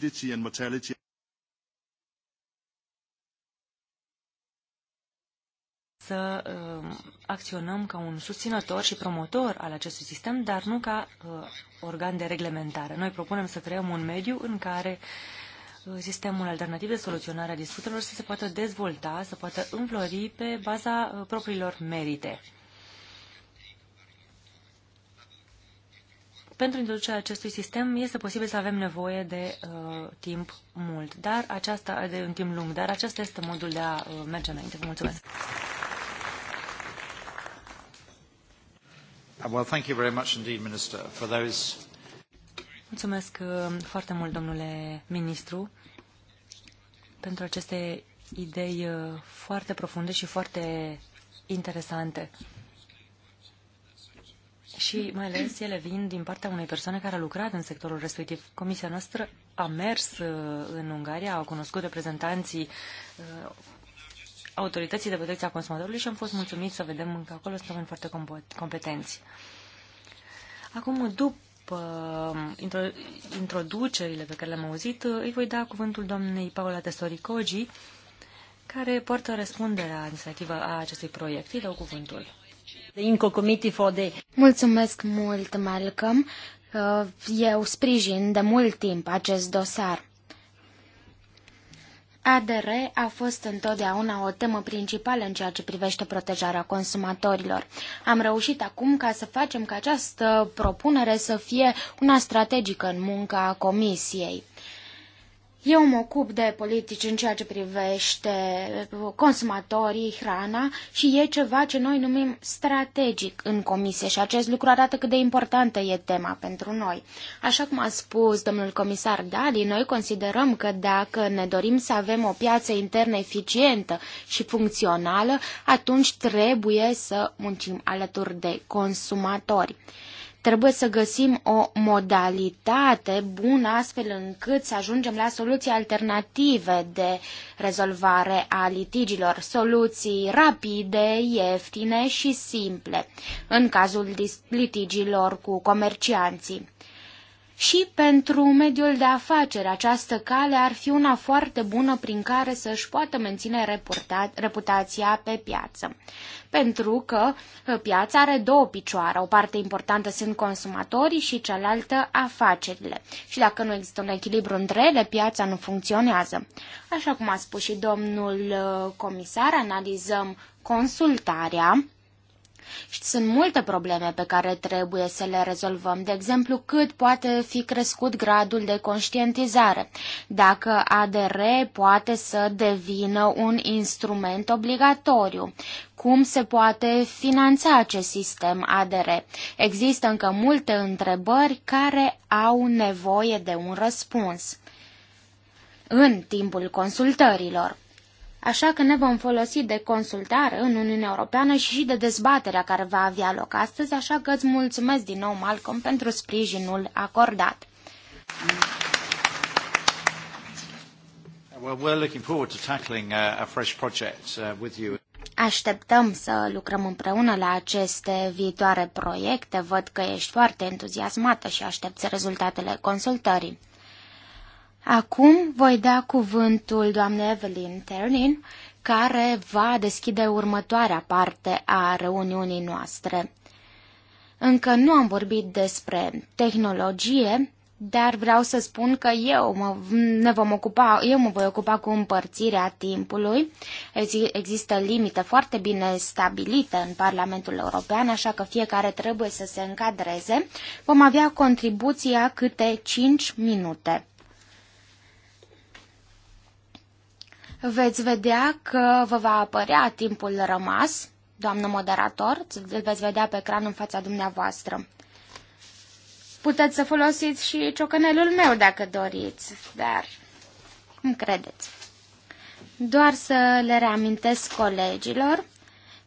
morbidity and mortality să uh, acționăm ca un susținător și promotor al acestui sistem, dar nu ca uh, organ de reglementare. Noi propunem să creăm un mediu în care uh, sistemul alternativ de soluționare a disputelor să se poată dezvolta, să poată înflori pe baza uh, propriilor merite. Pentru introducerea acestui sistem este posibil să avem nevoie de uh, timp mult, dar aceasta, de un timp lung, dar acesta este modul de a uh, merge înainte. Vă mulțumesc! Uh, well, thank you very much indeed, Minister, for those... Mulțumesc uh, foarte mult, domnule ministru, pentru aceste idei uh, foarte profunde și foarte interesante și mai ales ele vin din partea unei persoane care a lucrat în sectorul respectiv. Comisia noastră a mers uh, în Ungaria, au cunoscut reprezentanții uh, autorității de protecție a consumatorului și am fost mulțumit să vedem că acolo sunt oameni foarte competenți. Acum, după uh, introducerile pe care le-am auzit, îi voi da cuvântul doamnei Paula Tesoricogi, care poartă răspunderea administrativă a acestui proiect. Îi dau cuvântul. Mulțumesc mult, Malcolm. Uh, eu sprijin de mult timp acest dosar. ADR a fost întotdeauna o temă principală în ceea ce privește protejarea consumatorilor. Am reușit acum ca să facem ca această propunere să fie una strategică în munca Comisiei. Eu mă ocup de politici în ceea ce privește consumatorii, hrana și e ceva ce noi numim strategic în comisie și acest lucru arată cât de importantă e tema pentru noi. Așa cum a spus domnul comisar Dali, noi considerăm că dacă ne dorim să avem o piață internă eficientă și funcțională, atunci trebuie să muncim alături de consumatori. Trebuie să găsim o modalitate bună astfel încât să ajungem la soluții alternative de rezolvare a litigilor, soluții rapide, ieftine și simple în cazul litigiilor cu comercianții. Și pentru mediul de afaceri, această cale ar fi una foarte bună prin care să-și poată menține reputația pe piață pentru că uh, piața are două picioare. O parte importantă sunt consumatorii și cealaltă afacerile. Și dacă nu există un echilibru între ele, piața nu funcționează. Așa cum a spus și domnul uh, comisar, analizăm consultarea și sunt multe probleme pe care trebuie să le rezolvăm, de exemplu cât poate fi crescut gradul de conștientizare, dacă ADR poate să devină un instrument obligatoriu, cum se poate finanța acest sistem ADR. Există încă multe întrebări care au nevoie de un răspuns în timpul consultărilor. Așa că ne vom folosi de consultare în Uniunea Europeană și de dezbaterea care va avea loc astăzi, așa că îți mulțumesc din nou, Malcolm, pentru sprijinul acordat. Uh, uh, Așteptăm să lucrăm împreună la aceste viitoare proiecte. Văd că ești foarte entuziasmată și aștepți rezultatele consultării. Acum voi da cuvântul doamnei Evelyn Ternin, care va deschide următoarea parte a reuniunii noastre. Încă nu am vorbit despre tehnologie, dar vreau să spun că eu mă, ne vom ocupa, eu mă voi ocupa cu împărțirea timpului. Există limite foarte bine stabilite în Parlamentul European, așa că fiecare trebuie să se încadreze. Vom avea contribuția câte 5 minute. Veți vedea că vă va apărea timpul rămas, doamnă moderator, îl veți vedea pe ecran în fața dumneavoastră. Puteți să folosiți și ciocanelul meu dacă doriți, dar cum credeți? Doar să le reamintesc colegilor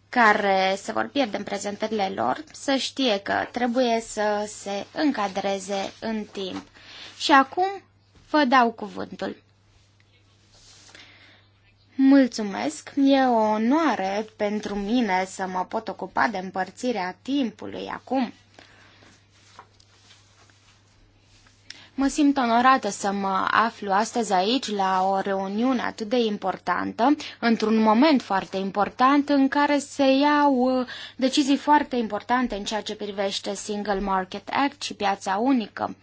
care se vor pierde în prezentările lor să știe că trebuie să se încadreze în timp. Și acum vă dau cuvântul. Mulțumesc! E o onoare pentru mine să mă pot ocupa de împărțirea timpului acum. Mă simt onorată să mă aflu astăzi aici la o reuniune atât de importantă, într-un moment foarte important în care se iau uh, decizii foarte importante în ceea ce privește Single Market Act și piața unică.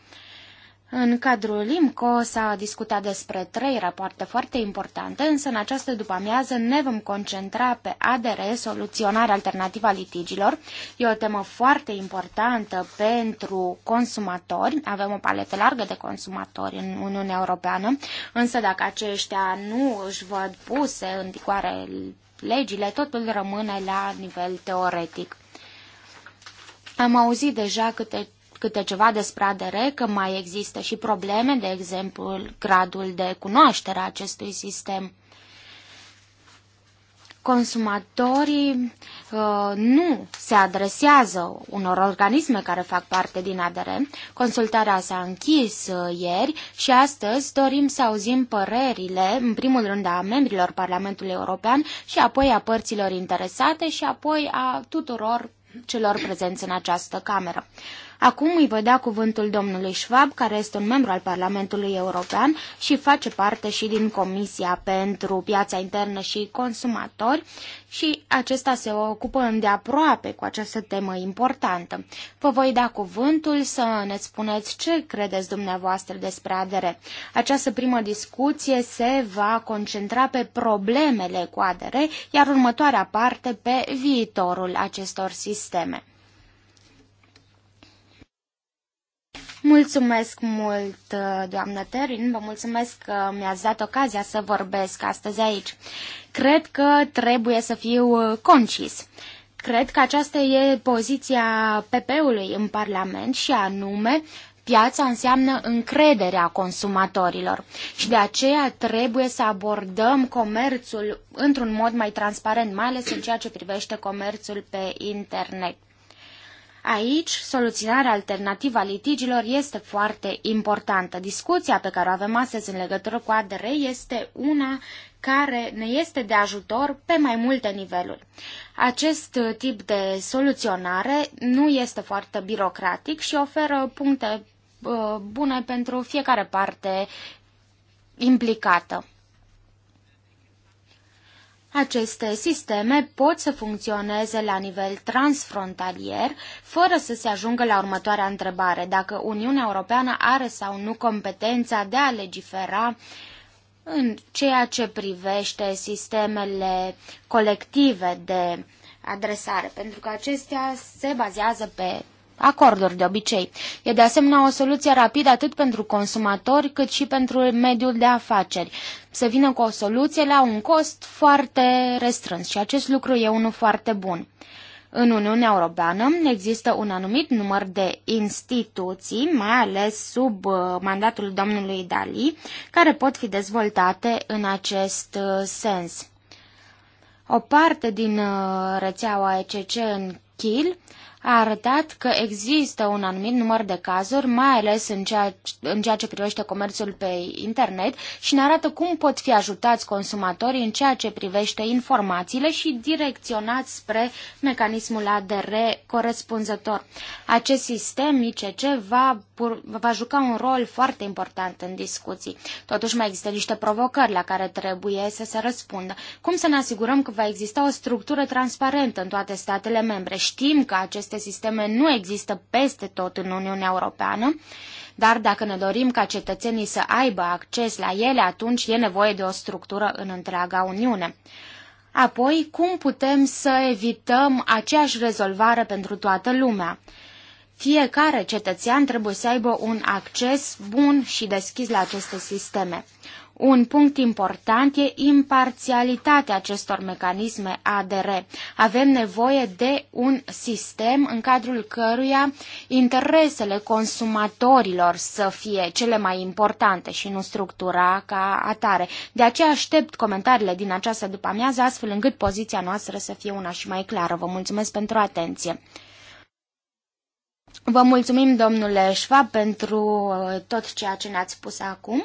În cadrul LIMCO s-a discutat despre trei rapoarte foarte importante, însă în această după-amiază ne vom concentra pe ADR, soluționarea alternativă a litigilor. E o temă foarte importantă pentru consumatori. Avem o paletă largă de consumatori în Uniunea Europeană, însă dacă aceștia nu își văd puse în vigoare legile, totul rămâne la nivel teoretic. Am auzit deja câte câte ceva despre ADR, că mai există și probleme, de exemplu, gradul de cunoaștere a acestui sistem. Consumatorii uh, nu se adresează unor organisme care fac parte din ADR. Consultarea s-a închis uh, ieri și astăzi dorim să auzim părerile, în primul rând, a membrilor Parlamentului European și apoi a părților interesate și apoi a tuturor celor prezenți în această cameră. Acum îi voi da cuvântul domnului Schwab, care este un membru al Parlamentului European și face parte și din Comisia pentru Piața Internă și Consumatori și acesta se ocupă îndeaproape cu această temă importantă. Vă voi da cuvântul să ne spuneți ce credeți dumneavoastră despre ADR. Această primă discuție se va concentra pe problemele cu ADR, iar următoarea parte pe viitorul acestor sisteme. Mulțumesc mult, uh, doamnă Terin, vă mulțumesc că mi-ați dat ocazia să vorbesc astăzi aici. Cred că trebuie să fiu uh, concis. Cred că aceasta e poziția PP-ului în Parlament și anume Piața înseamnă încrederea consumatorilor și de aceea trebuie să abordăm comerțul într-un mod mai transparent, mai ales în ceea ce privește comerțul pe internet. Aici, soluționarea alternativă a litigilor este foarte importantă. Discuția pe care o avem astăzi în legătură cu ADR este una care ne este de ajutor pe mai multe niveluri. Acest tip de soluționare nu este foarte birocratic și oferă puncte uh, bune pentru fiecare parte implicată. Aceste sisteme pot să funcționeze la nivel transfrontalier, fără să se ajungă la următoarea întrebare, dacă Uniunea Europeană are sau nu competența de a legifera în ceea ce privește sistemele colective de adresare, pentru că acestea se bazează pe acorduri de obicei. E de asemenea o soluție rapidă atât pentru consumatori cât și pentru mediul de afaceri. Să vină cu o soluție la un cost foarte restrâns și acest lucru e unul foarte bun. În Uniunea Europeană există un anumit număr de instituții, mai ales sub uh, mandatul domnului Dali, care pot fi dezvoltate în acest uh, sens. O parte din uh, rețeaua ECC în Kiel a arătat că există un anumit număr de cazuri, mai ales în ceea, în ceea ce privește comerțul pe internet și ne arată cum pot fi ajutați consumatorii în ceea ce privește informațiile și direcționați spre mecanismul ADR corespunzător. Acest sistem ICC va, va juca un rol foarte important în discuții. Totuși mai există niște provocări la care trebuie să se răspundă. Cum să ne asigurăm că va exista o structură transparentă în toate statele membre? Știm că acest aceste sisteme nu există peste tot în Uniunea Europeană, dar dacă ne dorim ca cetățenii să aibă acces la ele, atunci e nevoie de o structură în întreaga Uniune. Apoi, cum putem să evităm aceeași rezolvare pentru toată lumea? Fiecare cetățean trebuie să aibă un acces bun și deschis la aceste sisteme. Un punct important e imparțialitatea acestor mecanisme ADR. Avem nevoie de un sistem în cadrul căruia interesele consumatorilor să fie cele mai importante și nu structura ca atare. De aceea aștept comentariile din această după-amiază, astfel încât poziția noastră să fie una și mai clară. Vă mulțumesc pentru atenție! Vă mulțumim, domnule Șva, pentru uh, tot ceea ce ne-ați spus acum.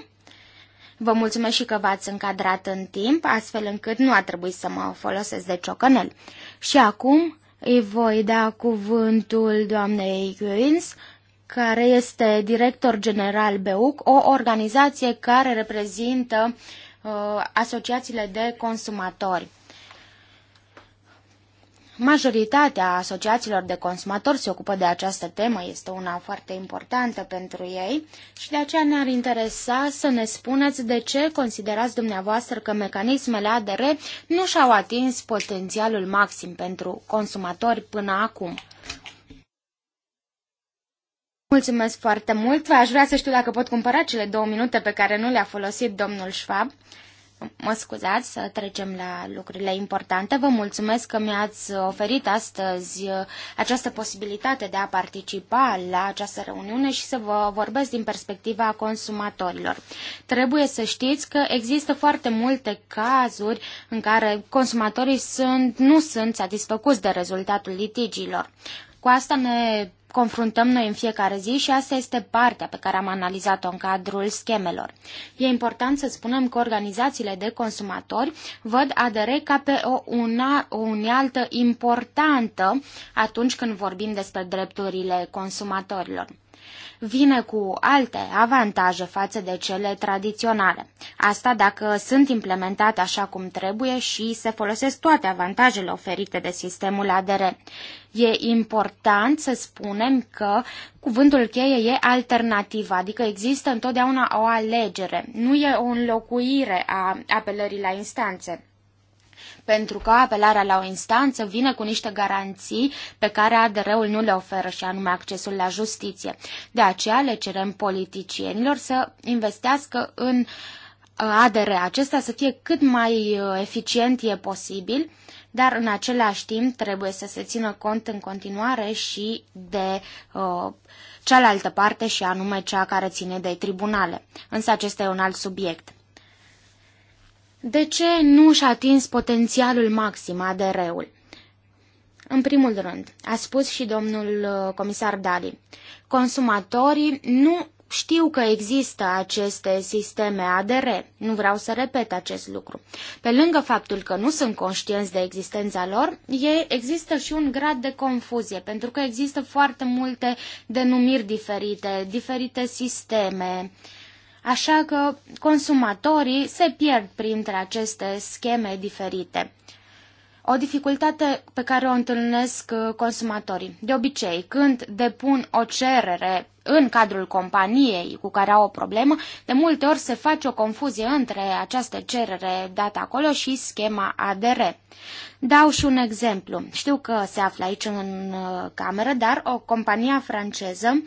Vă mulțumesc și că v-ați încadrat în timp, astfel încât nu a trebuit să mă folosesc de ciocănel. Și acum îi voi da cuvântul doamnei Guins, care este director general BEUC, o organizație care reprezintă uh, asociațiile de consumatori. Majoritatea asociațiilor de consumatori se ocupă de această temă, este una foarte importantă pentru ei și de aceea ne-ar interesa să ne spuneți de ce considerați dumneavoastră că mecanismele ADR nu și-au atins potențialul maxim pentru consumatori până acum. Mulțumesc foarte mult! Aș vrea să știu dacă pot cumpăra cele două minute pe care nu le-a folosit domnul Schwab mă scuzați să trecem la lucrurile importante. Vă mulțumesc că mi-ați oferit astăzi uh, această posibilitate de a participa la această reuniune și să vă vorbesc din perspectiva consumatorilor. Trebuie să știți că există foarte multe cazuri în care consumatorii sunt, nu sunt satisfăcuți de rezultatul litigiilor. Cu asta ne confruntăm noi în fiecare zi și asta este partea pe care am analizat-o în cadrul schemelor. E important să spunem că organizațiile de consumatori văd ADR ca pe o, una, o unealtă importantă atunci când vorbim despre drepturile consumatorilor vine cu alte avantaje față de cele tradiționale. Asta dacă sunt implementate așa cum trebuie și se folosesc toate avantajele oferite de sistemul ADR. E important să spunem că cuvântul cheie e alternativă, adică există întotdeauna o alegere, nu e o înlocuire a apelării la instanțe pentru că apelarea la o instanță vine cu niște garanții pe care ADR-ul nu le oferă și anume accesul la justiție. De aceea le cerem politicienilor să investească în uh, ADR acesta să fie cât mai uh, eficient e posibil dar în același timp trebuie să se țină cont în continuare și de uh, cealaltă parte și anume cea care ține de tribunale. Însă acesta e un alt subiect. De ce nu și-a atins potențialul maxim ADR-ul? În primul rând, a spus și domnul uh, comisar Dali, consumatorii nu știu că există aceste sisteme ADR, nu vreau să repet acest lucru. Pe lângă faptul că nu sunt conștienți de existența lor, e, există și un grad de confuzie, pentru că există foarte multe denumiri diferite, diferite sisteme, așa că consumatorii se pierd printre aceste scheme diferite. O dificultate pe care o întâlnesc uh, consumatorii. De obicei, când depun o cerere în cadrul companiei cu care au o problemă, de multe ori se face o confuzie între această cerere dată acolo și schema ADR. Dau și un exemplu. Știu că se află aici în uh, cameră, dar o companie franceză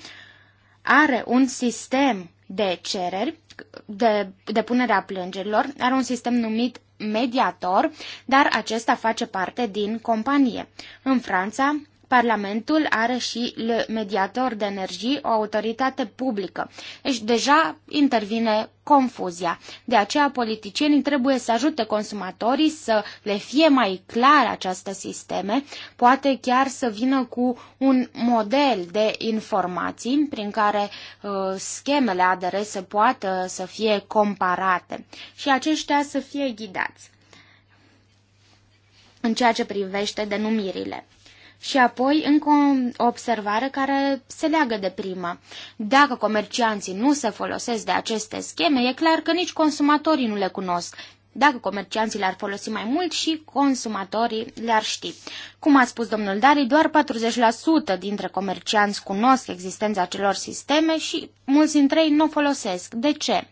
are un sistem de cereri, de depunerea plângerilor, are un sistem numit mediator, dar acesta face parte din companie. În Franța, Parlamentul are și le mediator de energie, o autoritate publică. Deci deja intervine confuzia. De aceea politicienii trebuie să ajute consumatorii să le fie mai clar aceste sisteme, poate chiar să vină cu un model de informații prin care uh, schemele ADRS să poată să fie comparate și aceștia să fie ghidați în ceea ce privește denumirile. Și apoi încă o observare care se leagă de prima. Dacă comercianții nu se folosesc de aceste scheme, e clar că nici consumatorii nu le cunosc. Dacă comercianții le-ar folosi mai mult și consumatorii le-ar ști. Cum a spus domnul Dari, doar 40% dintre comercianți cunosc existența acelor sisteme și mulți dintre ei nu o folosesc. De ce?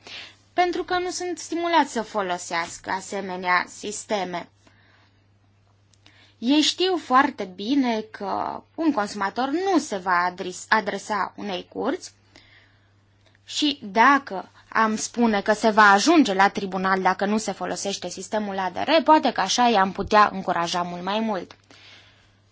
Pentru că nu sunt stimulați să folosească asemenea sisteme. Ei știu foarte bine că un consumator nu se va adresa unei curți și dacă am spune că se va ajunge la tribunal dacă nu se folosește sistemul ADR, poate că așa i-am putea încuraja mult mai mult.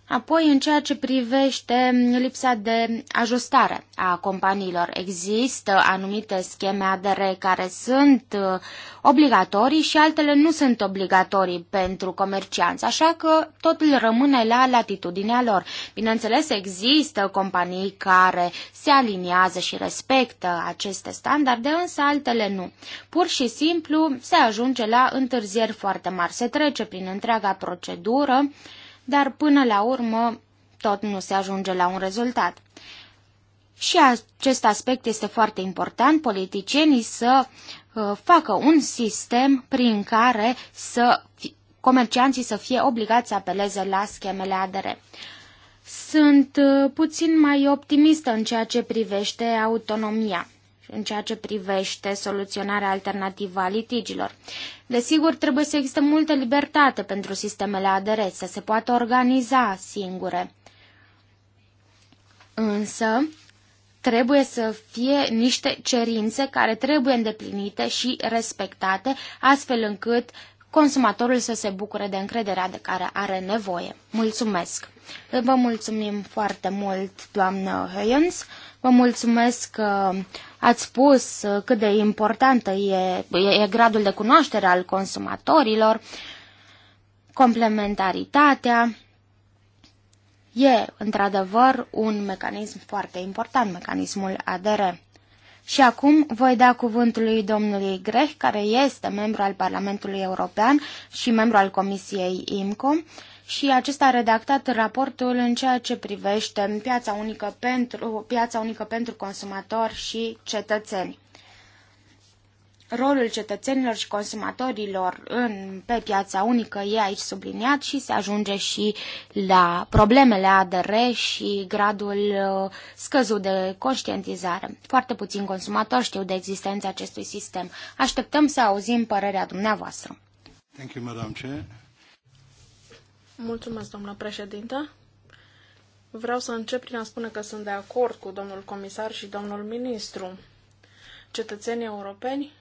Apoi, în ceea ce privește lipsa de ajustare a companiilor, există anumite scheme ADR care sunt uh, obligatorii și altele nu sunt obligatorii pentru comercianți, așa că totul rămâne la latitudinea lor. Bineînțeles, există companii care se aliniază și respectă aceste standarde, însă altele nu. Pur și simplu se ajunge la întârzieri foarte mari, se trece prin întreaga procedură, dar până la urmă tot nu se ajunge la un rezultat. Și acest aspect este foarte important, politicienii să uh, facă un sistem prin care să comercianții să fie obligați să apeleze la schemele ADR. Sunt uh, puțin mai optimistă în ceea ce privește autonomia în ceea ce privește soluționarea alternativă a litigilor. Desigur, trebuie să existe multă libertate pentru sistemele ADR să se poată organiza singure. Însă, trebuie să fie niște cerințe care trebuie îndeplinite și respectate, astfel încât consumatorul să se bucure de încrederea de care are nevoie. Mulțumesc! Vă mulțumim foarte mult, doamnă Heyens. Vă mulțumesc că ați spus uh, cât de importantă e, e gradul de cunoaștere al consumatorilor, complementaritatea. E, într-adevăr, un mecanism foarte important, mecanismul ADR. Și acum voi da cuvântul lui domnului Greh, care este membru al Parlamentului European și membru al Comisiei IMCO și acesta a redactat raportul în ceea ce privește piața unică pentru, piața unică pentru consumatori și cetățeni. Rolul cetățenilor și consumatorilor în, pe piața unică e aici subliniat și se ajunge și la problemele ADR și gradul uh, scăzut de conștientizare. Foarte puțin consumatori știu de existența acestui sistem. Așteptăm să auzim părerea dumneavoastră. Thank you, Madam Chair. Mulțumesc, doamnă președintă. Vreau să încep prin a spune că sunt de acord cu domnul comisar și domnul ministru. Cetățenii europeni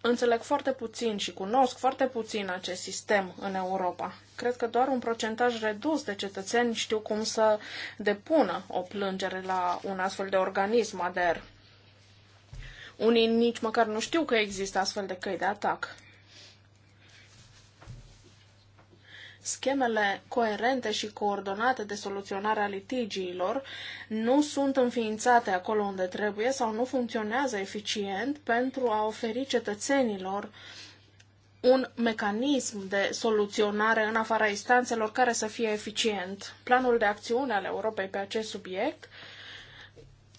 înțeleg foarte puțin și cunosc foarte puțin acest sistem în Europa. Cred că doar un procentaj redus de cetățeni știu cum să depună o plângere la un astfel de organism ader. Unii nici măcar nu știu că există astfel de căi de atac. Schemele coerente și coordonate de soluționare a litigiilor nu sunt înființate acolo unde trebuie sau nu funcționează eficient pentru a oferi cetățenilor un mecanism de soluționare în afara instanțelor care să fie eficient. Planul de acțiune al Europei pe acest subiect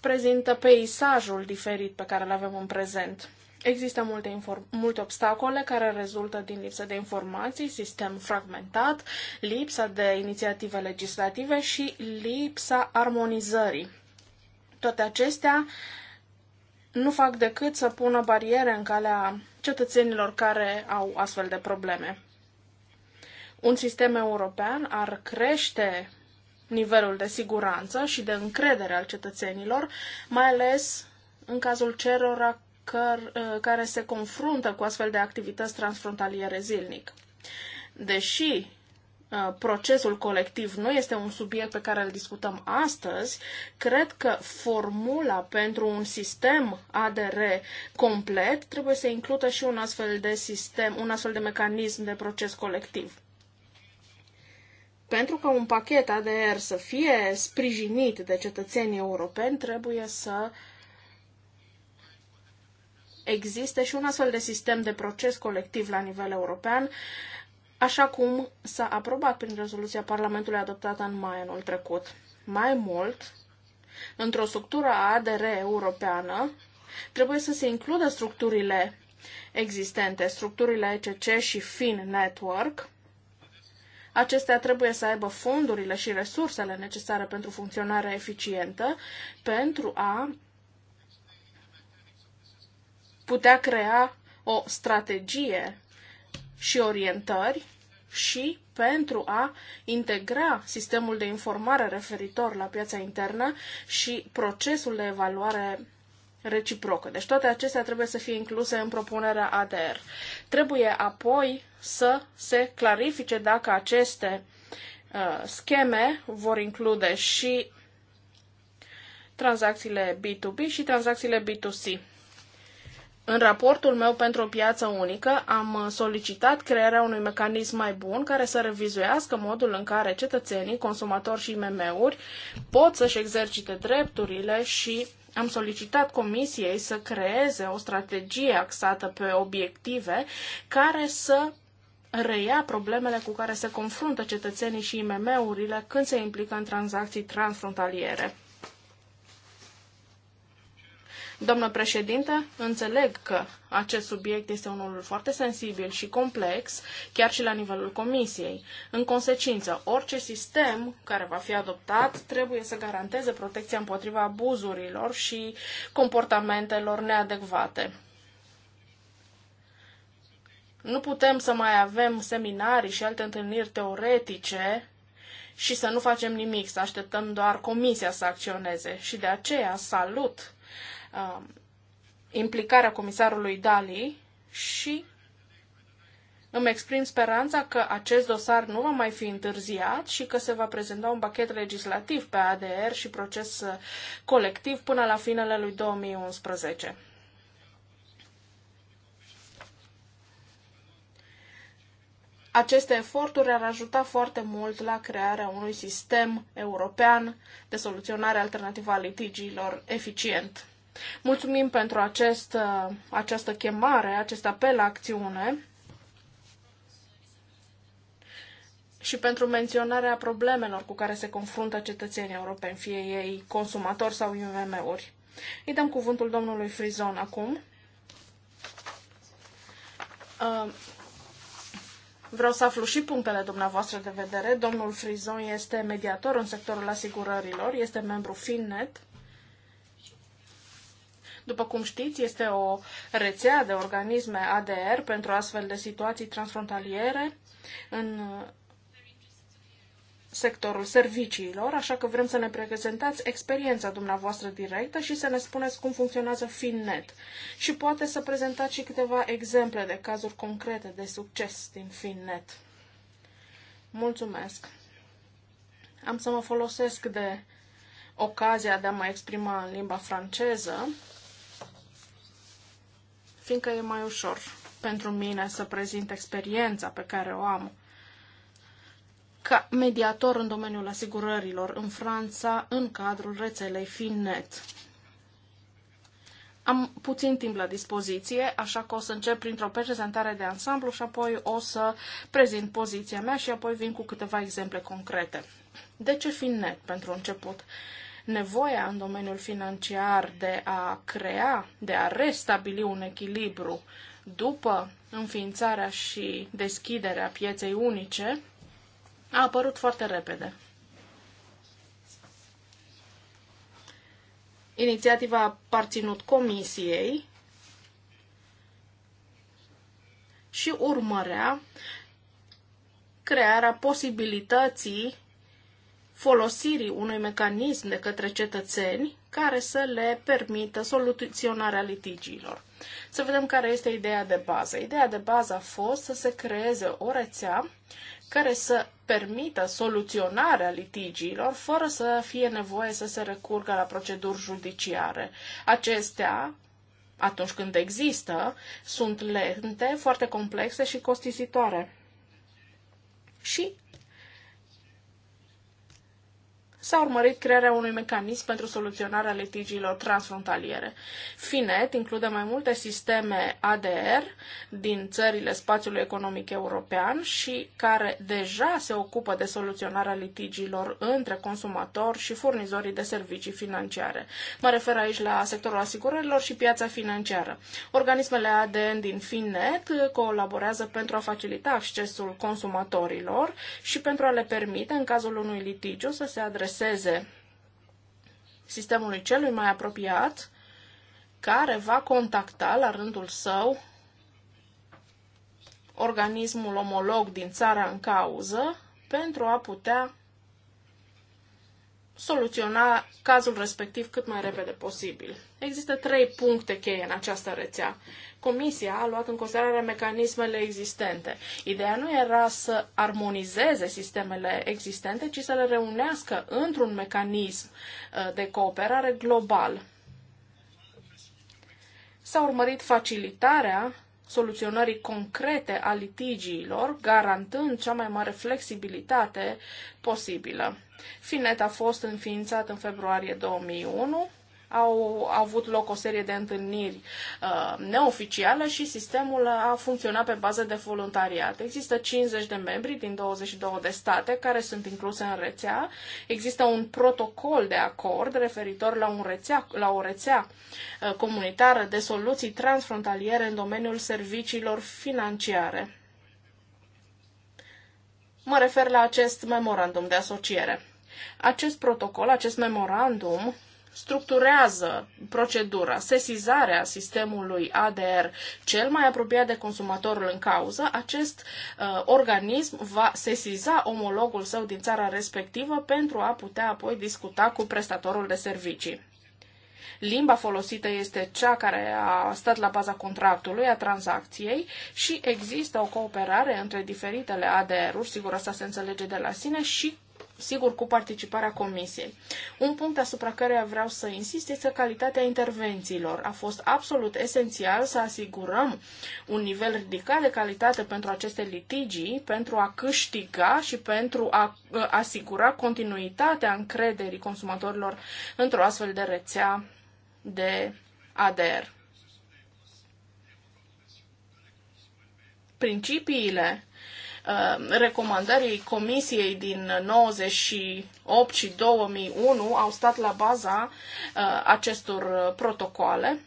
prezintă peisajul diferit pe care îl avem în prezent. Există multe, multe obstacole care rezultă din lipsă de informații, sistem fragmentat, lipsa de inițiative legislative și lipsa armonizării. Toate acestea nu fac decât să pună bariere în calea cetățenilor care au astfel de probleme. Un sistem european ar crește nivelul de siguranță și de încredere al cetățenilor, mai ales în cazul cerora Uh, care se confruntă cu astfel de activități transfrontaliere zilnic. Deși uh, procesul colectiv nu este un subiect pe care îl discutăm astăzi, cred că formula pentru un sistem ADR complet trebuie să includă și un astfel de sistem, un astfel de mecanism de proces colectiv. Pentru ca un pachet ADR să fie sprijinit de cetățenii europeni, trebuie să uh, existe și un astfel de sistem de proces colectiv la nivel european, așa cum s-a aprobat prin rezoluția Parlamentului adoptată în mai anul trecut. Mai mult, într-o structură ADR europeană, trebuie să se includă structurile existente, structurile ECC și FIN Network. Acestea trebuie să aibă fondurile și resursele necesare pentru funcționarea eficientă, pentru a putea crea o strategie și orientări și pentru a integra sistemul de informare referitor la piața internă și procesul de evaluare reciprocă. Deci toate acestea trebuie să fie incluse în propunerea ADR. Trebuie apoi să se clarifice dacă aceste uh, scheme vor include și tranzacțiile B2B și tranzacțiile B2C. În raportul meu pentru o piață unică am solicitat crearea unui mecanism mai bun care să revizuiască modul în care cetățenii, consumatori și IMM-uri pot să-și exercite drepturile și am solicitat Comisiei să creeze o strategie axată pe obiective care să reia problemele cu care se confruntă cetățenii și IMM-urile când se implică în tranzacții transfrontaliere. Doamnă președinte, înțeleg că acest subiect este unul foarte sensibil și complex, chiar și la nivelul comisiei. În consecință, orice sistem care va fi adoptat trebuie să garanteze protecția împotriva abuzurilor și comportamentelor neadecvate. Nu putem să mai avem seminarii și alte întâlniri teoretice și să nu facem nimic, să așteptăm doar comisia să acționeze. Și de aceea salut uh, implicarea comisarului Dali și îmi exprim speranța că acest dosar nu va mai fi întârziat și că se va prezenta un pachet legislativ pe ADR și proces uh, colectiv până la finele lui 2011. Aceste eforturi ar ajuta foarte mult la crearea unui sistem european de soluționare alternativă a litigiilor eficient. Mulțumim pentru acest, uh, această chemare, acest apel la acțiune și pentru menționarea problemelor cu care se confruntă cetățenii europeni, fie ei consumatori sau IMM-uri. Îi dăm cuvântul domnului Frizon acum. Uh, vreau să aflu și punctele dumneavoastră de vedere. Domnul Frizon este mediator în sectorul asigurărilor, este membru FinNet după cum știți, este o rețea de organisme ADR pentru astfel de situații transfrontaliere în sectorul serviciilor, așa că vrem să ne prezentați experiența dumneavoastră directă și să ne spuneți cum funcționează FinNet. Și poate să prezentați și câteva exemple de cazuri concrete de succes din FinNet. Mulțumesc! Am să mă folosesc de ocazia de a mă exprima în limba franceză fiindcă e mai ușor pentru mine să prezint experiența pe care o am ca mediator în domeniul asigurărilor în Franța, în cadrul rețelei Finnet. Am puțin timp la dispoziție, așa că o să încep printr-o prezentare de ansamblu și apoi o să prezint poziția mea și apoi vin cu câteva exemple concrete. De ce Finnet, pentru început? nevoia în domeniul financiar de a crea, de a restabili un echilibru după înființarea și deschiderea pieței unice a apărut foarte repede. Inițiativa a aparținut comisiei și urmărea crearea posibilității folosirii unui mecanism de către cetățeni care să le permită soluționarea litigiilor. Să vedem care este ideea de bază. Ideea de bază a fost să se creeze o rețea care să permită soluționarea litigiilor fără să fie nevoie să se recurgă la proceduri judiciare. Acestea atunci când există, sunt lente, foarte complexe și costisitoare. Și s-a urmărit crearea unui mecanism pentru soluționarea litigiilor transfrontaliere. FINET include mai multe sisteme ADR din țările spațiului economic european și care deja se ocupă de soluționarea litigiilor între consumatori și furnizorii de servicii financiare. Mă refer aici la sectorul asigurărilor și piața financiară. Organismele ADN din FINET colaborează pentru a facilita accesul consumatorilor și pentru a le permite, în cazul unui litigiu, să se adreseze adreseze sistemului celui mai apropiat, care va contacta la rândul său organismul omolog din țara în cauză pentru a putea soluționa cazul respectiv cât mai repede posibil. Există trei puncte cheie în această rețea. Comisia a luat în considerare mecanismele existente. Ideea nu era să armonizeze sistemele existente, ci să le reunească într-un mecanism uh, de cooperare global. S-a urmărit facilitarea soluționării concrete a litigiilor, garantând cea mai mare flexibilitate posibilă. Finet a fost înființat în februarie 2001 au, au avut loc o serie de întâlniri uh, neoficiale și sistemul a funcționat pe bază de voluntariat. Există 50 de membri din 22 de state care sunt incluse în rețea. Există un protocol de acord referitor la, un rețea, la o rețea uh, comunitară de soluții transfrontaliere în domeniul serviciilor financiare. Mă refer la acest memorandum de asociere. Acest protocol, acest memorandum, structurează procedura, sesizarea sistemului ADR cel mai apropiat de consumatorul în cauză, acest uh, organism va sesiza omologul său din țara respectivă pentru a putea apoi discuta cu prestatorul de servicii. Limba folosită este cea care a stat la baza contractului, a tranzacției și există o cooperare între diferitele ADR-uri, sigur asta se înțelege de la sine, și sigur cu participarea comisiei. Un punct asupra care vreau să insist este calitatea intervențiilor. A fost absolut esențial să asigurăm un nivel ridicat de calitate pentru aceste litigii, pentru a câștiga și pentru a uh, asigura continuitatea încrederii consumatorilor într-o astfel de rețea de ADR. Principiile Uh, recomandării Comisiei din 98 și 2001 au stat la baza uh, acestor uh, protocoale.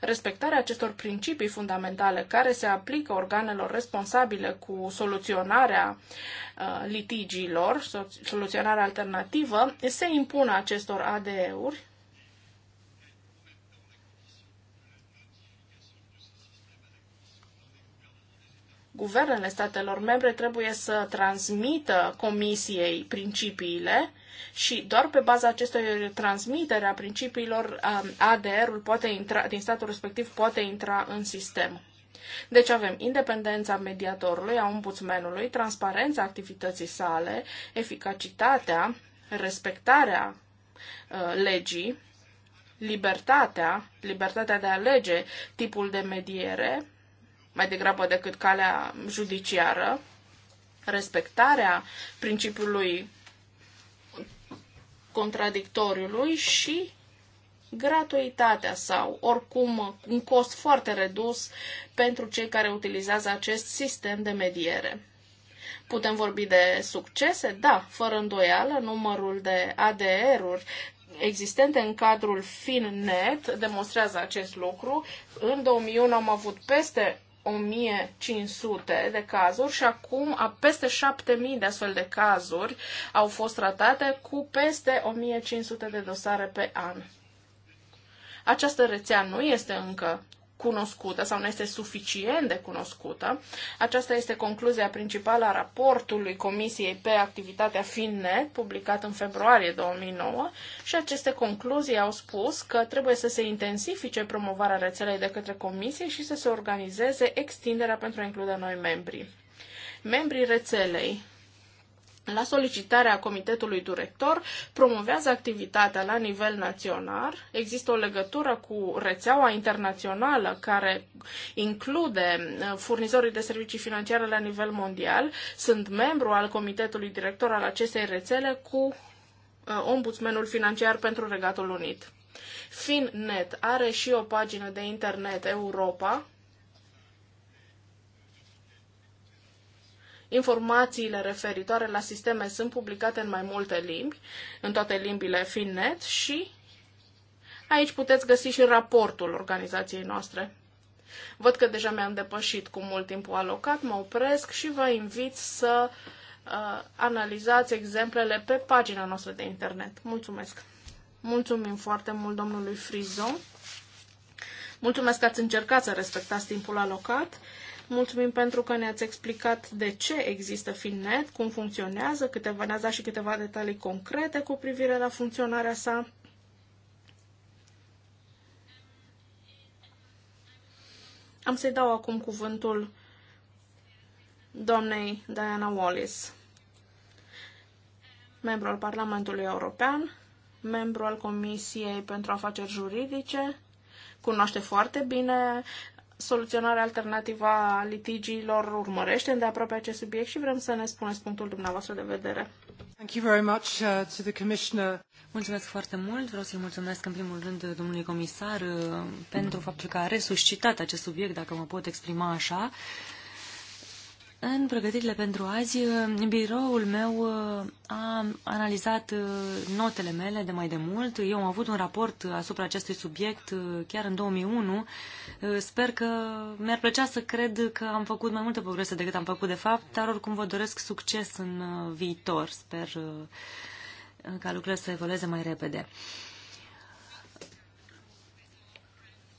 Respectarea acestor principii fundamentale care se aplică organelor responsabile cu soluționarea litigiilor, soluționarea alternativă, se impune acestor ADE-uri guvernele statelor membre trebuie să transmită comisiei principiile și doar pe baza acestei transmitere a principiilor um, ADR-ul poate intra, din statul respectiv poate intra în sistem. Deci avem independența mediatorului, a ombudsmenului, transparența activității sale, eficacitatea, respectarea uh, legii, libertatea, libertatea de a alege tipul de mediere, mai degrabă decât calea judiciară, respectarea principiului contradictoriului și gratuitatea sau oricum un cost foarte redus pentru cei care utilizează acest sistem de mediere. Putem vorbi de succese? Da, fără îndoială, numărul de ADR-uri existente în cadrul FinNet demonstrează acest lucru. În 2001 am avut peste 1500 de cazuri și acum a peste 7000 de astfel de cazuri au fost tratate cu peste 1500 de dosare pe an. Această rețea nu este încă cunoscută sau nu este suficient de cunoscută. Aceasta este concluzia principală a raportului Comisiei pe activitatea FinNet, publicat în februarie 2009, și aceste concluzii au spus că trebuie să se intensifice promovarea rețelei de către Comisie și să se organizeze extinderea pentru a include noi membri. Membrii rețelei la solicitarea comitetului director, promovează activitatea la nivel național. Există o legătură cu rețeaua internațională care include uh, furnizorii de servicii financiare la nivel mondial. Sunt membru al comitetului director al acestei rețele cu uh, Ombudsmanul financiar pentru Regatul Unit. FinNet are și o pagină de internet Europa, Informațiile referitoare la sisteme sunt publicate în mai multe limbi, în toate limbile FinNet și aici puteți găsi și raportul organizației noastre. Văd că deja mi-am depășit cu mult timpul alocat, mă opresc și vă invit să uh, analizați exemplele pe pagina noastră de internet. Mulțumesc! Mulțumim foarte mult domnului Frizon. Mulțumesc că ați încercat să respectați timpul alocat. Mulțumim pentru că ne-ați explicat de ce există FinNet, cum funcționează, câteva, ne-ați dat și câteva detalii concrete cu privire la funcționarea sa. Am să-i dau acum cuvântul doamnei Diana Wallis, membru al Parlamentului European, membru al Comisiei pentru Afaceri Juridice, cunoaște foarte bine soluționarea alternativă a litigiilor urmărește îndeaproape acest subiect și vrem să ne spuneți punctul dumneavoastră de vedere. Thank you very much uh, to the commissioner. Mulțumesc foarte mult. Vreau să-i mulțumesc în primul rând domnului comisar uh, pentru faptul că a resuscitat acest subiect, dacă mă pot exprima așa. Uh, în pregătirile pentru azi, biroul meu uh, a analizat uh, notele mele de mai de mult. Eu am avut un raport uh, asupra acestui subiect chiar în 2001. Sper că mi-ar plăcea să cred că am făcut mai multe progrese decât am făcut de fapt, dar oricum vă doresc succes în viitor. Sper ca lucrurile să evolueze mai repede.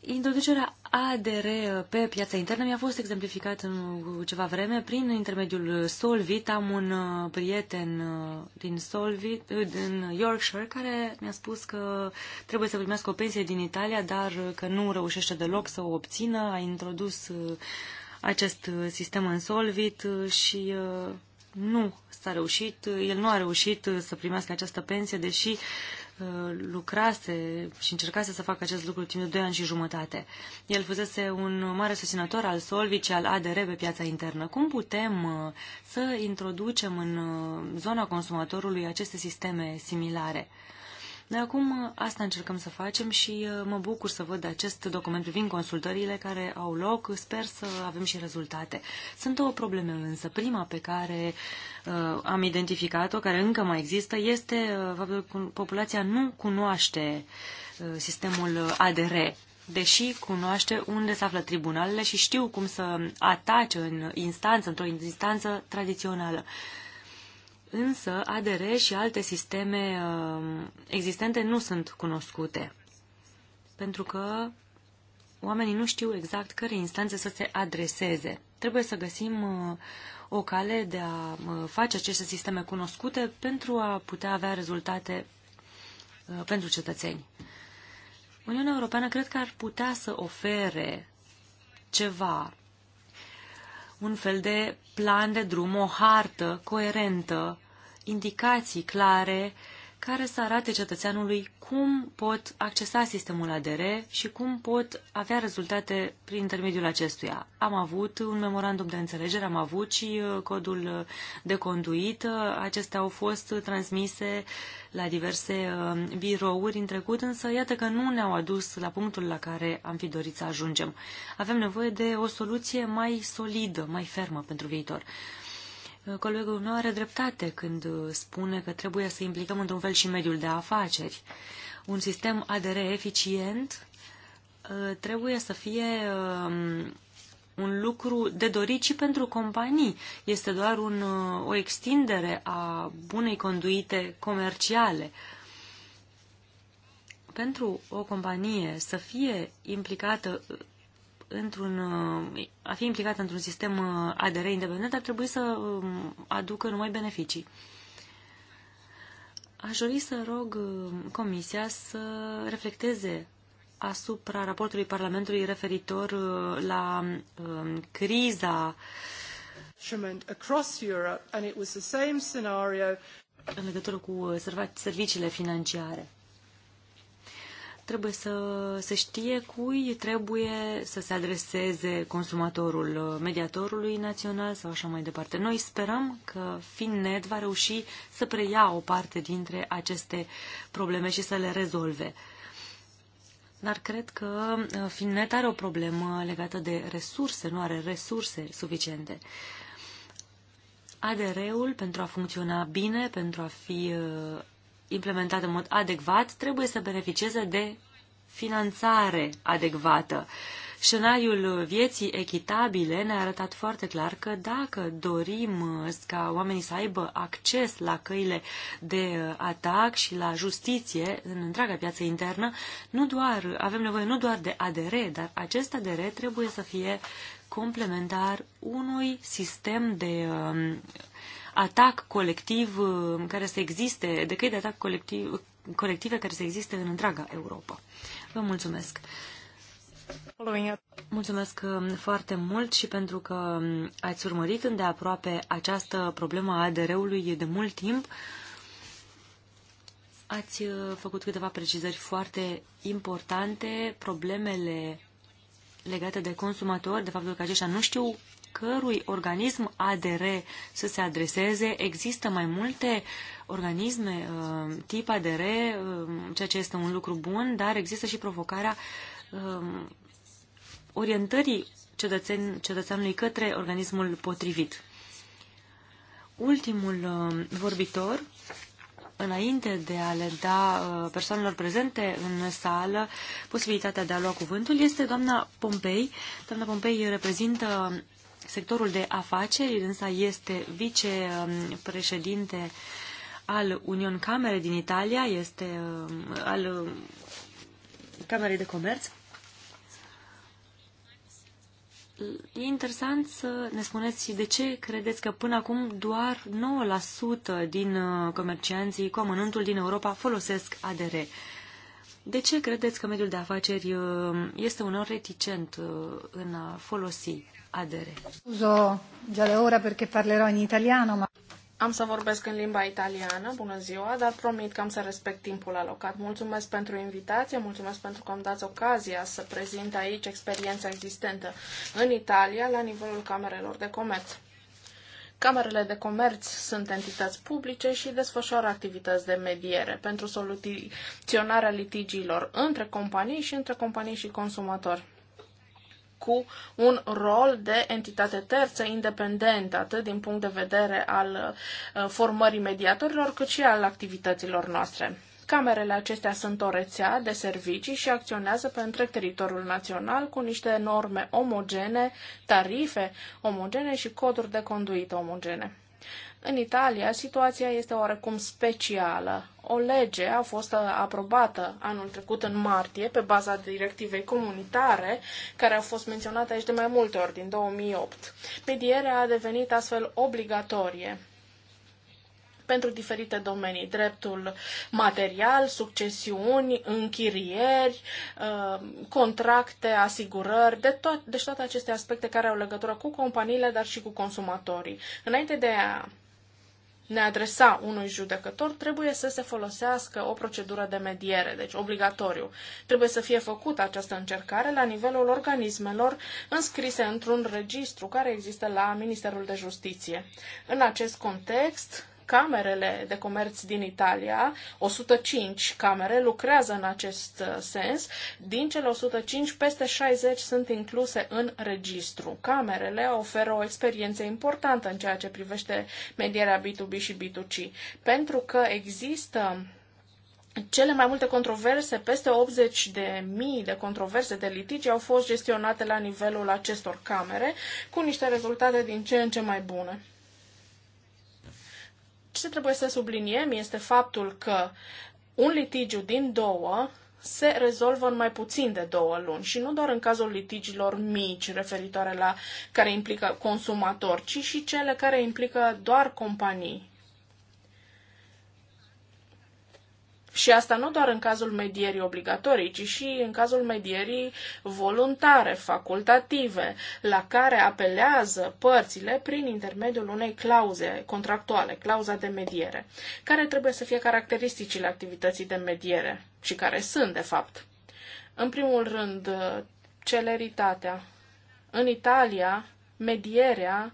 Introducerea ADR pe piața internă mi-a fost exemplificat în ceva vreme. Prin intermediul Solvit am un uh, prieten uh, din Solvit, uh, din Yorkshire, care mi-a spus că trebuie să primească o pensie din Italia, dar că nu reușește deloc să o obțină. A introdus acest sistem în Solvit și nu s-a reușit. El nu a reușit să primească această pensie, deși Uh, lucrase și încercase să facă acest lucru timp de 2 ani și jumătate. El fusese un mare susținător al Solvit și al ADR pe piața internă. Cum putem uh, să introducem în uh, zona consumatorului aceste sisteme similare? Noi acum uh, asta încercăm să facem și uh, mă bucur să văd acest document privind consultările care au loc. Sper să avem și rezultate. Sunt două probleme însă. Prima pe care uh, am identificat-o, care încă mai există, este uh, faptul că populația nu cunoaște uh, sistemul ADR deși cunoaște unde se află tribunalele și știu cum să atace în instanță, într-o instanță tradițională. Uh, însă ADR și alte sisteme um, existente nu sunt cunoscute, pentru că oamenii nu știu exact care instanțe să se adreseze. Trebuie să găsim uh, o cale de a uh, face aceste sisteme cunoscute pentru a putea avea rezultate uh, pentru cetățeni. Uniunea Europeană cred că ar putea să ofere ceva, un fel de plan de drum, o hartă coerentă, indicații clare care să arate cetățeanului cum pot accesa sistemul ADR și cum pot avea rezultate prin intermediul acestuia. Am avut un memorandum de înțelegere, am avut și uh, codul de conduit. Acestea au fost transmise la diverse uh, birouri în trecut, însă iată că nu ne-au adus la punctul la care am fi dorit să ajungem. Avem nevoie de o soluție mai solidă, mai fermă pentru viitor. Uh, colegul meu are dreptate când spune că trebuie să implicăm într-un fel și mediul de afaceri. Un sistem ADR eficient uh, trebuie să fie um, un lucru de dorit și pentru companii. Este doar un, uh, o extindere a bunei conduite comerciale. Pentru o companie să fie implicată într-un, uh, a fi implicat într-un sistem uh, ADR independent ar trebui să um, aducă numai beneficii. Aș dori să rog uh, Comisia să reflecteze asupra raportului Parlamentului referitor la um, criza across Europe and it was the same scenario în legătură cu serviciile financiare trebuie să, să știe cui trebuie să se adreseze consumatorul uh, mediatorului național sau așa mai departe. Noi sperăm că FinNet va reuși să preia o parte dintre aceste probleme și să le rezolve. Dar cred că uh, FinNet are o problemă legată de resurse, nu are resurse suficiente. ADR-ul, pentru a funcționa bine, pentru a fi uh, implementat în mod adecvat, trebuie să beneficieze de finanțare adecvată. Scenariul vieții echitabile ne-a arătat foarte clar că dacă dorim uh, ca oamenii să aibă acces la căile de uh, atac și la justiție în întreaga piață internă, nu doar, avem nevoie nu doar de ADR, dar acest ADR trebuie să fie complementar unui sistem de um, atac colectiv uh, care să existe, de căi de atac colectiv, colective care să existe în întreaga Europa. Vă mulțumesc! Mulțumesc uh, foarte mult și pentru că um, ați urmărit îndeaproape această problemă a ADR-ului de mult timp. Ați uh, făcut câteva precizări foarte importante. Problemele legate de consumatori, de faptul că aceștia nu știu cărui organism ADR să se adreseze. Există mai multe organisme uh, tip ADR, uh, ceea ce este un lucru bun, dar există și provocarea um, orientării cetățen, cetățeanului către organismul potrivit. Ultimul um, vorbitor, înainte de a le da uh, persoanelor prezente în sală posibilitatea de a lua cuvântul, este doamna Pompei. Doamna Pompei reprezintă sectorul de afaceri, însă este vicepreședinte um, al Union Camere din Italia, este um, al um, Camerei de Comerț. E interesant să ne spuneți de ce credeți că până acum doar 9% din uh, comercianții cu amănântul din Europa folosesc ADR. De ce credeți că mediul de afaceri uh, este unor reticent uh, în a folosi adere. Da am să vorbesc în limba italiană, bună ziua, dar promit că am să respect timpul alocat. Mulțumesc pentru invitație, mulțumesc pentru că am dat ocazia să prezint aici experiența existentă în Italia la nivelul camerelor de comerț. Camerele de comerț sunt entități publice și desfășoară activități de mediere pentru soluționarea litigiilor între companii și între companii și consumatori cu un rol de entitate terță independentă, atât din punct de vedere al uh, formării mediatorilor, cât și al activităților noastre. Camerele acestea sunt o rețea de servicii și acționează pe întreg teritoriul național cu niște norme omogene, tarife omogene și coduri de conduită omogene. În Italia, situația este oarecum specială. O lege a fost uh, aprobată anul trecut în martie pe baza directivei comunitare, care a fost menționată aici de mai multe ori din 2008. Medierea a devenit astfel obligatorie pentru diferite domenii, dreptul material, succesiuni, închirieri, uh, contracte, asigurări, de to- deci toate aceste aspecte care au legătură cu companiile, dar și cu consumatorii. Înainte de a ne adresa unui judecător, trebuie să se folosească o procedură de mediere, deci obligatoriu. Trebuie să fie făcută această încercare la nivelul organismelor înscrise într-un registru care există la Ministerul de Justiție. În acest context, Camerele de comerț din Italia, 105 camere, lucrează în acest uh, sens. Din cele 105, peste 60 sunt incluse în registru. Camerele oferă o experiență importantă în ceea ce privește medierea B2B și B2C, pentru că există cele mai multe controverse, peste 80 de mii de controverse de litigi au fost gestionate la nivelul acestor camere, cu niște rezultate din ce în ce mai bune. Ce trebuie să subliniem este faptul că un litigiu din două se rezolvă în mai puțin de două luni și nu doar în cazul litigilor mici referitoare la care implică consumatori, ci și cele care implică doar companii Și asta nu doar în cazul medierii obligatorii, ci și în cazul medierii voluntare, facultative, la care apelează părțile prin intermediul unei clauze contractuale, clauza de mediere, care trebuie să fie caracteristicile activității de mediere și care sunt, de fapt. În primul rând, celeritatea. În Italia, medierea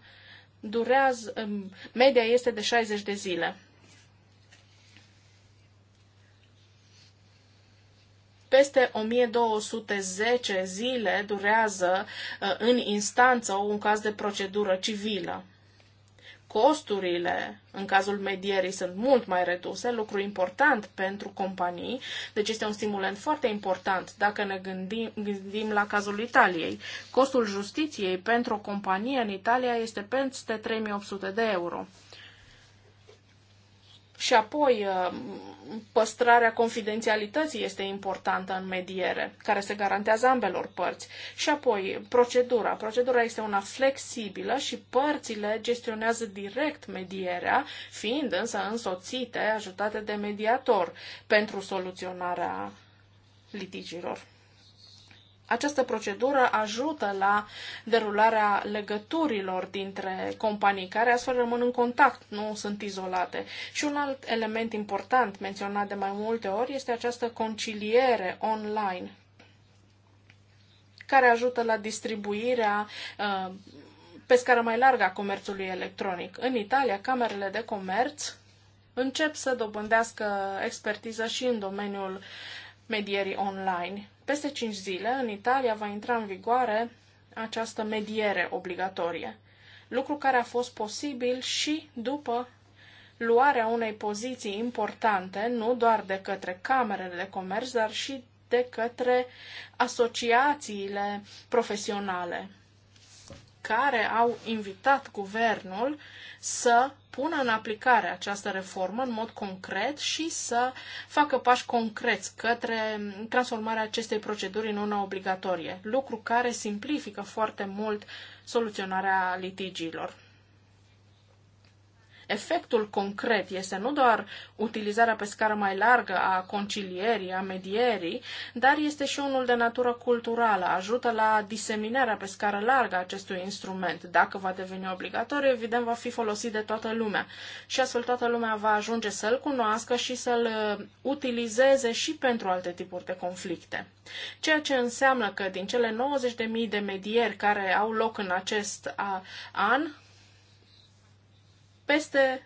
durează, media este de 60 de zile. Peste 1210 zile durează uh, în instanță un caz de procedură civilă. Costurile în cazul medierii sunt mult mai reduse, lucru important pentru companii, deci este un stimulant foarte important dacă ne gândim, gândim la cazul Italiei. Costul justiției pentru o companie în Italia este peste 3800 de euro. Și apoi, uh, păstrarea confidențialității este importantă în mediere, care se garantează ambelor părți. Și apoi, procedura. Procedura este una flexibilă și părțile gestionează direct medierea, fiind însă însoțite, ajutate de mediator pentru soluționarea litigilor. Această procedură ajută la derularea legăturilor dintre companii, care astfel rămân în contact, nu sunt izolate. Și un alt element important menționat de mai multe ori este această conciliere online, care ajută la distribuirea uh, pe scară mai largă a comerțului electronic. În Italia, camerele de comerț încep să dobândească expertiză și în domeniul medierii online peste 5 zile, în Italia, va intra în vigoare această mediere obligatorie, lucru care a fost posibil și după luarea unei poziții importante, nu doar de către camerele de comerț, dar și de către asociațiile profesionale care au invitat guvernul să pună în aplicare această reformă în mod concret și să facă pași concreți către transformarea acestei proceduri în una obligatorie, lucru care simplifică foarte mult soluționarea litigiilor. Efectul concret este nu doar utilizarea pe scară mai largă a concilierii, a medierii, dar este și unul de natură culturală. Ajută la diseminarea pe scară largă a acestui instrument. Dacă va deveni obligatoriu, evident va fi folosit de toată lumea. Și astfel toată lumea va ajunge să-l cunoască și să-l uh, utilizeze și pentru alte tipuri de conflicte. Ceea ce înseamnă că din cele 90.000 de medieri care au loc în acest uh, an, peste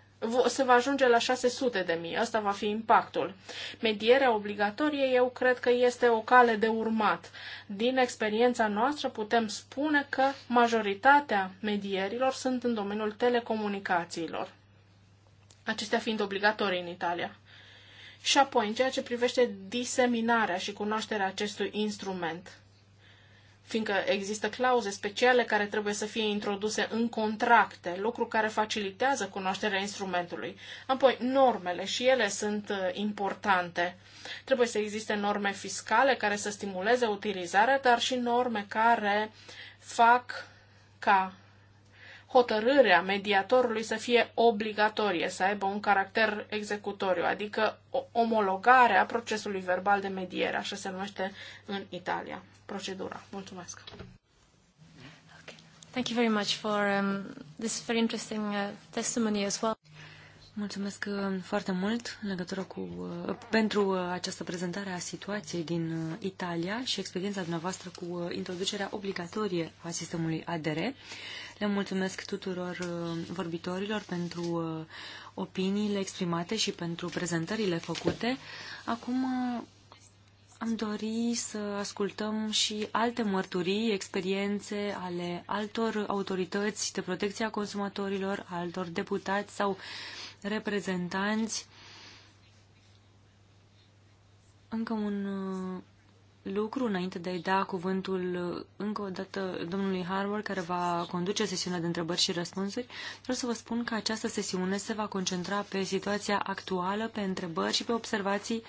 se va ajunge la 600 de mii. Asta va fi impactul. Medierea obligatorie, eu cred că este o cale de urmat. Din experiența noastră putem spune că majoritatea medierilor sunt în domeniul telecomunicațiilor, acestea fiind obligatorii în Italia. Și apoi, în ceea ce privește diseminarea și cunoașterea acestui instrument fiindcă există clauze speciale care trebuie să fie introduse în contracte, lucru care facilitează cunoașterea instrumentului. Apoi, normele și ele sunt uh, importante. Trebuie să existe norme fiscale care să stimuleze utilizarea, dar și norme care fac ca hotărârea mediatorului să fie obligatorie, să aibă un caracter executoriu, adică omologarea procesului verbal de mediere, așa se numește în Italia procedura. Mulțumesc. Okay. Thank you very much for um, this very interesting uh, testimony as well. Mulțumesc uh, foarte mult în legătură cu, uh, pentru uh, această prezentare a situației din Italia și experiența dumneavoastră cu introducerea obligatorie a sistemului ADR. Le mulțumesc tuturor uh, vorbitorilor pentru uh, opiniile exprimate și pentru prezentările făcute. Acum uh, am dori să ascultăm și alte mărturii, experiențe ale altor autorități de protecție a consumatorilor, altor deputați sau reprezentanți. Încă un lucru înainte de a-i da cuvântul uh, încă o dată domnului Harbour, care va conduce sesiunea de întrebări și răspunsuri. Vreau să vă spun că această sesiune se va concentra pe situația actuală, pe întrebări și pe observații,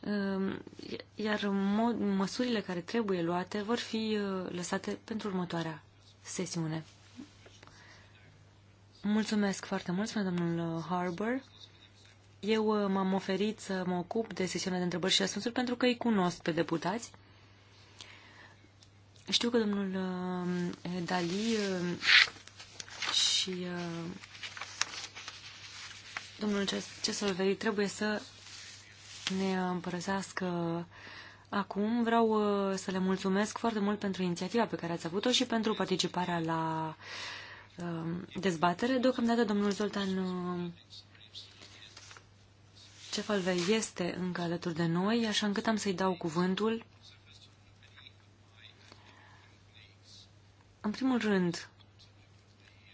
um, iar măsurile care trebuie luate vor fi uh, lăsate pentru următoarea sesiune. Mulțumesc foarte mult, domnul Harbour. Eu uh, m-am oferit să mă ocup de sesiunea de întrebări și răspunsuri pentru că îi cunosc pe deputați. Știu că domnul uh, Dali uh, și domnul Cesolveri trebuie să ne împărăsească acum. Vreau să le mulțumesc foarte mult pentru inițiativa pe care ați avut-o și pentru participarea la dezbatere. Deocamdată domnul Zoltan Cefalve este încă alături de noi, așa încât am să-i dau cuvântul. În primul rând,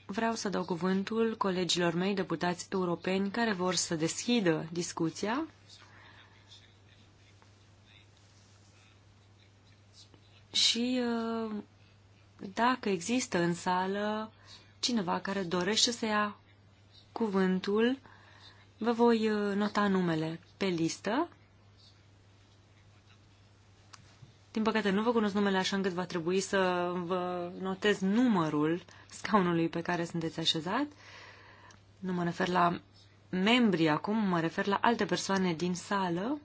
vreau să dau cuvântul colegilor mei deputați europeni care vor să deschidă discuția. Și uh, dacă există în sală cineva care dorește să ia cuvântul, Vă voi uh, nota numele pe listă. Din păcate, nu vă cunosc numele așa încât va trebui să vă notez numărul scaunului pe care sunteți așezat. Nu mă refer la membrii acum, mă refer la alte persoane din sală.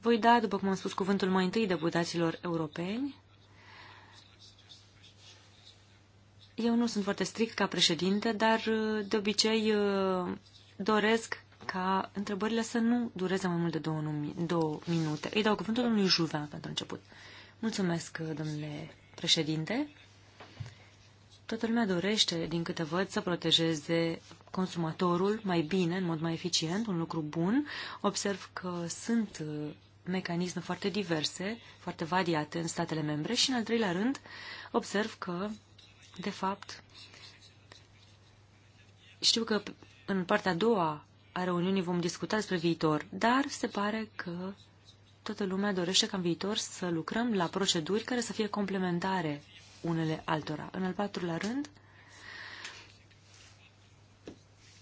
Voi da, după cum am spus, cuvântul mai întâi deputaților europeni, Eu nu sunt foarte strict ca președinte, dar uh, de obicei uh, doresc ca întrebările să nu dureze mai mult de două, două minute. Îi dau cuvântul domnului Juvea pentru început. Mulțumesc, uh, domnule președinte. Toată lumea dorește, din câte văd, să protejeze consumatorul mai bine, în mod mai eficient, un lucru bun. Observ că sunt mecanisme foarte diverse, foarte variate în statele membre și, în al treilea rând, observ că de fapt, știu că în partea a doua a reuniunii vom discuta despre viitor, dar se pare că toată lumea dorește ca în viitor să lucrăm la proceduri care să fie complementare unele altora. În al patrulea rând,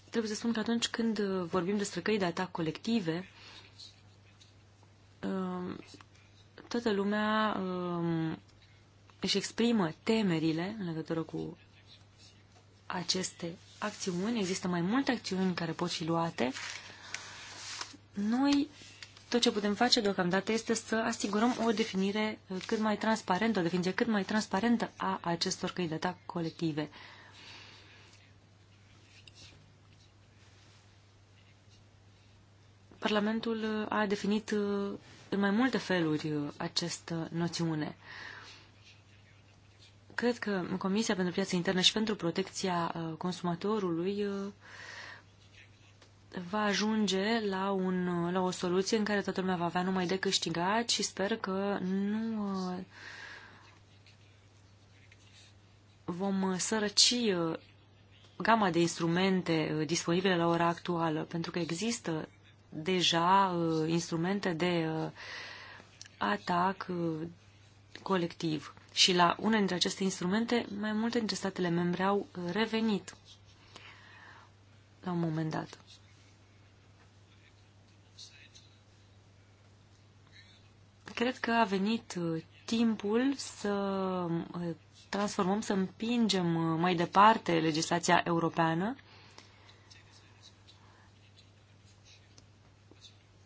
trebuie să spun că atunci când vorbim despre căi de atac colective, um, toată lumea um, își exprimă temerile în legătură cu aceste acțiuni. Există mai multe acțiuni care pot fi luate. Noi tot ce putem face deocamdată este să asigurăm o definire cât mai transparentă, o definiție cât mai transparentă a acestor căi de atac colective. Parlamentul a definit în mai multe feluri această noțiune. Cred că Comisia pentru Piața Internă și pentru Protecția uh, Consumatorului uh, va ajunge la, un, uh, la o soluție în care toată lumea va avea numai de câștigat și sper că nu vom sărăci gama de instrumente disponibile la ora actuală, pentru că există deja instrumente de atac colectiv și la una dintre aceste instrumente, mai multe dintre statele membre au revenit la un moment dat. Cred că a venit uh, timpul să uh, transformăm, să împingem uh, mai departe legislația europeană.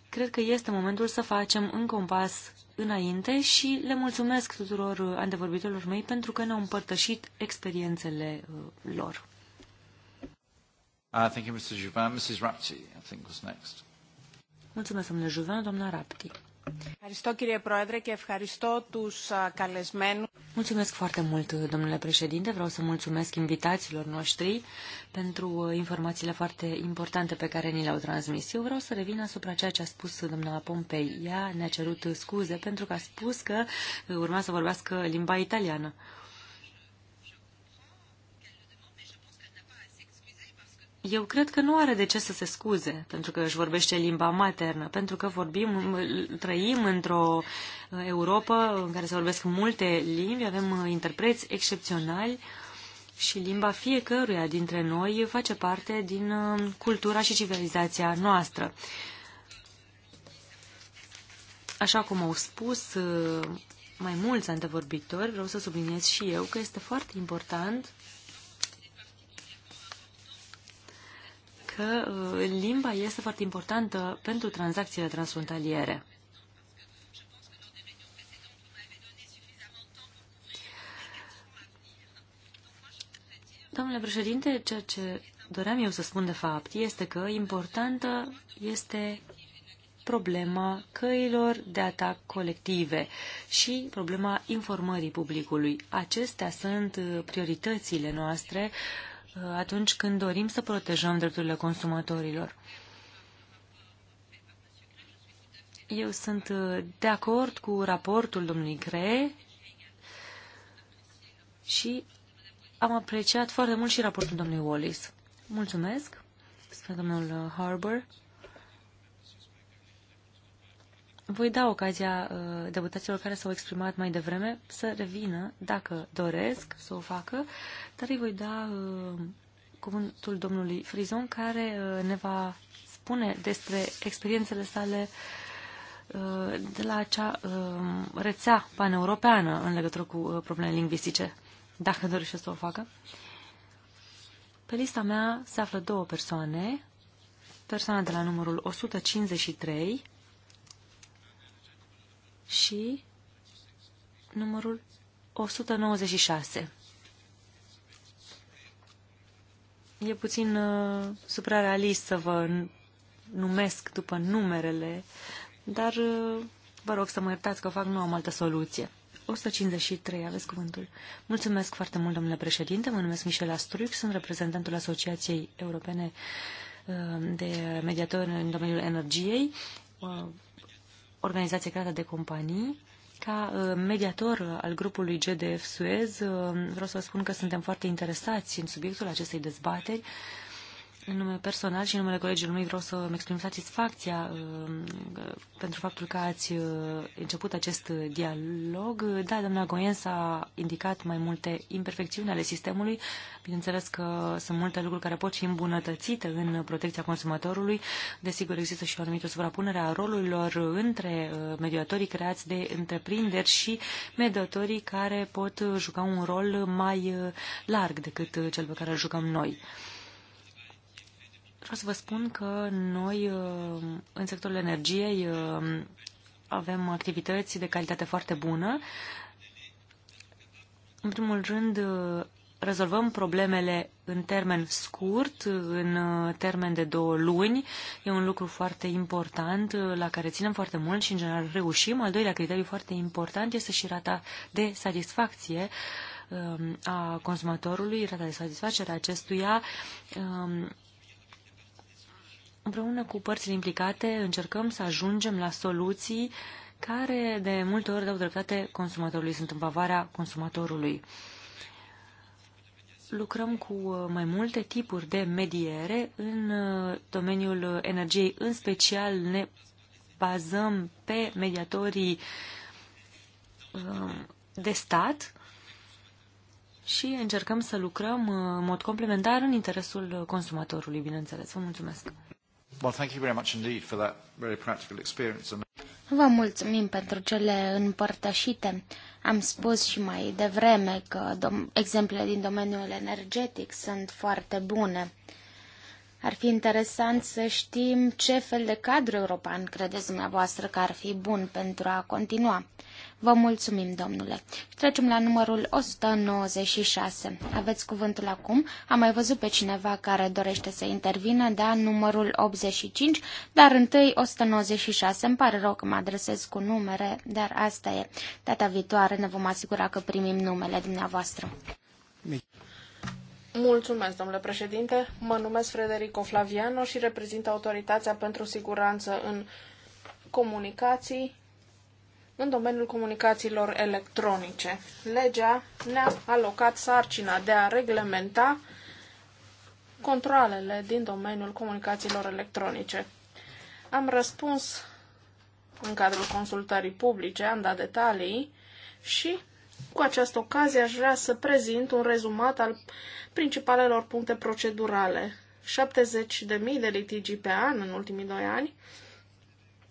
Cred că este momentul să facem încă un pas înainte și le mulțumesc tuturor antevorbitorilor mei pentru că ne-au împărtășit experiențele uh, lor. Uh, thank you, Mr. Juvin. Mrs. Rapti, I think, was next. Mulțumesc, domnule Juvin, doamna Rapti. Mulțumesc foarte mult, domnule președinte. Vreau să mulțumesc invitațiilor noștri pentru uh, informațiile foarte importante pe care ni le-au transmis. Eu vreau să revin asupra ceea ce a spus doamna Pompei. Ea ne-a cerut scuze pentru că a spus că urma să vorbească limba italiană. Uh, eu cred că nu are de ce să se scuze pentru că își vorbește limba maternă, pentru că vorbim, trăim într-o uh, Europa în care se vorbesc multe limbi, avem uh, interpreți excepționali și limba fiecăruia dintre noi face parte din uh, cultura și civilizația noastră. Așa cum au spus mai mulți antevorbitori, vreau să subliniez și eu că este foarte important că uh, limba este foarte importantă pentru tranzacțiile transfrontaliere. Domnule președinte, ceea ce doream eu să spun de fapt este că importantă este problema căilor de atac colective și problema informării publicului. Acestea sunt uh, prioritățile noastre uh, atunci când dorim să protejăm drepturile consumatorilor. Eu sunt uh, de acord cu raportul domnului Gre și am apreciat foarte mult și raportul domnului Wallis. Mulțumesc, spune domnul Harbour. Voi da ocazia uh, deputaților care s-au exprimat mai devreme să revină, dacă doresc să o facă, dar îi voi da uh, cuvântul domnului Frizon, care uh, ne va spune despre experiențele sale de la acea rețea paneuropeană în legătură cu problemele lingvistice, dacă dorește să o facă. Pe lista mea se află două persoane, persoana de la numărul 153, și numărul 196. E puțin uh, suprarealist să vă numesc după numerele, dar uh, vă rog să mă iertați că fac, nu am altă soluție. 153, aveți cuvântul. Mulțumesc foarte mult, domnule președinte. Mă numesc Michel Astruc. sunt reprezentantul Asociației Europene uh, de Mediatori în domeniul energiei, uh, organizație creată de companii. Ca uh, mediator al grupului GDF Suez, uh, vreau să vă spun că suntem foarte interesați în subiectul acestei dezbateri în nume personal și în numele colegilor mei vreau să-mi exprim satisfacția um, pentru faptul că ați uh, început acest dialog. Da, doamna s a indicat mai multe imperfecțiuni ale sistemului. Bineînțeles că sunt multe lucruri care pot fi îmbunătățite în protecția consumatorului. Desigur, există și o anumită suprapunere a rolurilor între uh, mediatorii creați de întreprinderi și mediatorii care pot juca un rol mai uh, larg decât cel pe care îl jucăm noi. Vreau să vă spun că noi, uh, în sectorul energiei, uh, avem activități de calitate foarte bună. În primul rând, uh, rezolvăm problemele în termen scurt, în termen de două luni. E un lucru foarte important la care ținem foarte mult și, în general, reușim. Al doilea criteriu foarte important este și rata de satisfacție a consumatorului, rata de satisfacere a acestuia um, Împreună cu părțile implicate încercăm să ajungem la soluții care de multe ori dau dreptate consumatorului, sunt în favoarea consumatorului. Lucrăm cu mai multe tipuri de mediere în uh, domeniul energiei, în special ne bazăm pe mediatorii uh, de stat și încercăm să lucrăm uh, în mod complementar în interesul consumatorului, bineînțeles. Vă mulțumesc! Well, thank you very much indeed for that very practical experience. Vă mulțumim pentru cele împărtășite. Am spus și mai devreme că exemplele din domeniul energetic sunt foarte bune. Ar fi interesant să știm ce fel de cadru european credeți dumneavoastră că ar fi bun pentru a continua. Vă mulțumim, domnule. Trecem la numărul 196. Aveți cuvântul acum. Am mai văzut pe cineva care dorește să intervină, da, numărul 85, dar întâi 196. Îmi pare rău că mă adresez cu numere, dar asta e. Data viitoare ne vom asigura că primim numele dumneavoastră. Mulțumesc, domnule președinte. Mă numesc Frederico Flaviano și reprezint Autoritatea pentru Siguranță în Comunicații în domeniul comunicațiilor electronice. Legea ne-a alocat sarcina de a reglementa controlele din domeniul comunicațiilor electronice. Am răspuns în cadrul consultării publice, am dat detalii și cu această ocazie aș vrea să prezint un rezumat al principalelor puncte procedurale. 70.000 de litigii pe an în ultimii doi ani,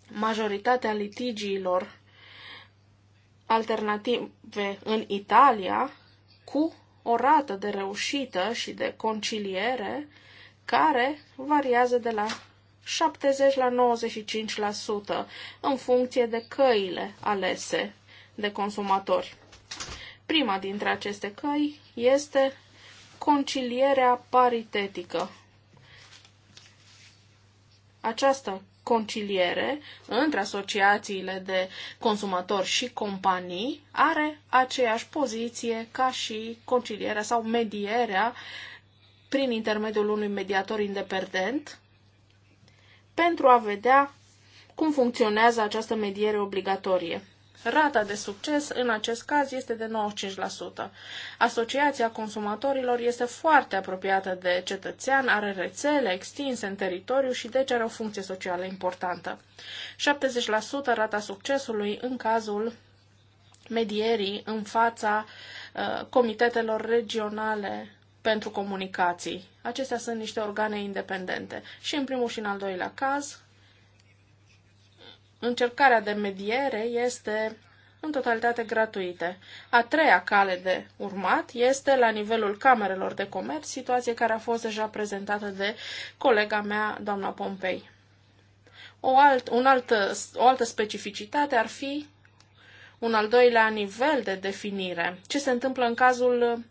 majoritatea litigiilor alternative în Italia cu o rată de reușită și de conciliere care variază de la 70 la 95% în funcție de căile alese de consumatori. Prima dintre aceste căi este concilierea paritetică. Această conciliere între asociațiile de consumatori și companii are aceeași poziție ca și concilierea sau medierea prin intermediul unui mediator independent pentru a vedea cum funcționează această mediere obligatorie. Rata de succes în acest caz este de 95%. Asociația consumatorilor este foarte apropiată de cetățean, are rețele extinse în teritoriu și deci are o funcție socială importantă. 70% rata succesului în cazul medierii în fața uh, comitetelor regionale pentru comunicații. Acestea sunt niște organe independente. Și în primul și în al doilea caz, încercarea de mediere este în totalitate gratuite. A treia cale de urmat este la nivelul camerelor de comerț, situație care a fost deja prezentată de colega mea, doamna Pompei. O, alt, un altă, o altă specificitate ar fi un al doilea nivel de definire. Ce se întâmplă în cazul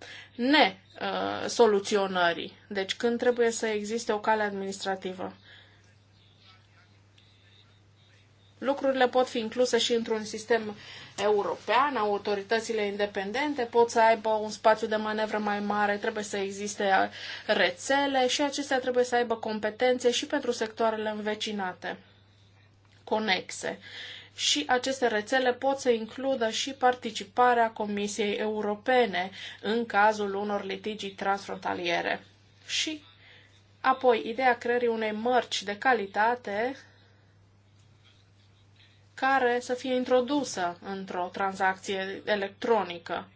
nesoluționării? Uh, deci când trebuie să existe o cale administrativă. Lucrurile pot fi incluse și într-un sistem european, autoritățile independente pot să aibă un spațiu de manevră mai mare, trebuie să existe rețele și acestea trebuie să aibă competențe și pentru sectoarele învecinate, conexe. Și aceste rețele pot să includă și participarea Comisiei Europene în cazul unor litigii transfrontaliere. Și Apoi, ideea creării unei mărci de calitate care să fie introdusă într-o tranzacție electronică,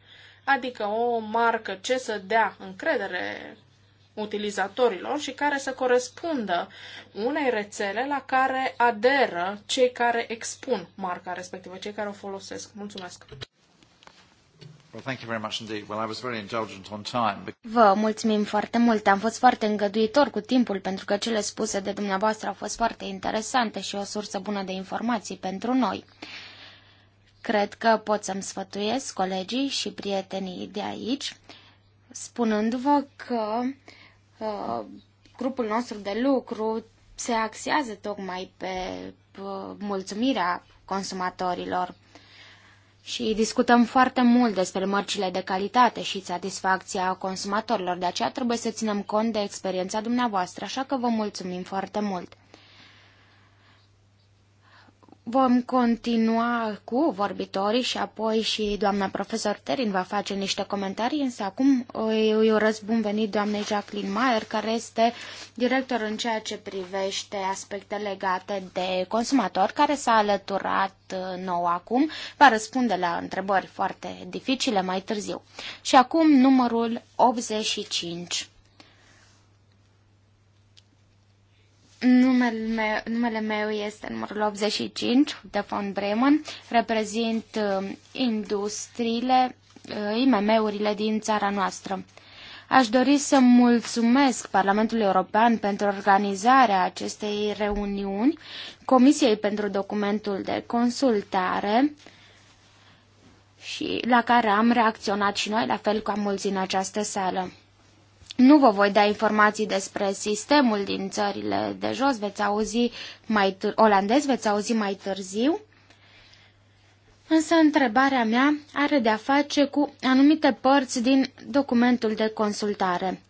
adică o marcă ce să dea încredere utilizatorilor și care să corespundă unei rețele la care aderă cei care expun marca respectivă, cei care o folosesc. Mulțumesc! Vă mulțumim foarte mult. Am fost foarte îngăduitor cu timpul pentru că cele spuse de dumneavoastră au fost foarte interesante și o sursă bună de informații pentru noi. Cred că pot să-mi sfătuiesc colegii și prietenii de aici, spunându-vă că uh, grupul nostru de lucru se axează tocmai pe uh, mulțumirea consumatorilor și discutăm foarte mult despre mărcile de calitate și satisfacția consumatorilor, de aceea trebuie să ținem cont de experiența dumneavoastră, așa că vă mulțumim foarte mult. Vom continua cu vorbitorii și apoi și doamna profesor Terin va face niște comentarii, însă acum îi urăz bun venit doamnei Jacqueline Mayer, care este director în ceea ce privește aspecte legate de consumator, care s-a alăturat uh, nou acum, va răspunde la întrebări foarte dificile mai târziu. Și acum numărul 85. Numele meu, numele meu este numărul 85 de von Bremen. Reprezint uh, industriile, uh, IMM-urile din țara noastră. Aș dori să mulțumesc Parlamentului European pentru organizarea acestei reuniuni, Comisiei pentru documentul de consultare și la care am reacționat și noi, la fel ca mulți în această sală. Nu vă voi da informații despre sistemul din țările de jos, veți auzi mai olandez, veți auzi mai târziu. Însă întrebarea mea are de-a face cu anumite părți din documentul de consultare.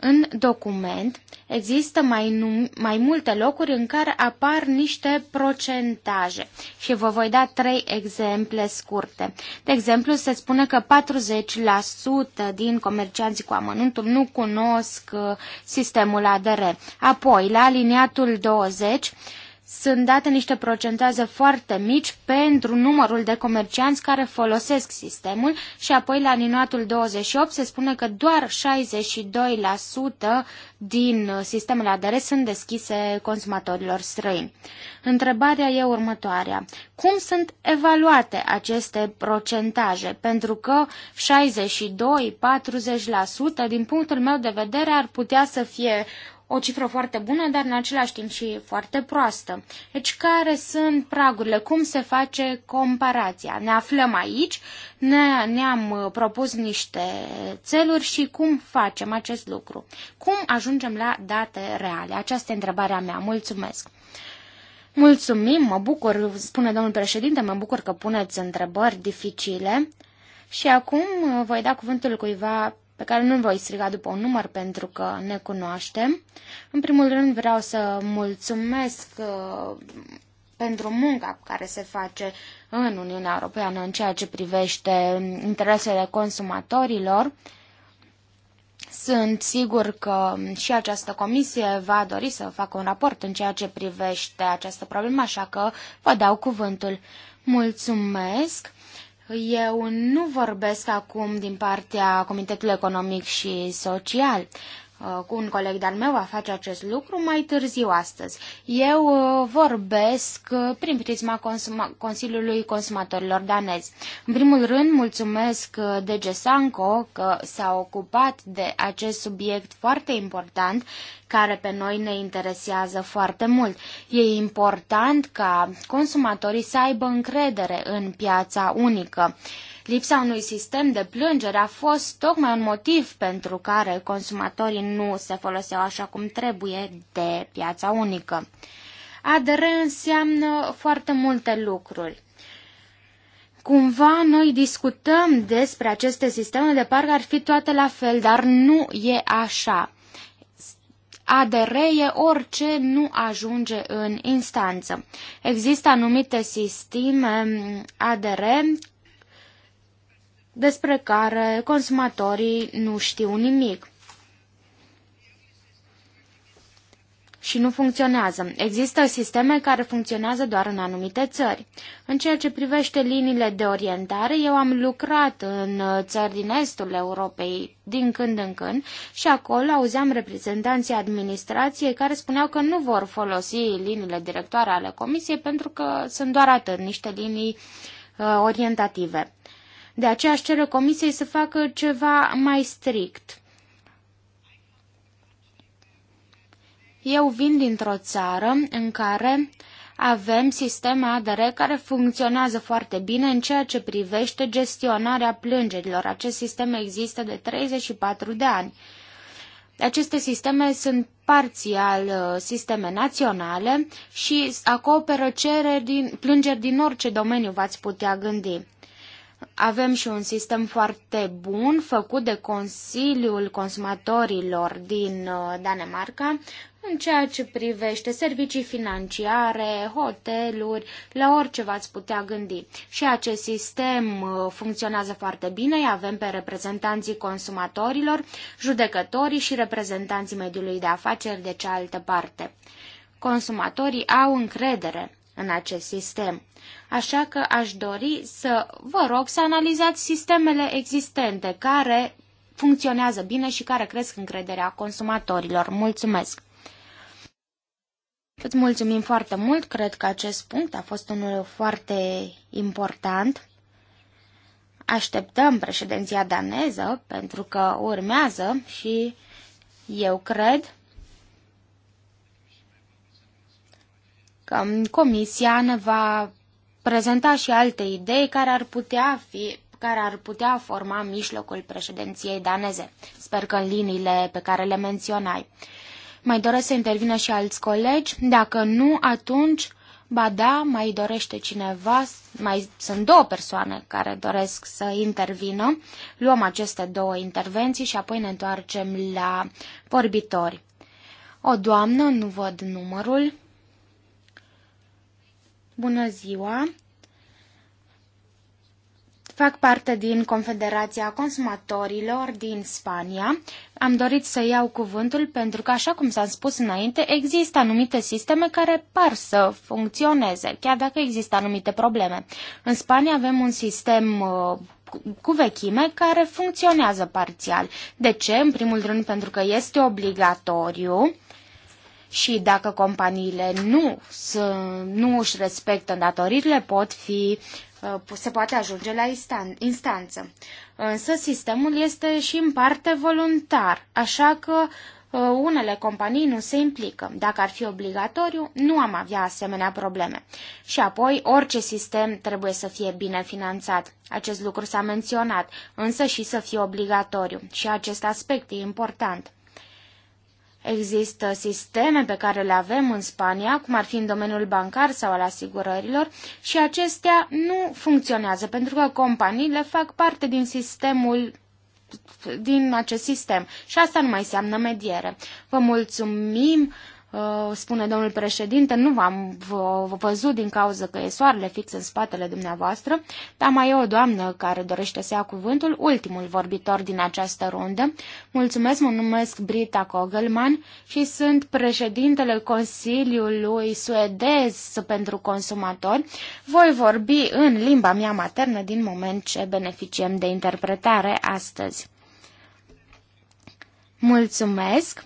În document există mai, mai multe locuri în care apar niște procentaje și vă voi da trei exemple scurte. De exemplu, se spune că 40% din comercianții cu amănuntul nu cunosc uh, sistemul ADR. Apoi, la aliniatul 20, sunt date niște procentează foarte mici pentru numărul de comercianți care folosesc sistemul și apoi la ninuatul 28 se spune că doar 62% din sistemele ADR sunt deschise consumatorilor străini. Întrebarea e următoarea. Cum sunt evaluate aceste procentaje? Pentru că 62-40% din punctul meu de vedere ar putea să fie o cifră foarte bună, dar în același timp și foarte proastă. Deci care sunt pragurile? Cum se face comparația? Ne aflăm aici, ne, ne-am uh, propus niște țeluri și cum facem acest lucru? Cum ajungem la date reale? Această întrebare întrebarea mea. Mulțumesc! Mulțumim, mă bucur, spune domnul președinte, mă bucur că puneți întrebări dificile. Și acum uh, voi da cuvântul cuiva pe care nu voi striga după un număr pentru că ne cunoaștem. În primul rând vreau să mulțumesc uh, pentru munca care se face în Uniunea Europeană în ceea ce privește um, interesele consumatorilor. Sunt sigur că um, și această comisie va dori să facă un raport în ceea ce privește această problemă, așa că vă dau cuvântul. Mulțumesc! Eu nu vorbesc acum din partea Comitetului Economic și Social. Uh, cu un coleg de-al meu va face acest lucru mai târziu astăzi. Eu uh, vorbesc uh, prin prisma consuma, Consiliului Consumatorilor Danez. În primul rând, mulțumesc de Gesanco că s-a ocupat de acest subiect foarte important care pe noi ne interesează foarte mult. E important ca consumatorii să aibă încredere în piața unică. Uh, Lipsa unui sistem de plângere a fost tocmai un motiv pentru care consumatorii nu se foloseau așa cum trebuie de piața unică. ADR înseamnă foarte multe lucruri. Cumva noi discutăm despre aceste sisteme de parcă ar fi toate la fel, dar nu e așa. ADR e orice nu ajunge în instanță. Există anumite sisteme ADR despre care consumatorii nu știu nimic. și nu funcționează. Există sisteme care funcționează doar în anumite țări. În ceea ce privește liniile de orientare, eu am lucrat în țări din estul Europei din când în când și acolo auzeam reprezentanții administrației care spuneau că nu vor folosi liniile directoare ale comisiei pentru că sunt doar atât, niște linii uh, orientative. De aceea își cere Comisiei să facă ceva mai strict. Eu vin dintr-o țară în care avem sistem ADR care funcționează foarte bine în ceea ce privește gestionarea plângerilor. Acest sistem există de 34 de ani. Aceste sisteme sunt parțial uh, sisteme naționale și acoperă cereri din, plângeri din orice domeniu v-ați putea gândi. Avem și un sistem foarte bun făcut de Consiliul Consumatorilor din uh, Danemarca în ceea ce privește servicii financiare, hoteluri, la orice v-ați putea gândi. Și acest sistem uh, funcționează foarte bine, avem pe reprezentanții consumatorilor, judecătorii și reprezentanții mediului de afaceri de cealaltă parte. Consumatorii au încredere în acest sistem. Așa că aș dori să vă rog să analizați sistemele existente care funcționează bine și care cresc încrederea consumatorilor. Mulțumesc! Îți mulțumim foarte mult, cred că acest punct a fost unul foarte important. Așteptăm președinția daneză pentru că urmează și eu cred că comisia ne va prezenta și alte idei care ar putea fi care ar putea forma mijlocul președinției daneze. Sper că în liniile pe care le menționai. Mai doresc să intervină și alți colegi? Dacă nu, atunci, ba da, mai dorește cineva, mai sunt două persoane care doresc să intervină. Luăm aceste două intervenții și apoi ne întoarcem la vorbitori. O doamnă, nu văd numărul. Bună ziua! Fac parte din Confederația Consumatorilor din Spania. Am dorit să iau cuvântul pentru că, așa cum s-a spus înainte, există anumite sisteme care par să funcționeze, chiar dacă există anumite probleme. În Spania avem un sistem uh, cu vechime care funcționează parțial. De ce? În primul rând pentru că este obligatoriu și dacă companiile nu, nu își respectă îndatoririle, pot fi, uh, se poate ajunge la instanță. Însă sistemul este și în parte voluntar, așa că uh, unele companii nu se implică. Dacă ar fi obligatoriu, nu am avea asemenea probleme. Și apoi, orice sistem trebuie să fie bine finanțat. Acest lucru s-a menționat, însă și să fie obligatoriu. Și acest aspect e important. Există sisteme pe care le avem în Spania, cum ar fi în domeniul bancar sau al asigurărilor, și acestea nu funcționează pentru că companiile fac parte din sistemul din acest sistem și asta nu mai înseamnă mediere. Vă mulțumim Uh, spune domnul președinte, nu v-am văzut din cauza că e soarele fix în spatele dumneavoastră, dar mai e o doamnă care dorește să ia cuvântul, ultimul vorbitor din această rundă. Mulțumesc, mă numesc Brita Kogelman și sunt președintele Consiliului Suedez pentru Consumatori. Voi vorbi în limba mea maternă din moment ce beneficiem de interpretare astăzi. Mulțumesc!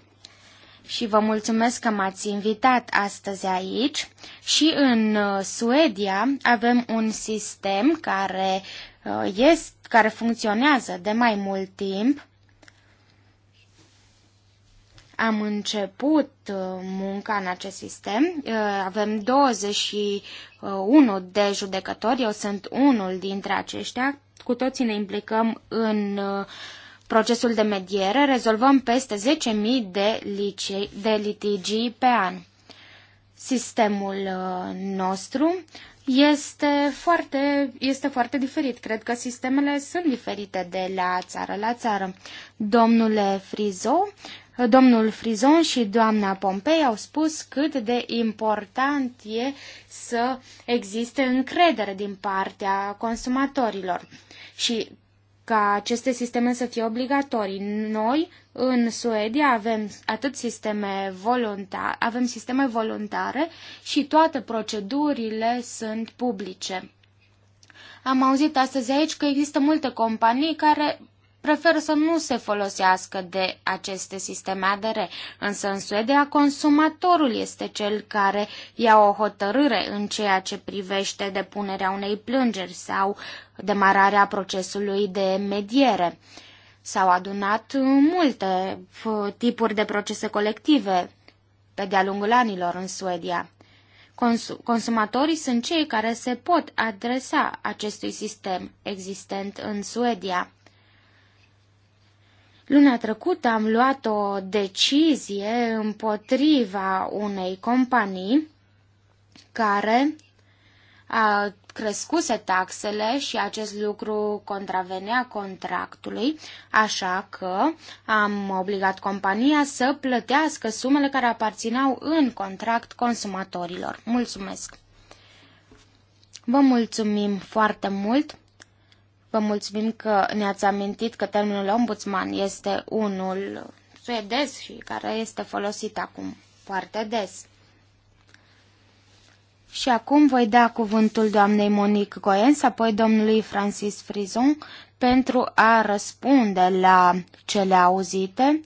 și vă mulțumesc că m-ați invitat astăzi aici. Și în uh, Suedia avem un sistem care, uh, este, care funcționează de mai mult timp. Am început uh, munca în acest sistem. Avem 21 de judecători, eu sunt unul dintre aceștia. Cu toții ne implicăm în uh, procesul de mediere rezolvăm peste 10.000 de, de litigii pe an. Sistemul uh, nostru este foarte, este foarte diferit. Cred că sistemele sunt diferite de la țară la țară. Domnule Frizo, Domnul Frizon și doamna Pompei au spus cât de important e să existe încredere din partea consumatorilor. Și ca aceste sisteme să fie obligatorii. Noi, în Suedia, avem atât sisteme voluntare, avem sisteme voluntare și toate procedurile sunt publice. Am auzit astăzi aici că există multe companii care prefer să nu se folosească de aceste sisteme ADR, însă în Suedia consumatorul este cel care ia o hotărâre în ceea ce privește depunerea unei plângeri sau demararea procesului de mediere. S-au adunat multe tipuri de procese colective pe de-a lungul anilor în Suedia. Consumatorii sunt cei care se pot adresa acestui sistem existent în Suedia. Luna trecută am luat o decizie împotriva unei companii care a crescuse taxele și acest lucru contravenea contractului, așa că am obligat compania să plătească sumele care aparțineau în contract consumatorilor. Mulțumesc! Vă mulțumim foarte mult! Vă mulțumim că ne-ați amintit că termenul ombudsman este unul suedez și care este folosit acum foarte des. Și acum voi da cuvântul doamnei Monique Goens, apoi domnului Francis Frison, pentru a răspunde la cele auzite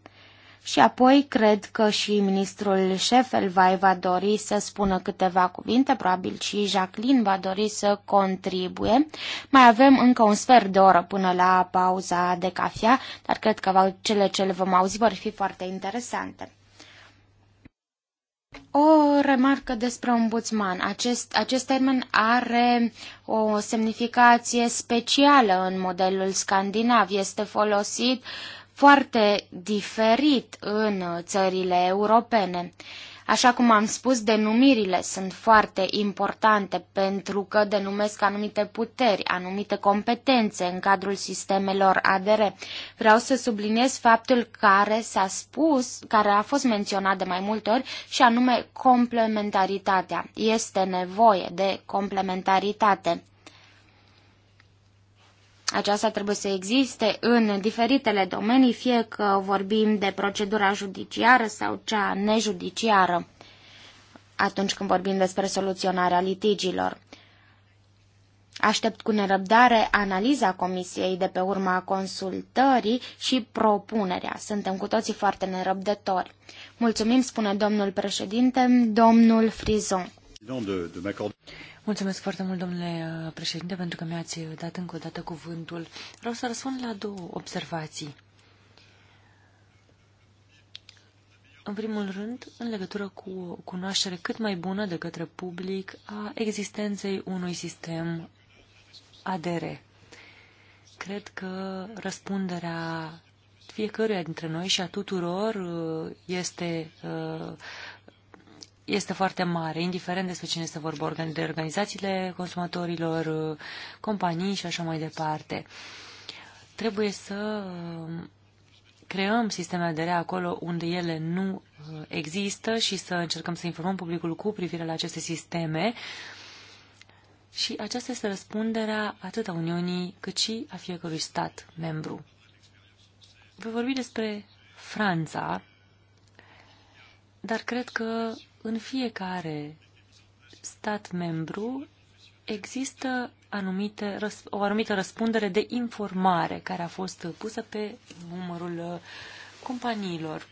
și apoi cred că și ministrul Șefelvai va dori să spună câteva cuvinte, probabil și Jacqueline va dori să contribuie. Mai avem încă un sfert de oră până la pauza de cafea, dar cred că cele ce le vom auzi vor fi foarte interesante. O remarcă despre ombudsman. Acest, acest termen are o semnificație specială în modelul scandinav. Este folosit uh, foarte diferit în țările europene. Așa cum am spus, denumirile sunt foarte importante pentru că denumesc anumite puteri, anumite competențe în cadrul sistemelor ADR. Vreau să subliniez faptul care s-a spus, care a fost menționat de mai multe ori, și anume complementaritatea. Este nevoie de complementaritate. Aceasta trebuie să existe în diferitele domenii, fie că vorbim de procedura judiciară sau cea nejudiciară, atunci când vorbim despre soluționarea litigilor. Aștept cu nerăbdare analiza comisiei de pe urma consultării și propunerea. Suntem cu toții foarte nerăbdători. Mulțumim, spune domnul președinte, domnul Frizon. Mulțumesc foarte mult, domnule uh, președinte, pentru că mi-ați uh, dat încă o dată cuvântul. Vreau să răspund la două observații. În primul rând, în legătură cu o cunoaștere cât mai bună de către public a existenței unui sistem ADR. Cred că răspunderea fiecăruia dintre noi și a tuturor uh, este este foarte mare, indiferent despre cine este vorba, de organizațiile consumatorilor, companii și așa mai departe. Trebuie să um, creăm sisteme de rea acolo unde ele nu uh, există și să încercăm să informăm publicul cu privire la aceste sisteme. Și aceasta este răspunderea atât a Uniunii cât și a fiecărui stat membru. Voi vorbi despre Franța, dar cred că în fiecare stat membru există anumite, o anumită răspundere de informare care a fost pusă pe numărul uh, companiilor.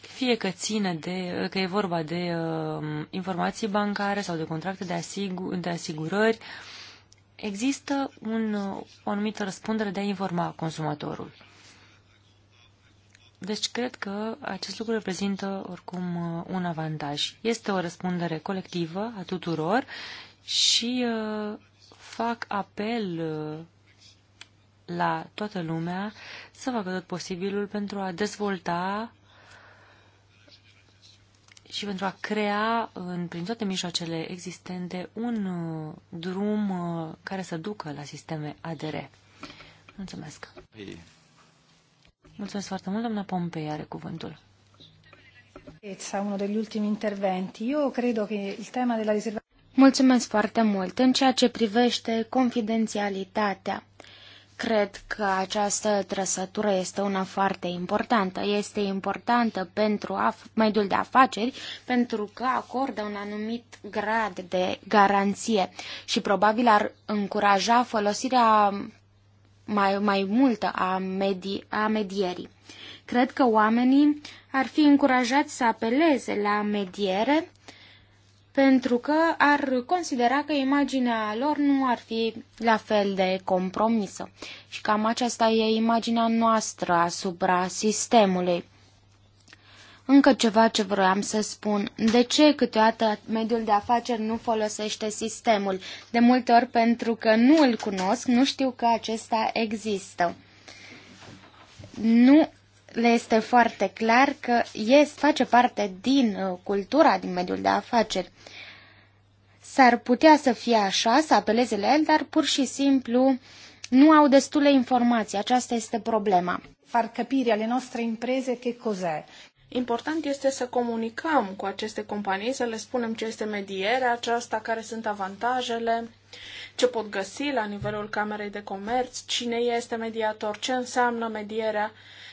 Fie că ține de, că e vorba de uh, informații bancare sau de contracte de, asigur, de asigurări, există un, uh, o anumită răspundere de a informa consumatorul. Deci cred că acest lucru reprezintă oricum uh, un avantaj. Este o răspundere colectivă a tuturor și uh, fac apel uh, la toată lumea să facă tot posibilul pentru a dezvolta și pentru a crea în, prin toate mijloacele existente un drum care să ducă la sisteme ADR. Mulțumesc! Ei. Mulțumesc foarte mult, doamna Pompei are cuvântul. Unul degli ultimi interventi. Eu cred că il tema della riserva... Mulțumesc foarte mult. În ceea ce privește confidențialitatea, Cred că această trăsătură este una foarte importantă. Este importantă pentru mediul de afaceri pentru că acordă un anumit grad de garanție și probabil ar încuraja folosirea mai, mai multă a, medi, a medierii. Cred că oamenii ar fi încurajați să apeleze la mediere pentru că ar considera că imaginea lor nu ar fi la fel de compromisă. Și cam aceasta e imaginea noastră asupra sistemului. Încă ceva ce vroiam să spun. De ce câteodată mediul de afaceri nu folosește sistemul? De multe ori pentru că nu îl cunosc, nu știu că acesta există. Nu le este foarte clar că este, face parte din uh, cultura, din mediul de afaceri. S-ar putea să fie așa, să apeleze la el, dar pur și simplu nu au destule informații. Aceasta este problema. Far capire alle nostre imprese che cos'è Important este să comunicăm cu aceste companii, să le spunem ce este medierea aceasta, care sunt avantajele, ce pot găsi la nivelul Camerei de Comerț, cine este mediator, ce înseamnă medierea.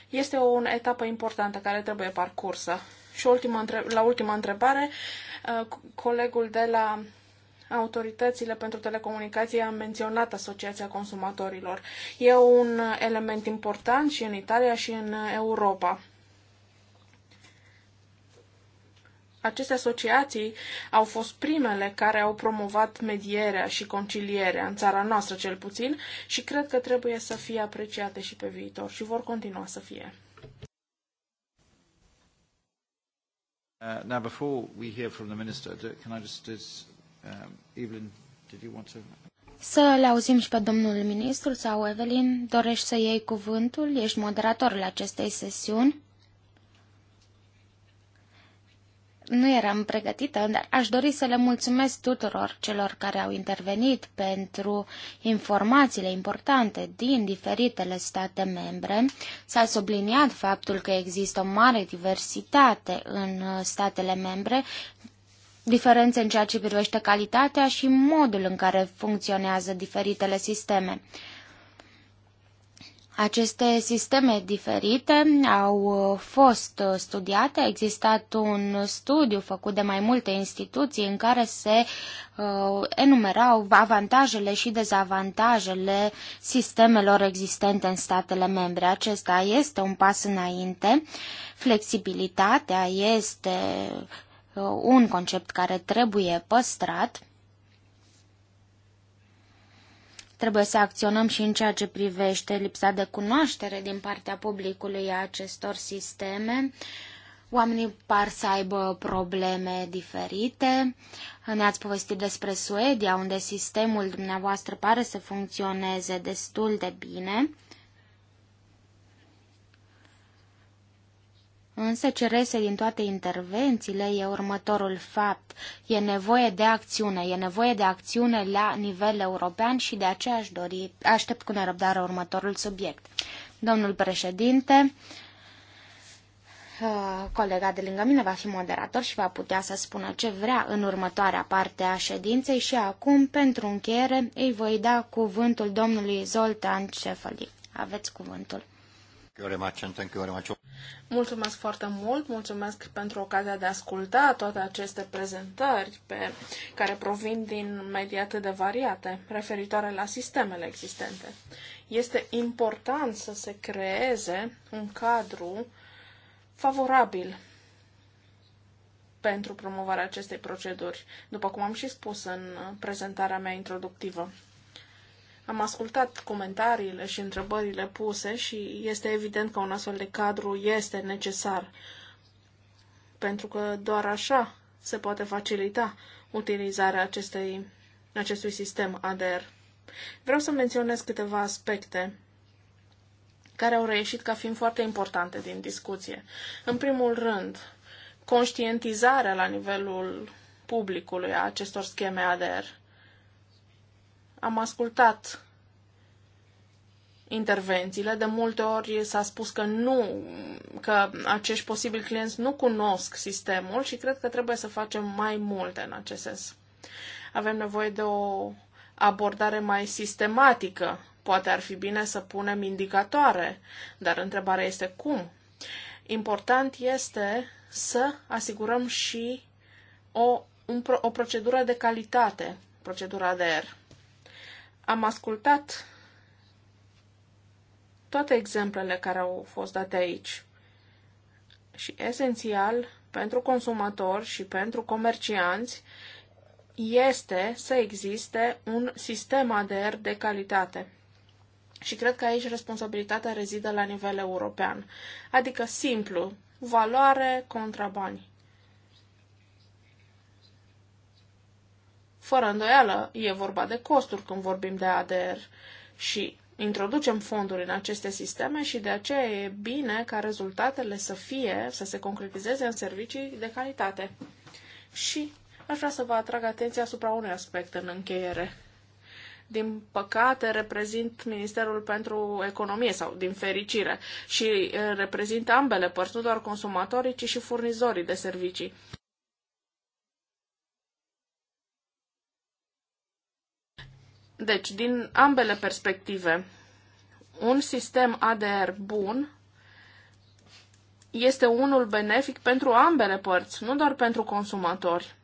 Este o etapă importantă care trebuie parcursă. Și ultima, la ultima întrebare, uh, colegul de la autoritățile pentru telecomunicații a menționat Asociația Consumatorilor. E un element important și în Italia și în Europa. Aceste asociații au fost primele care au promovat medierea și concilierea, în țara noastră cel puțin, și cred că trebuie să fie apreciate și pe viitor și vor continua să fie. Uh, now, before we hear from the minister, can I just, is, um, Evelyn, did you want to... Să le auzim și pe domnul ministru sau Evelyn, dorești să iei cuvântul? Ești moderator la acestei sesiuni? Nu eram pregătită, dar aș dori să le mulțumesc tuturor celor care au intervenit pentru informațiile importante din diferitele state membre. S-a subliniat faptul că există o mare diversitate în statele membre, diferențe în ceea ce privește calitatea și modul în care funcționează diferitele sisteme. Aceste sisteme diferite au uh, fost uh, studiate, a existat un studiu făcut de mai multe instituții în care se uh, enumerau avantajele și dezavantajele sistemelor existente în statele membre. Acesta este un pas înainte, flexibilitatea este uh, un concept care trebuie păstrat Trebuie să acționăm și în ceea ce privește lipsa de cunoaștere din partea publicului a acestor sisteme. Oamenii par să aibă probleme diferite. Ne-ați povestit despre Suedia, unde sistemul dumneavoastră pare să funcționeze destul de bine. Însă ce rese din toate intervențiile e următorul fapt. E nevoie de acțiune, e nevoie de acțiune la nivel european și de aceea aș dori, aștept cu nerăbdare următorul subiect. Domnul președinte, uh, colega de lângă mine va fi moderator și va putea să spună ce vrea în următoarea parte a ședinței și acum, pentru încheiere, îi voi da cuvântul domnului Zoltan Cefali. Aveți cuvântul. Mulțumesc foarte mult, mulțumesc pentru ocazia de a asculta toate aceste prezentări pe, care provin din medii atât de variate, referitoare la sistemele existente. Este important să se creeze un cadru favorabil pentru promovarea acestei proceduri, după cum am și spus în prezentarea mea introductivă. Am ascultat comentariile și întrebările puse și este evident că un astfel de cadru este necesar, pentru că doar așa se poate facilita utilizarea acestei, acestui sistem ADR. Vreau să menționez câteva aspecte care au reieșit ca fiind foarte importante din discuție. În primul rând, conștientizarea la nivelul publicului a acestor scheme ADR. Am ascultat intervențiile. De multe ori s-a spus că nu, că acești posibili clienți nu cunosc sistemul și cred că trebuie să facem mai multe în acest sens. Avem nevoie de o abordare mai sistematică. Poate ar fi bine să punem indicatoare, dar întrebarea este cum. Important este să asigurăm și o, un, o procedură de calitate, procedura R. Am ascultat toate exemplele care au fost date aici. Și esențial pentru consumatori și pentru comercianți este să existe un sistem ADR de calitate. Și cred că aici responsabilitatea rezidă la nivel european. Adică simplu, valoare contra bani. Fără îndoială, e vorba de costuri când vorbim de ADR și introducem fonduri în aceste sisteme și de aceea e bine ca rezultatele să fie, să se concretizeze în servicii de calitate. Și aș vrea să vă atrag atenția asupra unui aspect în încheiere. Din păcate, reprezint Ministerul pentru Economie sau din fericire și reprezint ambele părți, nu doar consumatorii, ci și furnizorii de servicii. Deci, din ambele perspective, un sistem ADR bun este unul benefic pentru ambele părți, nu doar pentru consumatori.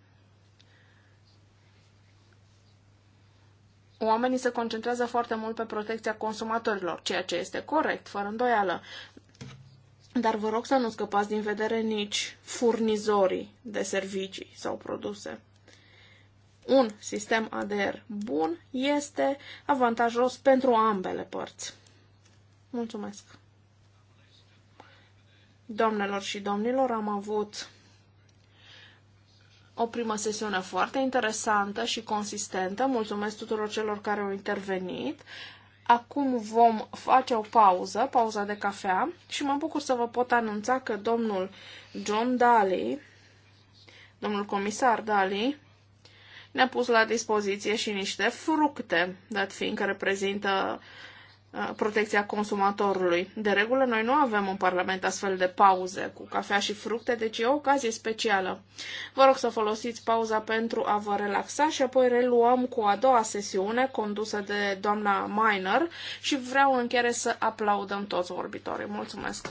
Oamenii se concentrează foarte mult pe protecția consumatorilor, ceea ce este corect, fără îndoială. Dar vă rog să nu scăpați din vedere nici furnizorii de servicii sau produse un sistem ADR bun este avantajos pentru ambele părți. Mulțumesc! Doamnelor și domnilor, am avut o primă sesiune foarte interesantă și consistentă. Mulțumesc tuturor celor care au intervenit. Acum vom face o pauză, pauza de cafea, și mă bucur să vă pot anunța că domnul John Daly, domnul comisar Daly, ne-a pus la dispoziție și niște fructe, dat fiind că reprezintă uh, protecția consumatorului. De regulă, noi nu avem în Parlament astfel de pauze cu cafea și fructe, deci e o ocazie specială. Vă rog să folosiți pauza pentru a vă relaxa și apoi reluăm cu a doua sesiune condusă de doamna Miner și vreau în încheiere să aplaudăm toți vorbitorii. Mulțumesc!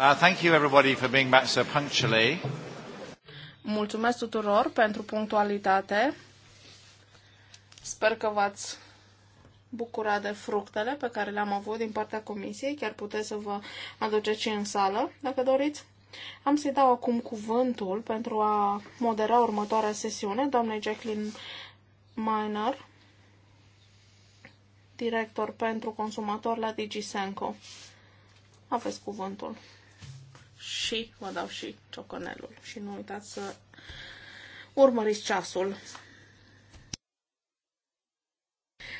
Uh, thank you everybody for being back so punctually. Mulțumesc tuturor pentru punctualitate. Sper că v-ați bucura de fructele pe care le-am avut din partea comisiei. Chiar puteți să vă aduceți și în sală, dacă doriți. Am să-i dau acum cuvântul pentru a modera următoarea sesiune, doamnei Jacqueline Miner, director pentru consumator la DigiSenco. Aveți cuvântul și vă dau și ciocanelul. Și nu uitați să urmăriți ceasul.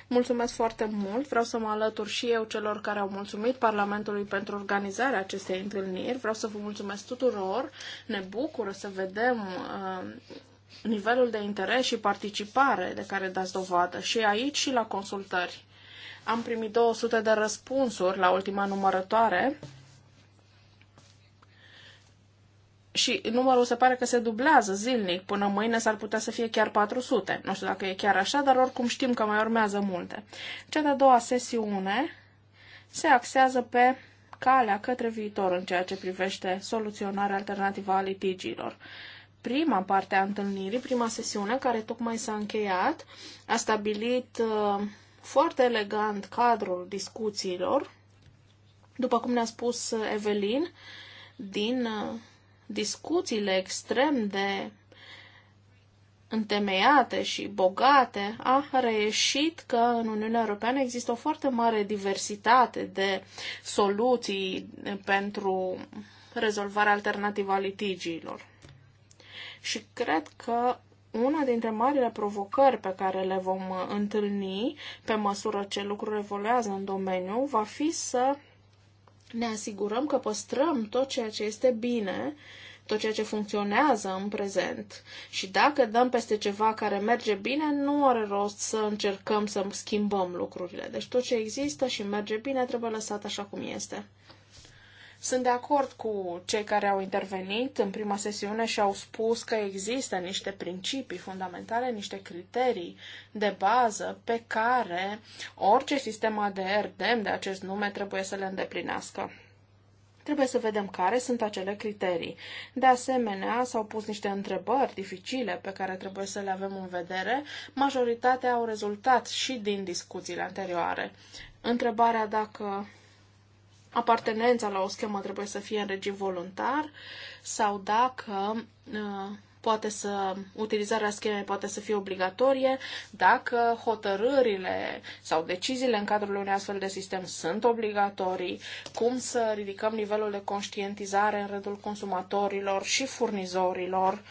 Mulțumesc foarte mult. Vreau să mă alătur și eu celor care au mulțumit Parlamentului pentru organizarea acestei întâlniri. Vreau să vă mulțumesc tuturor. Ne bucură să vedem uh, nivelul de interes și participare de care dați dovadă și aici și la consultări. Am primit 200 de răspunsuri la ultima numărătoare și numărul se pare că se dublează zilnic, până mâine s-ar putea să fie chiar 400. Nu știu dacă e chiar așa, dar oricum știm că mai urmează multe. Cea de-a doua sesiune se axează pe calea către viitor în ceea ce privește soluționarea alternativă a litigiilor. Prima parte a întâlnirii, prima sesiune care tocmai s-a încheiat, a stabilit uh, foarte elegant cadrul discuțiilor. După cum ne-a spus uh, Evelin, din uh, discuțiile extrem de întemeiate și bogate, a reieșit că în Uniunea Europeană există o foarte mare diversitate de soluții pentru rezolvarea alternativă a litigiilor. Și cred că una dintre marile provocări pe care le vom întâlni pe măsură ce lucrurile evoluează în domeniu va fi să ne asigurăm că păstrăm tot ceea ce este bine, tot ceea ce funcționează în prezent. Și dacă dăm peste ceva care merge bine, nu are rost să încercăm să schimbăm lucrurile. Deci tot ce există și merge bine trebuie lăsat așa cum este. Sunt de acord cu cei care au intervenit în prima sesiune și au spus că există niște principii fundamentale, niște criterii de bază pe care orice sistem ADR demn de acest nume trebuie să le îndeplinească. Trebuie să vedem care sunt acele criterii. De asemenea, s-au pus niște întrebări dificile pe care trebuie să le avem în vedere. Majoritatea au rezultat și din discuțiile anterioare. Întrebarea dacă apartenența la o schemă trebuie să fie în regim voluntar sau dacă uh, poate să, utilizarea schemei poate să fie obligatorie dacă hotărârile sau deciziile în cadrul unui astfel de sistem sunt obligatorii, cum să ridicăm nivelul de conștientizare în rândul consumatorilor și furnizorilor,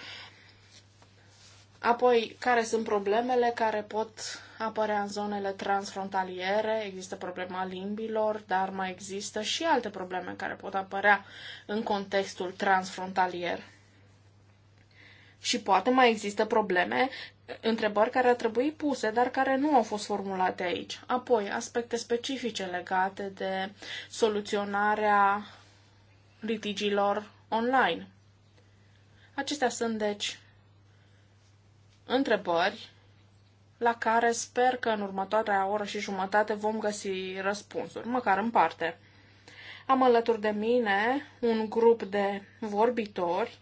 apoi care sunt problemele care pot apărea în zonele transfrontaliere, există problema limbilor, dar mai există și alte probleme care pot apărea în contextul transfrontalier. Și poate mai există probleme, întrebări care ar trebui puse, dar care nu au fost formulate aici. Apoi, aspecte specifice legate de soluționarea litigilor online. Acestea sunt, deci, întrebări la care sper că în următoarea oră și jumătate vom găsi răspunsuri, măcar în parte. Am alături de mine un grup de vorbitori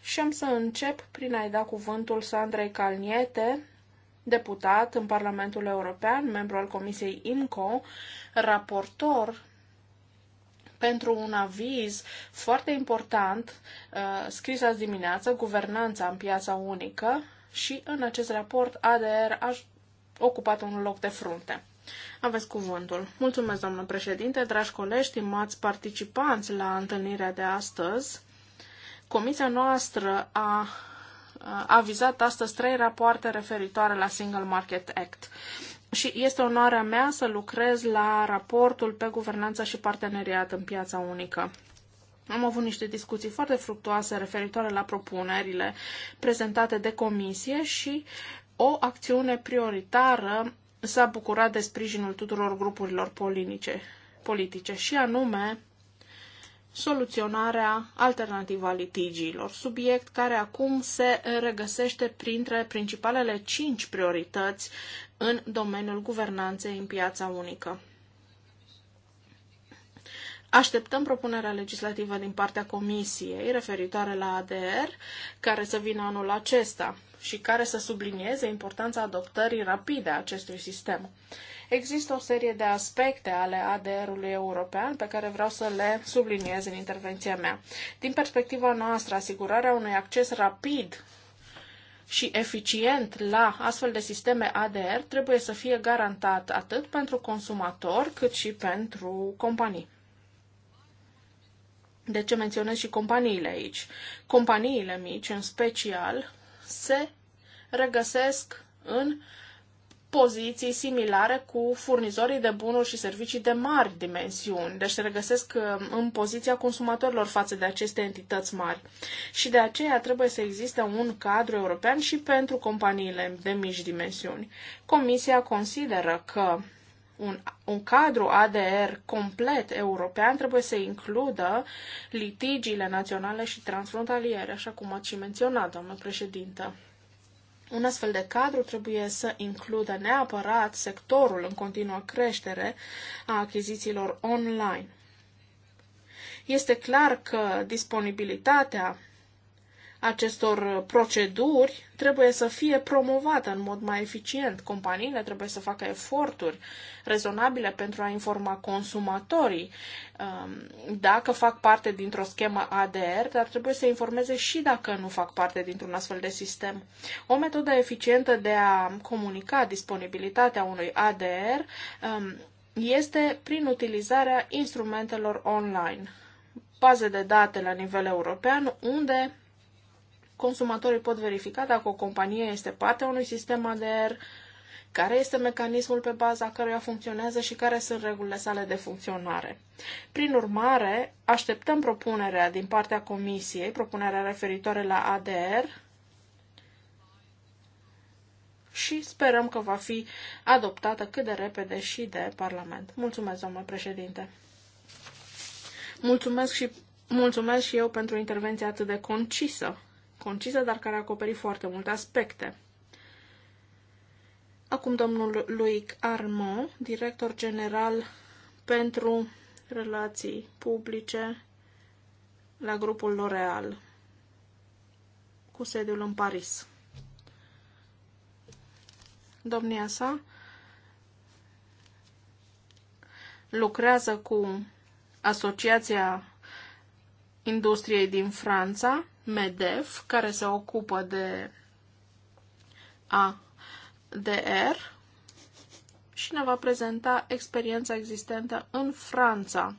și am să încep prin a-i da cuvântul Sandrei Calniete, deputat în Parlamentul European, membru al Comisiei IMCO, raportor pentru un aviz foarte important uh, scris azi dimineață, Guvernanța în piața unică, și în acest raport ADR a ocupat un loc de frunte. Aveți cuvântul. Mulțumesc, doamnă președinte, dragi colegi, stimați participanți la întâlnirea de astăzi. Comisia noastră a avizat astăzi trei rapoarte referitoare la Single Market Act. Și este onoarea mea să lucrez la raportul pe guvernanță și parteneriat în piața unică. Am avut niște discuții foarte fructuoase referitoare la propunerile prezentate de comisie și o acțiune prioritară s-a bucurat de sprijinul tuturor grupurilor politice, politice și anume soluționarea alternativă a litigiilor, subiect care acum se regăsește printre principalele cinci priorități în domeniul guvernanței în piața unică. Așteptăm propunerea legislativă din partea Comisiei referitoare la ADR, care să vină anul acesta și care să sublinieze importanța adoptării rapide a acestui sistem. Există o serie de aspecte ale ADR-ului european pe care vreau să le subliniez în intervenția mea. Din perspectiva noastră, asigurarea unui acces rapid și eficient la astfel de sisteme ADR trebuie să fie garantat atât pentru consumator cât și pentru companii. De ce menționez și companiile aici? Companiile mici, în special, se regăsesc în poziții similare cu furnizorii de bunuri și servicii de mari dimensiuni, deci se regăsesc uh, în poziția consumatorilor față de aceste entități mari. Și de aceea trebuie să existe un cadru european și pentru companiile de mici dimensiuni. Comisia consideră că un, un cadru ADR complet european trebuie să includă litigiile naționale și transfrontaliere, așa cum ați și menționat, doamnă președintă. Un astfel de cadru trebuie să includă neapărat sectorul în continuă creștere a achizițiilor online. Este clar că disponibilitatea acestor proceduri trebuie să fie promovată în mod mai eficient. Companiile trebuie să facă eforturi rezonabile pentru a informa consumatorii. Um, dacă fac parte dintr-o schemă ADR, dar trebuie să informeze și dacă nu fac parte dintr-un astfel de sistem. O metodă eficientă de a comunica disponibilitatea unui ADR um, este prin utilizarea instrumentelor online baze de date la nivel european unde consumatorii pot verifica dacă o companie este parte a unui sistem ADR, care este mecanismul pe baza căruia funcționează și care sunt regulile sale de funcționare. Prin urmare, așteptăm propunerea din partea Comisiei, propunerea referitoare la ADR, și sperăm că va fi adoptată cât de repede și de Parlament. Mulțumesc, domnule președinte! Mulțumesc și, mulțumesc și eu pentru intervenția atât de concisă concisă, dar care a acoperit foarte multe aspecte. Acum domnul Luic Armand, director general pentru relații publice la grupul L'Oreal, cu sediul în Paris. Domnia sa lucrează cu Asociația Industriei din Franța MEDEF, care se ocupă de ADR și ne va prezenta experiența existentă în Franța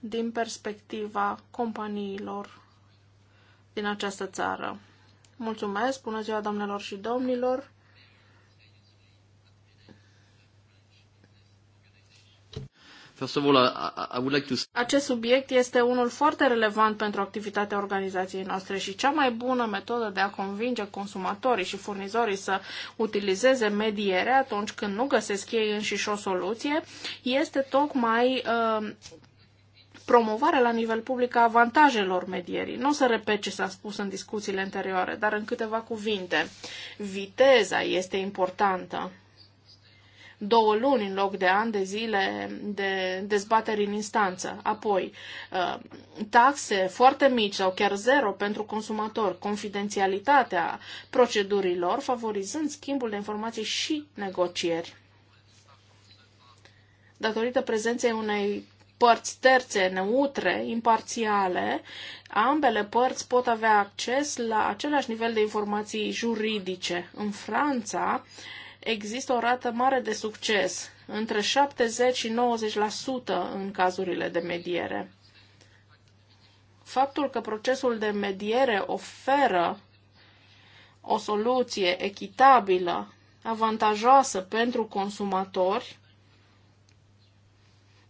din perspectiva companiilor din această țară. Mulțumesc, bună ziua doamnelor și domnilor! Acest subiect este unul foarte relevant pentru activitatea organizației noastre și cea mai bună metodă de a convinge consumatorii și furnizorii să utilizeze mediere atunci când nu găsesc ei înșiși o soluție este tocmai uh, promovarea la nivel public a avantajelor medierii. Nu o să repet ce s-a spus în discuțiile anterioare, dar în câteva cuvinte. Viteza este importantă două luni în loc de ani de zile de dezbateri în instanță. Apoi, uh, taxe foarte mici sau chiar zero pentru consumator, confidențialitatea procedurilor, favorizând schimbul de informații și negocieri. Datorită prezenței unei părți terțe, neutre, imparțiale, ambele părți pot avea acces la același nivel de informații juridice. În Franța, uh, există o rată mare de succes, între 70 și 90% în cazurile de mediere. Faptul că procesul de mediere oferă o soluție echitabilă, avantajoasă pentru consumatori,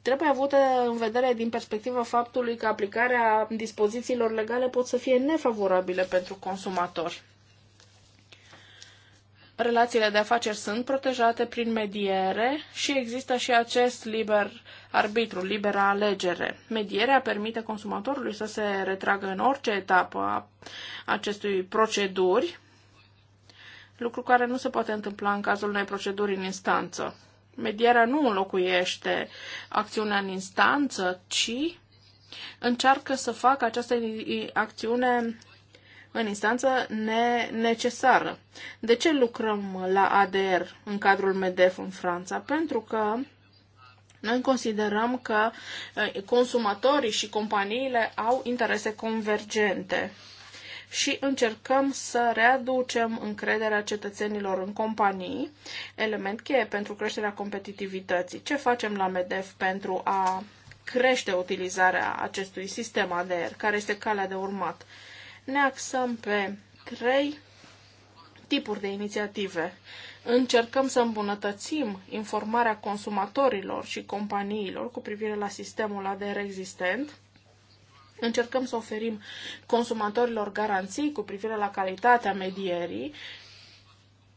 trebuie avută în vedere din perspectiva faptului că aplicarea dispozițiilor legale pot să fie nefavorabile pentru consumatori relațiile de afaceri sunt protejate prin mediere și există și acest liber arbitru, libera alegere. Medierea permite consumatorului să se retragă în orice etapă a acestui proceduri, lucru care nu se poate întâmpla în cazul unei proceduri în instanță. Medierea nu înlocuiește acțiunea în instanță, ci încearcă să facă această acțiune în instanță ne necesară. De ce lucrăm la ADR în cadrul MEDEF în Franța? Pentru că noi considerăm că eh, consumatorii și companiile au interese convergente și încercăm să readucem încrederea cetățenilor în companii, element cheie pentru creșterea competitivității. Ce facem la MEDEF pentru a crește utilizarea acestui sistem ADR? Care este calea de urmat? ne axăm pe trei tipuri de inițiative. Încercăm să îmbunătățim informarea consumatorilor și companiilor cu privire la sistemul ADR existent. Încercăm să oferim consumatorilor garanții cu privire la calitatea medierii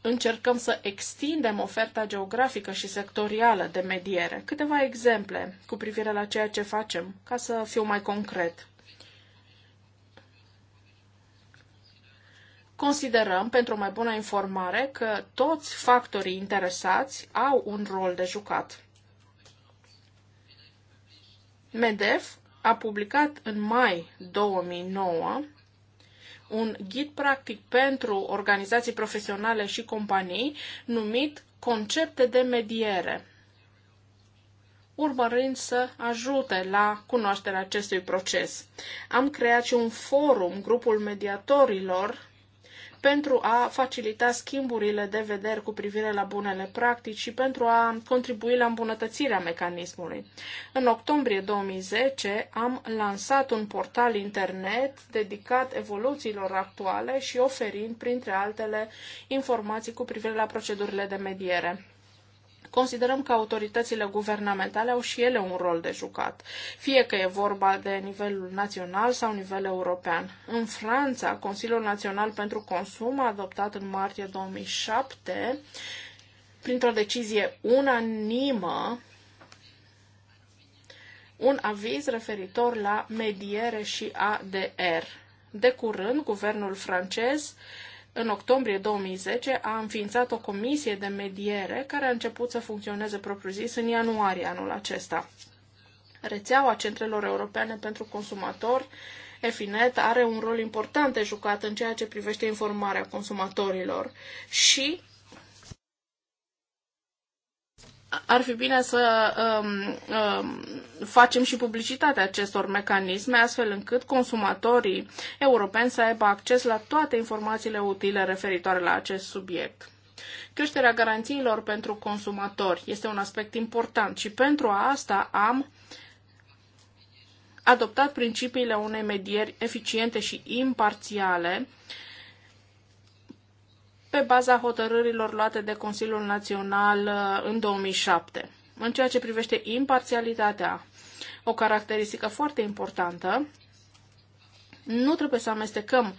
încercăm să extindem oferta geografică și sectorială de mediere. Câteva exemple cu privire la ceea ce facem, ca să fiu mai concret. Considerăm, pentru o mai bună informare, că toți factorii interesați au un rol de jucat. MEDEF a publicat în mai 2009 un ghid practic pentru organizații profesionale și companii numit Concepte de mediere, urmărind să ajute la cunoașterea acestui proces. Am creat și un forum, grupul mediatorilor, pentru a facilita schimburile de vederi cu privire la bunele practici și pentru a contribui la îmbunătățirea mecanismului. În octombrie 2010 am lansat un portal internet dedicat evoluțiilor actuale și oferind, printre altele, informații cu privire la procedurile de mediere. Considerăm că autoritățile guvernamentale au și ele un rol de jucat, fie că e vorba de nivelul național sau nivel european. În Franța, Consiliul Național pentru Consum a adoptat în martie 2007, printr-o decizie unanimă, un aviz referitor la mediere și ADR. De curând, guvernul francez uh, în octombrie 2010 a înființat o comisie de mediere care a început să funcționeze propriu-zis în ianuarie anul acesta. Rețeaua Centrelor Europene pentru Consumatori, EFINET, are un rol important de jucat în ceea ce privește informarea consumatorilor și ar fi bine să um, um, facem și publicitatea acestor mecanisme, astfel încât consumatorii europeni să aibă acces la toate informațiile utile referitoare la acest subiect. Creșterea garanțiilor pentru consumatori este un aspect important și pentru asta am adoptat principiile unei medieri eficiente și imparțiale, uh, pe baza hotărârilor luate de Consiliul Național uh, în 2007. În ceea ce privește imparțialitatea, o caracteristică foarte importantă, nu trebuie să amestecăm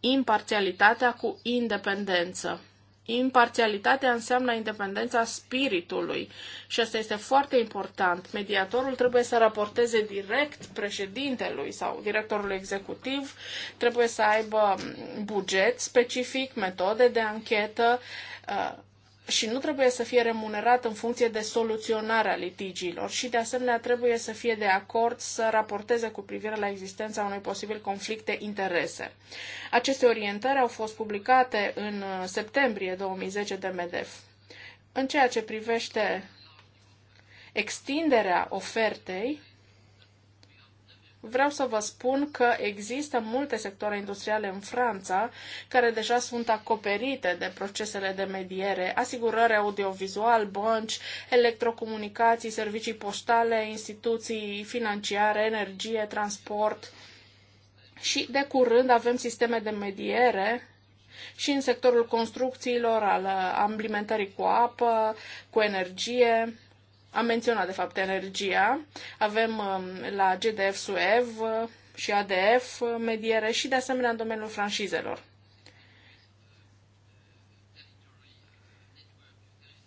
imparțialitatea cu independență. Imparțialitatea înseamnă independența spiritului și asta este foarte important. Mediatorul trebuie să raporteze direct președintelui sau directorului executiv, trebuie să aibă buget specific, metode de anchetă, uh, și nu trebuie să fie remunerat în funcție de soluționarea litigiilor și, de asemenea, trebuie să fie de acord să raporteze cu privire la existența unui posibil conflict de interese. Aceste orientări au fost publicate în uh, septembrie 2010 de MEDEF. În ceea ce privește extinderea ofertei, Vreau să vă spun că există multe sectoare industriale în Franța care deja sunt acoperite de procesele de mediere, asigurări audiovizual, bănci, electrocomunicații, servicii poștale, instituții financiare, energie, transport. Și de curând avem sisteme de mediere și în sectorul construcțiilor, al uh, amblimentării cu apă, cu energie, am menționat, de fapt, energia. Avem um, la GDF SUEV uh, și ADF uh, mediere și, de asemenea, în domeniul franșizelor.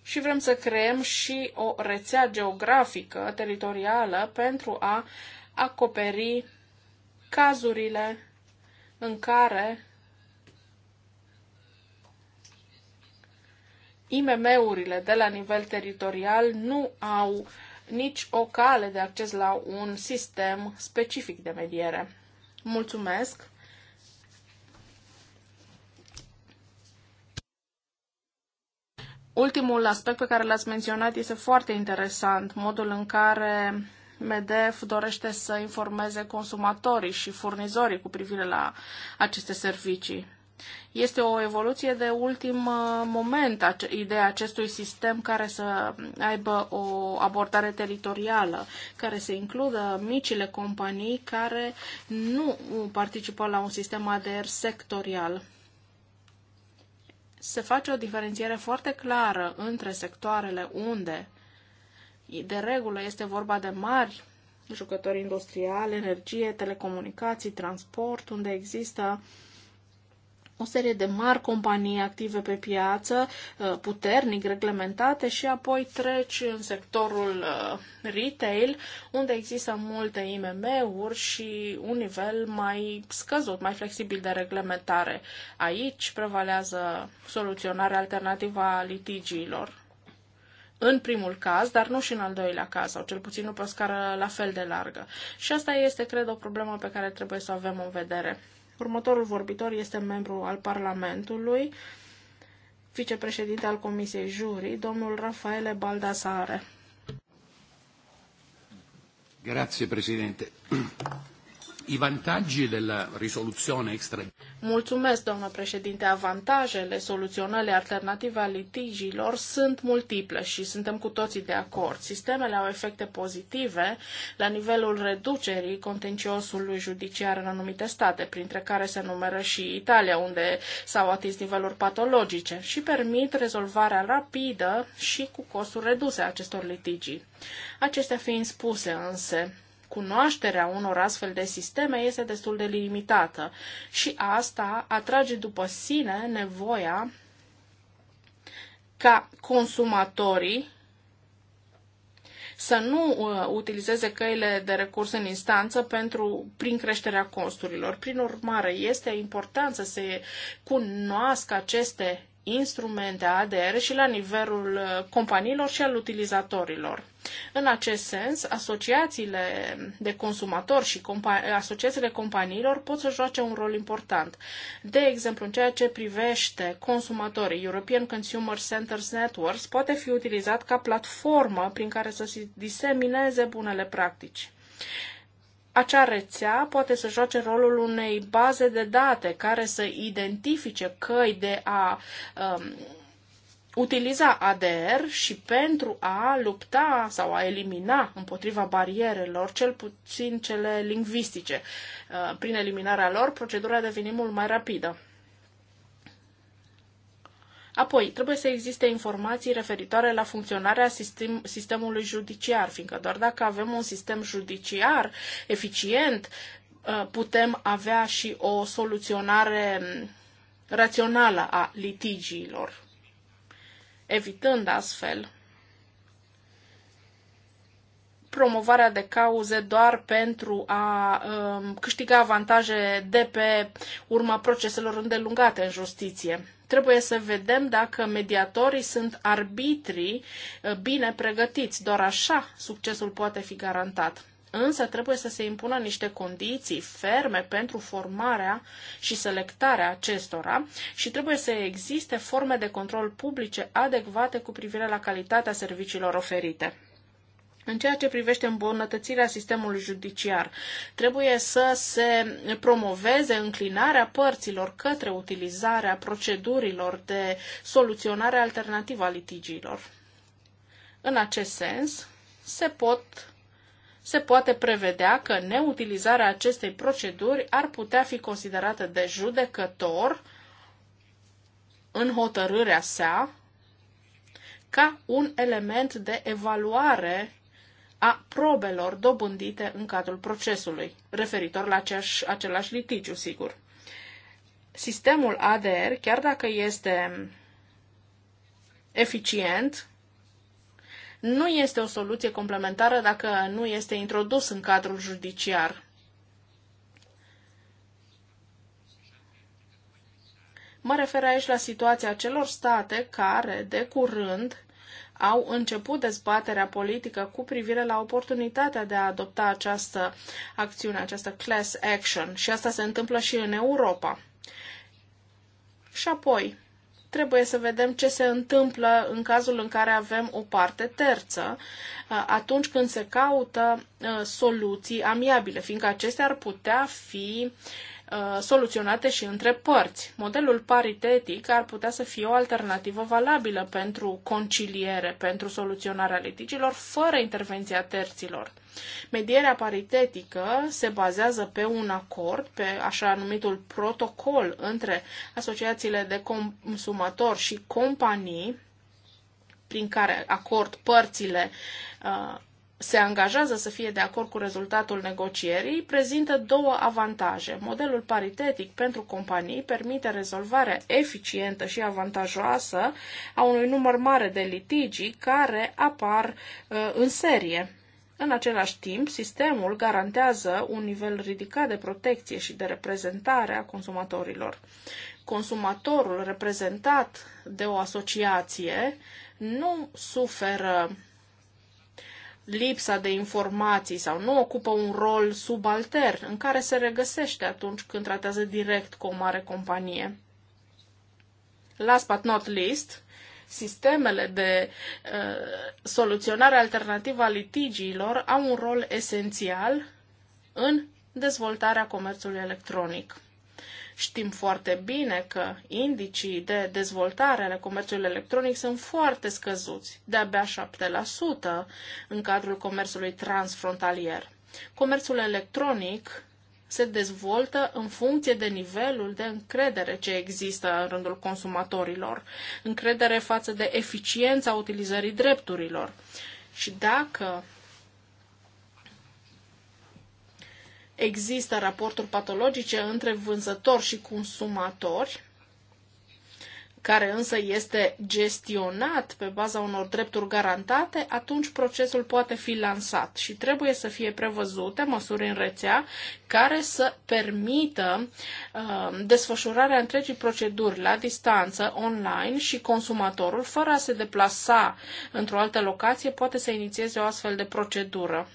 și vrem să creăm și o rețea geografică, teritorială, pentru a acoperi cazurile în care IMM-urile de la nivel teritorial nu au nici o cale de acces la un sistem specific de mediere. Mulțumesc! Ultimul aspect pe care l-ați menționat este foarte interesant, modul în care MEDEF dorește să informeze consumatorii și furnizorii cu privire la aceste servicii. Este o evoluție de ultim uh, moment, ideea acestui sistem care să aibă o abordare teritorială, care să includă micile companii care nu participă la un sistem ADR sectorial se face o diferențiere foarte clară între sectoarele unde de regulă este vorba de mari jucători industriali, energie, telecomunicații, transport, unde există uh, o serie de mari companii active pe piață, uh, puternic reglementate și apoi treci în sectorul uh, retail, unde există multe IMM-uri și un nivel mai scăzut, mai flexibil de reglementare. Aici prevalează soluționarea alternativă a litigiilor. În primul caz, dar nu și în al doilea caz, sau cel puțin nu pe o scară la fel de largă. Și asta este, cred, o problemă pe care trebuie să o avem în vedere Următorul vorbitor este membru al Parlamentului, vicepreședinte al Comisiei Jurii, domnul Rafaele Baldasare. Grazie, președinte i vantaggi della risoluzione Mulțumesc, doamnă președinte. Avantajele soluționării alternative a litigiilor sunt multiple și suntem cu toții de acord. Sistemele au efecte pozitive la nivelul reducerii contenciosului judiciar în anumite state, printre care se numără și Italia, unde s-au atins niveluri patologice și permit rezolvarea rapidă și cu costuri reduse a acestor litigii. Acestea fiind spuse, însă, cunoașterea unor astfel de sisteme este destul de limitată și asta atrage după sine nevoia ca consumatorii să nu uh, utilizeze căile de recurs în instanță pentru, prin creșterea costurilor. Prin urmare, este important să se cunoască aceste instrumente ADR și la nivelul uh, companiilor și al utilizatorilor. În acest sens, asociațiile de consumatori și compa- asociațiile companiilor pot să joace un rol important. De exemplu, în ceea ce privește consumatorii, European Consumer Centers Networks poate fi utilizat ca platformă prin care să se disemineze bunele practici. Acea rețea poate să joace rolul unei baze de date care să identifice căi de a um, utiliza ADR și pentru a lupta sau a elimina împotriva barierelor, cel puțin cele lingvistice. Uh, prin eliminarea lor, procedura a devenit mult mai rapidă. Apoi, trebuie să existe informații referitoare la funcționarea sistem, sistemului judiciar, fiindcă doar dacă avem un sistem judiciar eficient, uh, putem avea și o soluționare mm, rațională a litigiilor evitând astfel promovarea de cauze doar pentru a um, câștiga avantaje de pe urma proceselor îndelungate în justiție. Trebuie să vedem dacă mediatorii sunt arbitrii uh, bine pregătiți. Doar așa succesul poate fi garantat. Însă trebuie să se impună niște condiții ferme pentru formarea și selectarea acestora și trebuie să existe forme de control publice adecvate cu privire la calitatea serviciilor oferite. În ceea ce privește îmbunătățirea sistemului judiciar, trebuie să se promoveze înclinarea părților către utilizarea procedurilor de soluționare alternativă a litigiilor. În acest sens, se pot se poate prevedea că neutilizarea acestei proceduri ar putea fi considerată de judecător în hotărârea sa ca un element de evaluare a probelor dobândite în cadrul procesului, referitor la aceeași, același litigiu, sigur. Sistemul ADR, chiar dacă este eficient, nu este o soluție complementară dacă nu este introdus în cadrul judiciar. Mă refer aici la situația celor state care, de curând, au început dezbaterea politică cu privire la oportunitatea de a adopta această acțiune, această class action. Și asta se întâmplă și în Europa. Și apoi, trebuie să vedem ce se întâmplă în cazul în care avem o parte terță, atunci când se caută soluții amiabile, fiindcă acestea ar putea fi uh, Uh, soluționate și între părți. Modelul paritetic ar putea să fie o alternativă valabilă pentru conciliere, pentru soluționarea litigilor, fără intervenția terților. Medierea paritetică se bazează pe un acord, pe așa numitul protocol între asociațiile de consumatori și companii, prin care acord părțile uh, se angajează să fie de acord cu rezultatul negocierii, prezintă două avantaje. Modelul paritetic pentru companii permite rezolvarea eficientă și avantajoasă a unui număr mare de litigi care apar uh, în serie. În același timp, sistemul garantează un nivel ridicat de protecție și de reprezentare a consumatorilor. Consumatorul reprezentat de o asociație nu suferă lipsa de informații sau nu ocupă un rol subaltern în care se regăsește atunci când tratează direct cu o mare companie. Last but not least, sistemele de uh, soluționare alternativă a litigiilor au un rol esențial în dezvoltarea comerțului electronic. Știm foarte bine că indicii de dezvoltare ale comerțului electronic sunt foarte scăzuți, de-abia 7% în cadrul comerțului transfrontalier. Comerțul electronic se dezvoltă în funcție de nivelul de încredere ce există în rândul consumatorilor, încredere față de eficiența utilizării drepturilor. Și dacă există raporturi patologice între vânzători și consumatori, care însă este gestionat pe baza unor drepturi garantate, atunci procesul poate fi lansat și trebuie să fie prevăzute măsuri în rețea care să permită uh, desfășurarea întregii proceduri la distanță, online și consumatorul, fără a se deplasa într-o altă locație, poate să inițieze o astfel de procedură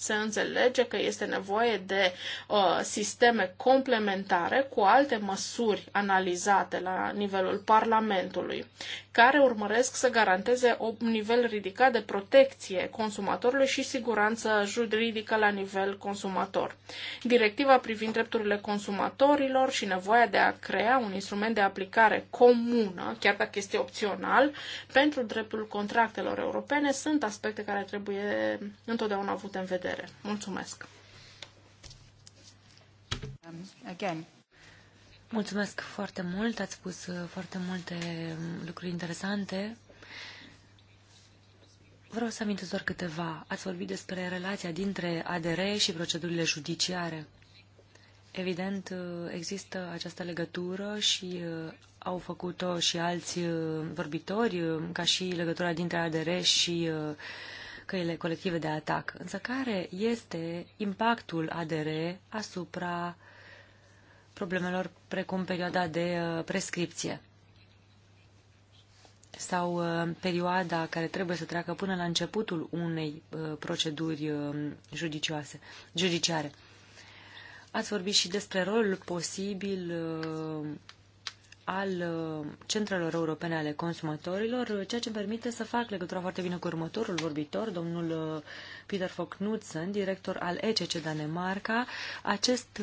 se înțelege că este nevoie de uh, sisteme complementare cu alte măsuri analizate la nivelul Parlamentului care urmăresc să garanteze un nivel ridicat de protecție consumatorului și siguranță juridică la nivel consumator. Directiva privind drepturile consumatorilor și nevoia de a crea un instrument de aplicare comună, chiar dacă este opțional, pentru dreptul contractelor europene sunt aspecte care trebuie întotdeauna avute în vedere. Mulțumesc! Um, again. Mulțumesc foarte mult, ați spus uh, foarte multe um, lucruri interesante. Vreau să amintesc doar câteva. Ați vorbit despre relația dintre ADR și procedurile judiciare. Evident, uh, există această legătură și uh, au făcut-o și alți vorbitori, ca și legătura dintre ADR și căile colective de atac. Însă care este impactul ADR asupra uh, problemelor precum perioada de uh, prescripție sau uh, perioada care trebuie să treacă până la începutul unei uh, proceduri judicioase, judiciare. Ați vorbit și despre rolul posibil al uh, centrelor europene ale consumatorilor, uh, ceea ce îmi permite să fac legătura foarte bine cu următorul vorbitor, domnul uh, Peter Focknudsen, director al ECC Danemarca. Acest,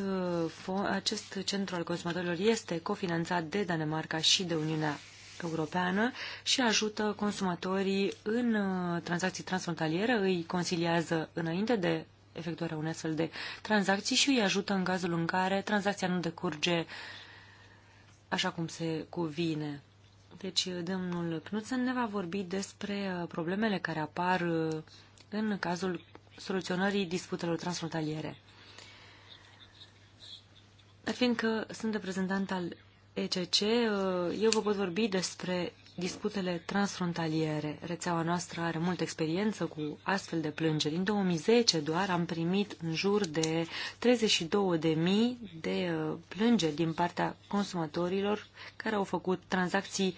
acest centru al consumatorilor este cofinanțat de Danemarca și de Uniunea europeană și ajută consumatorii în tranzacții transfrontaliere, îi consiliază înainte de efectuarea unei astfel de tranzacții și îi ajută în cazul în care tranzacția nu decurge uh, așa cum se cuvine. Deci, domnul Knudsen ne va vorbi despre uh, problemele care apar uh, în cazul soluționării disputelor transfrontaliere. Dar fiindcă sunt reprezentant al ECC, uh, eu vă pot vorbi despre disputele transfrontaliere. Rețeaua noastră are multă experiență cu astfel de plângeri. În 2010 doar am primit în jur de 32.000 de uh, plângeri din partea consumatorilor care au făcut tranzacții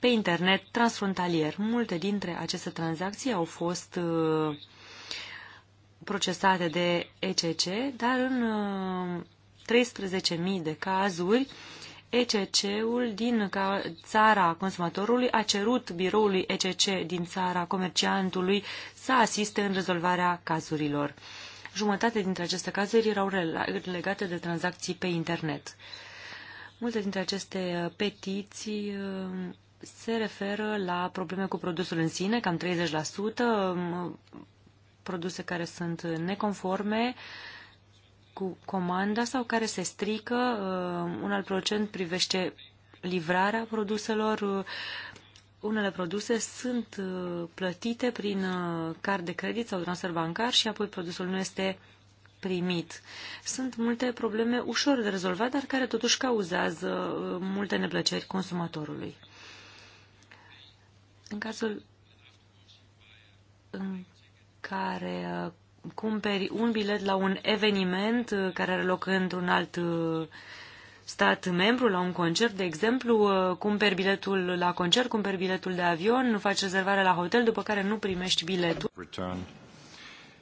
pe internet transfrontalier. Multe dintre aceste tranzacții au fost uh, procesate de ECC, dar în 13.000 uh, de cazuri ECC-ul din țara consumatorului a cerut biroului ECC din țara comerciantului să asiste în rezolvarea cazurilor. Jumătate dintre aceste cazuri erau legate de tranzacții pe internet. Multe dintre aceste uh, petiții uh, se referă la probleme cu produsul în sine, cam 30%, um, produse care sunt neconforme, cu comanda sau care se strică. Uh, un alt procent privește livrarea produselor. Uh, unele produse sunt uh, plătite prin card de credit sau transfer bancar și apoi produsul nu este primit. Sunt multe probleme ușor de rezolvat, dar care totuși cauzează multe neplăceri consumatorului. În cazul în care cumperi un bilet la un eveniment uh, care are loc într-un alt uh, stat membru, la un concert, de exemplu, uh, cumperi biletul la concert, cumperi biletul de avion, nu faci rezervare la hotel, după care nu primești biletul.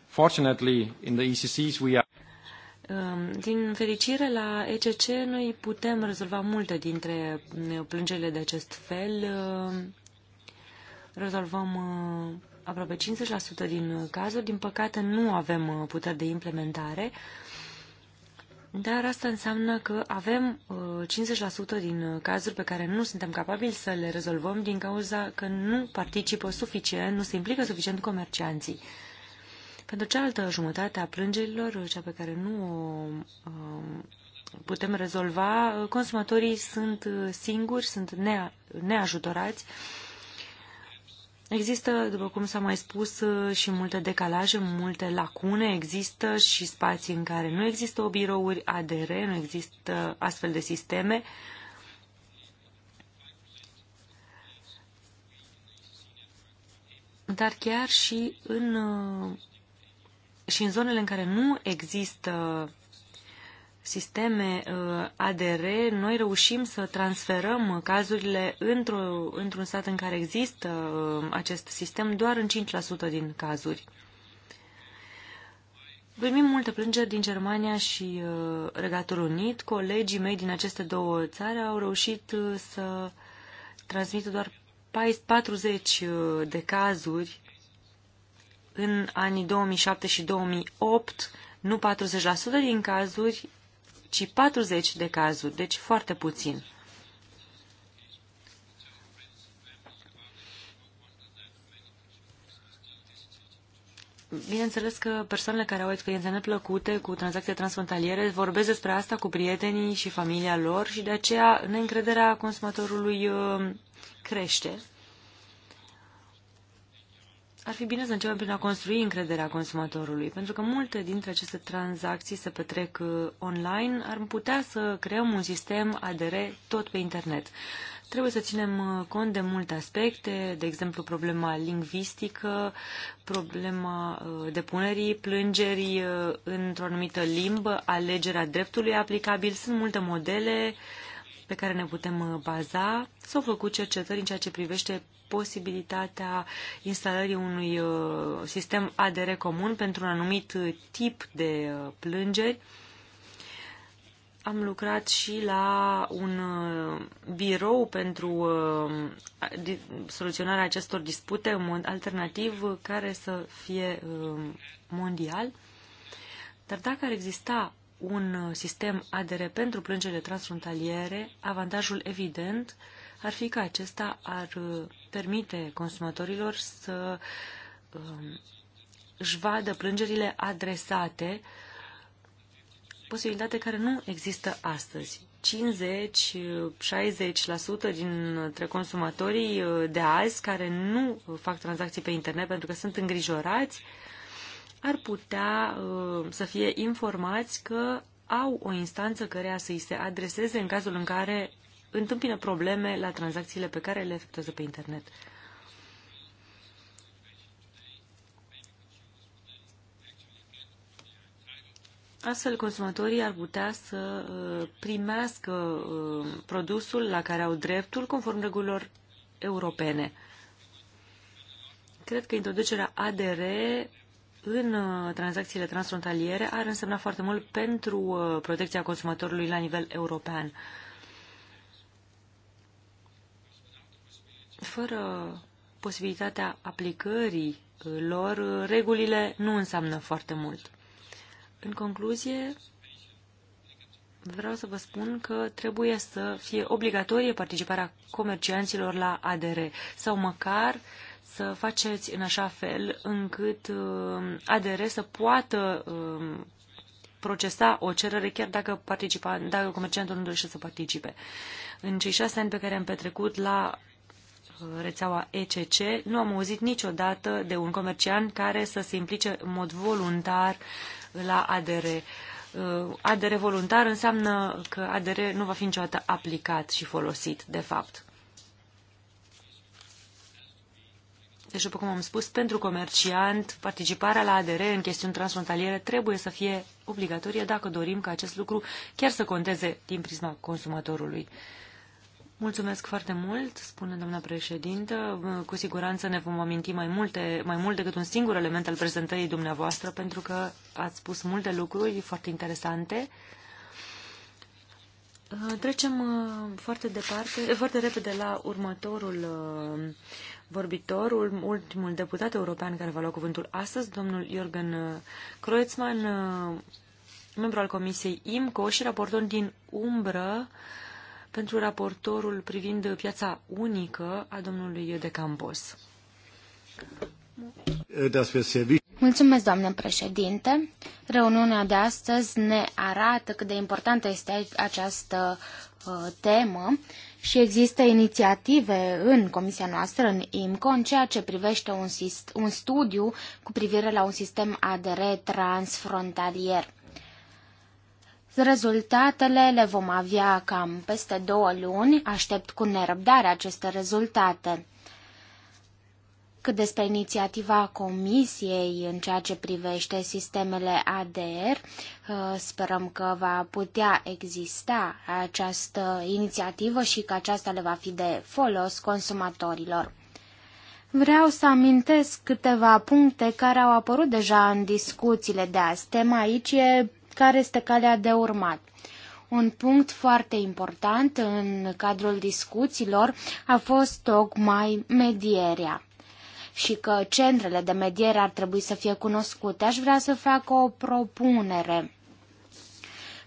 Fortunately, in the ECCs we are... Um, din fericire, la ECC noi putem rezolva multe dintre plângerile de acest fel. Rezolvăm aproape 50% din cazuri. Din păcate, nu avem uh, puteri de implementare, dar asta înseamnă că avem 50% uh, din cazuri pe care nu suntem capabili să le rezolvăm din cauza că nu participă suficient, nu se implică suficient comercianții. Pentru cealaltă jumătate a plângerilor, uh, cea pe care nu o putem rezolva, consumatorii sunt singuri, sunt nea, neajutorați Există, după cum s-a mai spus, uh, și multe decalaje, multe lacune. Există și spații în care nu există o birouri ADR, nu există astfel de sisteme. Dar chiar și în, uh, și în zonele în care nu există sisteme uh, ADR, noi reușim să transferăm cazurile într-un într stat în care există uh, acest sistem doar în 5% din cazuri. Primim multe plângeri din Germania și uh, Regatul Unit. Colegii mei din aceste două țări au reușit să transmită doar 40 de cazuri în anii 2007 și 2008, nu 40% din cazuri, ci 40 de cazuri, deci foarte puțin. Bineînțeles că persoanele care au experiențe neplăcute cu tranzacții transfrontaliere vorbesc despre asta cu prietenii și familia lor și de aceea neîncrederea consumatorului uh, crește ar fi bine să începem prin a construi încrederea consumatorului, pentru că multe dintre aceste tranzacții se petrec uh, online, ar putea să creăm un sistem ADR tot pe internet. Trebuie să ținem uh, cont de multe aspecte, de exemplu problema lingvistică, problema uh, depunerii plângerii într-o anumită limbă, alegerea dreptului aplicabil. Sunt multe modele pe care ne putem uh, baza. S-au făcut cercetări în ceea ce privește posibilitatea instalării unui uh, sistem ADR comun pentru un anumit uh, tip de plângeri. Am lucrat și la un birou pentru soluționarea acestor dispute, un mod alternativ care să fie mondial. Dar dacă ar exista un uh, sistem ADR pentru plângere transfrontaliere, avantajul evident ar fi că acesta ar uh, permite consumatorilor să um, își vadă plângerile adresate, posibilitate care nu există astăzi. 50-60% dintre consumatorii uh, de azi care nu fac tranzacții pe internet pentru că sunt îngrijorați ar putea uh, să fie informați că au o instanță cărea să îi se adreseze în cazul în care întâmpină probleme la tranzacțiile pe care le efectuează pe internet. Astfel, consumatorii ar putea să uh, primească uh, produsul la care au dreptul conform regulilor europene. Cred că introducerea ADR în uh, tranzacțiile transfrontaliere ar însemna foarte mult pentru uh, protecția consumatorului la nivel european. Fără posibilitatea aplicării uh, lor, regulile nu înseamnă foarte mult. În concluzie, vreau să vă spun că trebuie să fie obligatorie participarea comercianților la ADR sau măcar uh, să faceți în așa fel încât um, ADR să poată um, procesa o cerere chiar dacă, participa, dacă comerciantul nu dorește să participe. În cei șase ani pe care am petrecut la uh, rețeaua ECC, nu am auzit niciodată de un comerciant care să se implice în mod voluntar la ADR. Uh, ADR voluntar înseamnă că ADR nu va fi niciodată aplicat și folosit, de fapt. Deci, după cum am spus, pentru comerciant, participarea la ADR în chestiuni transfrontaliere trebuie să fie obligatorie dacă dorim ca acest lucru chiar să conteze din prisma consumatorului. Mulțumesc foarte mult, spune doamna președintă. Cu siguranță ne vom aminti mai, multe, mai mult decât un singur element al prezentării dumneavoastră, pentru că ați spus multe lucruri foarte interesante. Trecem uh, foarte departe, foarte repede la următorul uh, vorbitorul, ultimul deputat european care va lua cuvântul astăzi, domnul Jürgen uh, Kreutzmann, uh, membru al Comisiei IMCO și raportor din umbră pentru raportorul privind piața unică a domnului De Campos. Mulțumesc, doamnă președinte. Reuniunea de astăzi ne arată cât de importantă este această uh, temă și există inițiative în comisia noastră, în IMCO, în ceea ce privește un, un studiu cu privire la un sistem ADR transfrontalier. Rezultatele le vom avea cam peste două luni. Aștept cu nerăbdare aceste rezultate. Cât despre inițiativa Comisiei în ceea ce privește sistemele ADR, uh, sperăm că va putea exista această inițiativă și că aceasta le va fi de folos consumatorilor. Vreau să amintesc câteva puncte care au apărut deja în discuțiile de azi. Tema aici e care este calea de urmat. Un punct foarte important în cadrul discuțiilor a fost tocmai medierea și că centrele de mediere ar trebui să fie cunoscute, aș vrea să fac o propunere.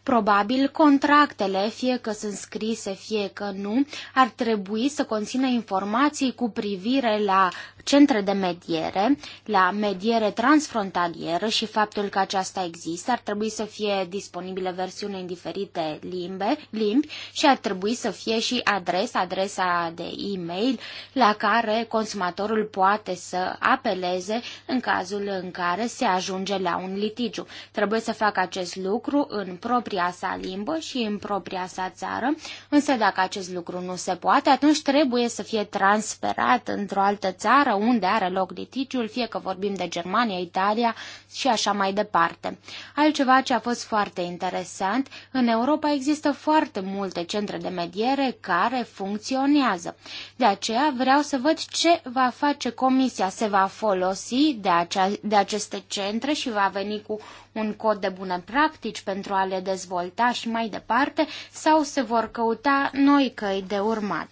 Probabil contractele, fie că sunt scrise, fie că nu, ar trebui să conțină informații cu privire la centre de mediere, la mediere transfrontalieră și faptul că aceasta există, ar trebui să fie disponibile versiune în diferite limbe, limbi și ar trebui să fie și adresa, adresa de e-mail la care consumatorul poate să apeleze în cazul în care se ajunge la un litigiu. Trebuie să facă acest lucru în propria sa limbă și în propria sa țară, însă dacă acest lucru nu se poate, atunci trebuie să fie transferat într-o altă țară unde are loc litigiul, fie că vorbim de Germania, Italia și așa mai departe. Altceva ce a fost foarte interesant, în Europa există foarte multe centre de mediere care funcționează. De aceea vreau să văd ce va face Comisia. Se va folosi de, acea, de aceste centre și va veni cu un cod de bune practici pentru a le dezvolta și mai departe sau se vor căuta noi căi de urmat.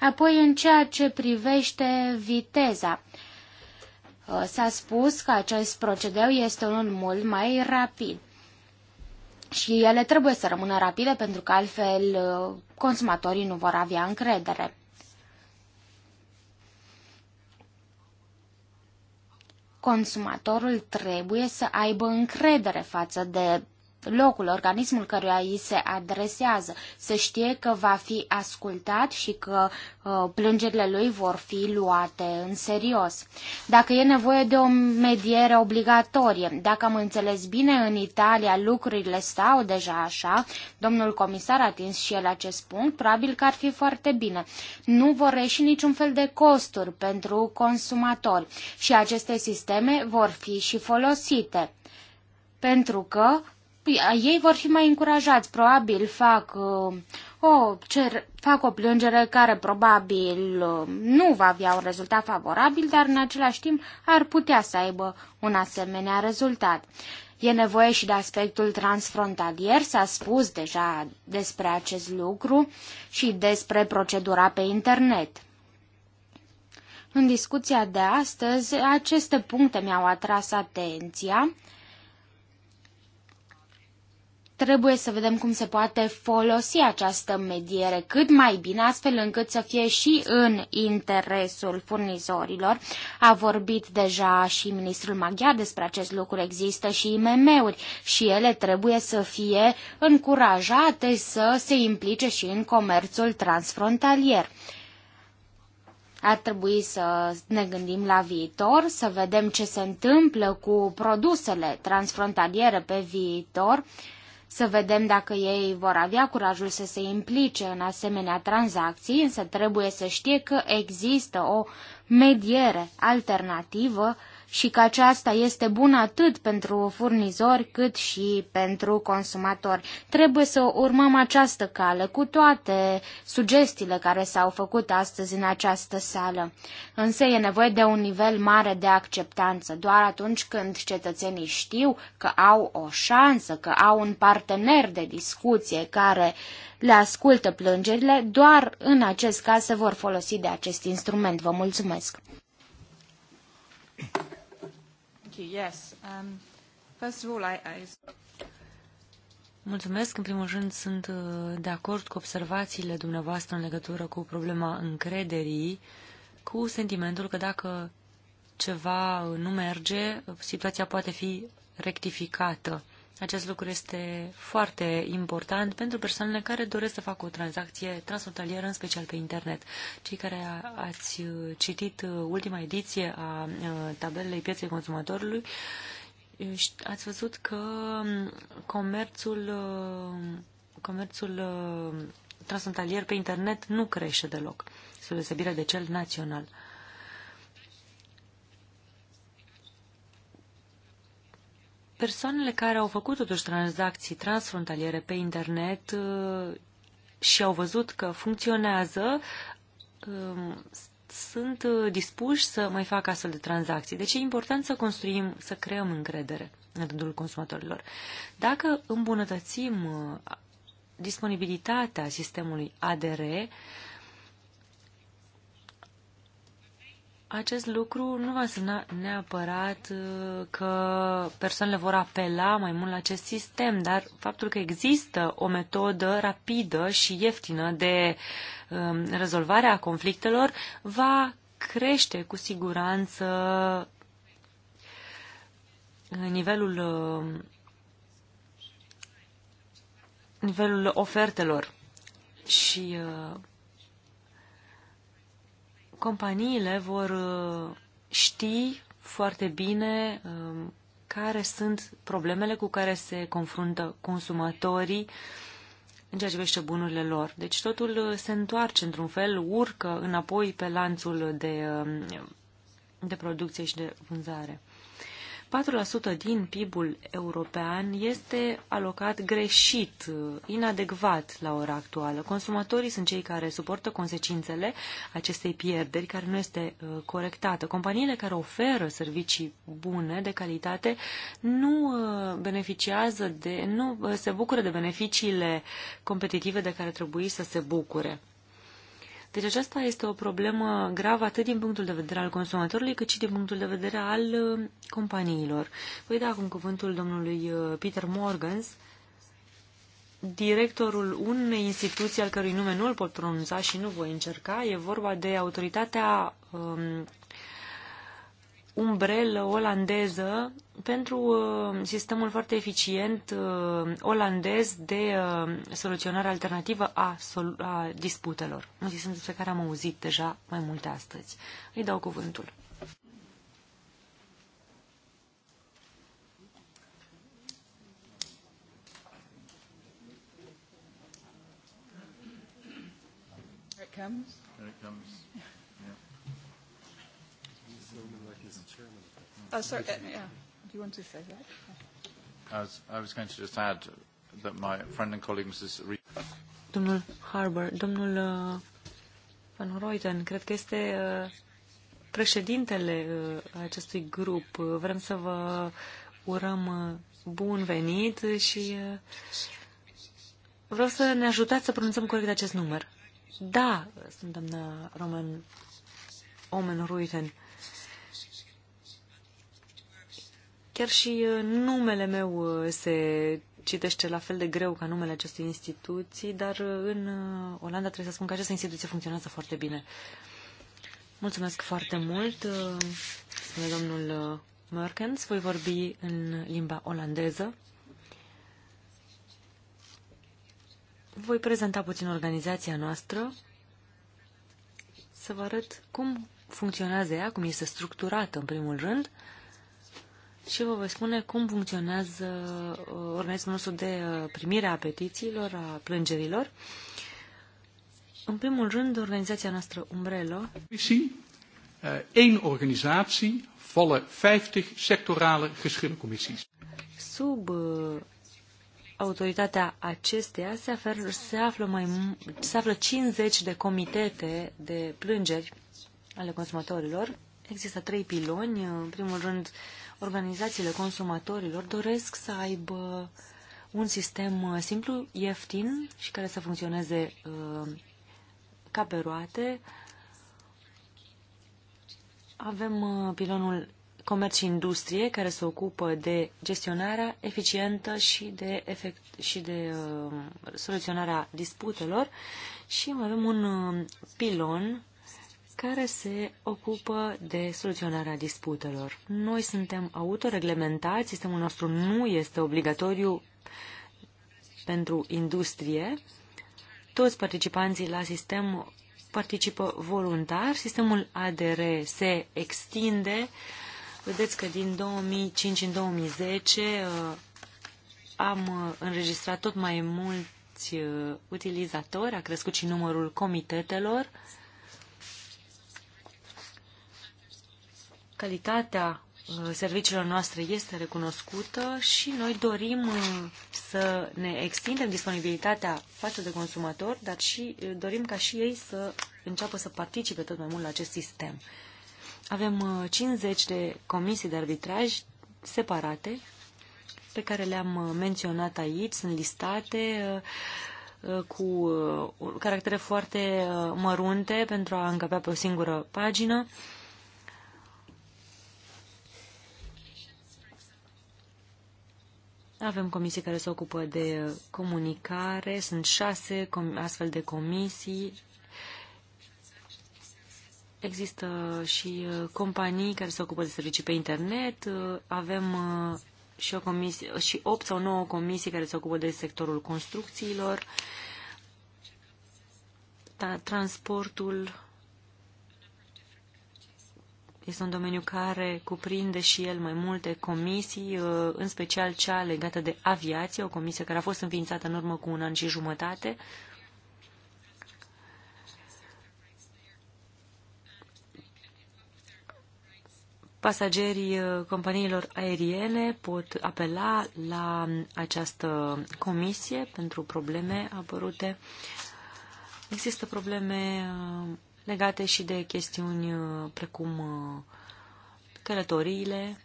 Apoi, în ceea ce privește viteza, uh, s-a spus că acest procedeu este unul mult mai rapid. Și ele trebuie să rămână rapide pentru că altfel uh, consumatorii nu vor avea încredere. Consumatorul trebuie să aibă încredere față de locul, organismul căruia îi se adresează, să știe că va fi ascultat și că uh, plângerile lui vor fi luate în serios. Dacă e nevoie de o mediere obligatorie, dacă am înțeles bine, în Italia lucrurile stau deja așa, domnul comisar a atins și el acest punct, probabil că ar fi foarte bine. Nu vor reși niciun fel de costuri pentru consumatori și aceste sisteme vor fi și folosite pentru că Păi, ei vor fi mai încurajați, probabil fac uh, o, cer, fac o plângere care probabil uh, nu va avea un rezultat favorabil, dar în același timp ar putea să aibă un asemenea rezultat. E nevoie și de aspectul transfrontalier, s-a spus deja despre acest lucru și despre procedura pe internet. În discuția de astăzi, aceste puncte mi-au atras atenția. Trebuie să vedem cum se poate folosi această mediere cât mai bine, astfel încât să fie și în interesul furnizorilor. A vorbit deja și ministrul maghiar despre acest lucru. Există și IMM-uri și ele trebuie să fie încurajate să se implice și în comerțul transfrontalier ar trebui să ne gândim la viitor, să vedem ce se întâmplă cu produsele transfrontaliere pe viitor să vedem dacă ei vor avea curajul să se implice în asemenea tranzacții, însă trebuie să știe că există o mediere alternativă și că aceasta este bună atât pentru furnizori cât și pentru consumatori. Trebuie să urmăm această cale cu toate sugestiile care s-au făcut astăzi în această sală. Însă e nevoie de un nivel mare de acceptanță. Doar atunci când cetățenii știu că au o șansă, că au un partener de discuție care le ascultă plângerile, doar în acest caz se vor folosi de acest instrument. Vă mulțumesc! you. Yes. Um, first of all, I, I... Mulțumesc. În primul rând, sunt uh, de acord cu observațiile dumneavoastră în legătură cu problema încrederii, cu sentimentul că dacă ceva nu merge, situația poate fi rectificată. Acest lucru este foarte important pentru persoanele care doresc să facă o tranzacție transfrontalieră, în special pe internet. Cei care ați citit ultima ediție a tabelei pieței consumatorului, ați văzut că comerțul, comerțul transfrontalier pe internet nu crește deloc, sub deosebire de cel național. Persoanele care au făcut totuși tranzacții transfrontaliere pe internet uh, și au văzut că funcționează, um, sunt uh, dispuși să mai facă astfel de tranzacții. Deci e important să construim, să creăm încredere în rândul consumatorilor. Dacă îmbunătățim uh, disponibilitatea sistemului ADR, acest lucru nu va însemna neapărat uh, că persoanele vor apela mai mult la acest sistem, dar faptul că există o metodă rapidă și ieftină de um, rezolvare a conflictelor va crește cu siguranță nivelul, um, nivelul ofertelor și uh, companiile vor uh, ști foarte bine um, care sunt problemele cu care se confruntă consumatorii în ceea ce privește bunurile lor. Deci totul uh, se întoarce într-un fel, urcă înapoi pe lanțul de, um, de producție și de vânzare. 4% din PIB-ul european este alocat greșit, inadecvat la ora actuală. Consumatorii sunt cei care suportă consecințele acestei pierderi, care nu este uh, corectată. Companiile care oferă servicii bune, de calitate, nu uh, beneficiază de, nu uh, se bucură de beneficiile competitive de care trebuie să se bucure. Deci aceasta este o problemă gravă atât din punctul de vedere al consumatorului, cât și din punctul de vedere al uh, companiilor. Voi da acum cuvântul domnului uh, Peter Morgans, directorul unei instituții al cărui nume nu îl pot pronunța și nu voi încerca. E vorba de Autoritatea um, umbrelă olandeză pentru uh, sistemul foarte eficient uh, olandez de uh, soluționare alternativă a, sol- a disputelor. Un sistem despre care am auzit deja mai multe astăzi. Îi dau cuvântul. comes. Oh, sorry. Uh, yeah. Do you want to say that? I was going to just add that my friend and colleague Mrs. domnul Harbour, domnul uh, Van Royden, cred că este uh, președintele uh, acestui grup. Vrem să vă urăm uh, bun venit și uh, vreau să ne ajutați să pronunțăm corect acest număr. Da, sunt doamna Roman Omen Ruiten. Uh, Chiar și uh, numele meu uh, se citește la fel de greu ca numele acestei instituții, dar uh, în Olanda trebuie să spun că această instituție funcționează foarte bine. Mulțumesc foarte mult, spune domnul Merkens. Voi vorbi în limba olandeză. Voi prezenta puțin organizația noastră, să vă arăt cum funcționează ea, cum este structurată în primul rând, și vă voi spune cum funcționează uh, organismul nostru de uh, primire a petițiilor, a plângerilor. În primul rând, organizația noastră Umbrello. organizație, organizatie, 50 sectorale comisii. Sub uh, autoritatea acesteia se, afer, se, află mai, se află 50 de comitete de plângeri ale consumatorilor. Există trei piloni. În primul rând, organizațiile consumatorilor doresc să aibă un sistem uh, simplu, ieftin și care să funcționeze uh, ca pe roate. Avem uh, pilonul comerț și industrie care se ocupă de gestionarea eficientă și de, efect, și de uh, soluționarea disputelor și mai avem un uh, pilon care se ocupă de soluționarea disputelor. Noi suntem autoreglementați, sistemul nostru nu este obligatoriu pentru industrie. Toți participanții la sistem participă voluntar. Sistemul ADR se extinde. Vedeți că din 2005 în 2010 uh, am uh, înregistrat tot mai mulți uh, utilizatori, a crescut și numărul comitetelor. Calitatea uh, serviciilor noastre este recunoscută și noi dorim uh, să ne extindem disponibilitatea față de consumator, dar și uh, dorim ca și ei să înceapă să participe tot mai mult la acest sistem. Avem 50 de comisii de arbitraj separate pe care le-am menționat aici, sunt listate cu caractere foarte mărunte pentru a încăpea pe o singură pagină. Avem comisii care se ocupă de comunicare, sunt șase astfel de comisii. Există și uh, companii care se ocupă de servicii pe internet. Uh, avem uh, și, o comisie, și 8 sau 9 comisii care se ocupă de sectorul construcțiilor, transportul, este un domeniu care cuprinde și el mai multe comisii, uh, în special cea legată de aviație, o comisie care a fost înființată în urmă cu un an și jumătate. Pasagerii uh, companiilor aeriene pot apela la această comisie pentru probleme apărute. Există probleme uh, legate și de chestiuni uh, precum uh, călătoriile,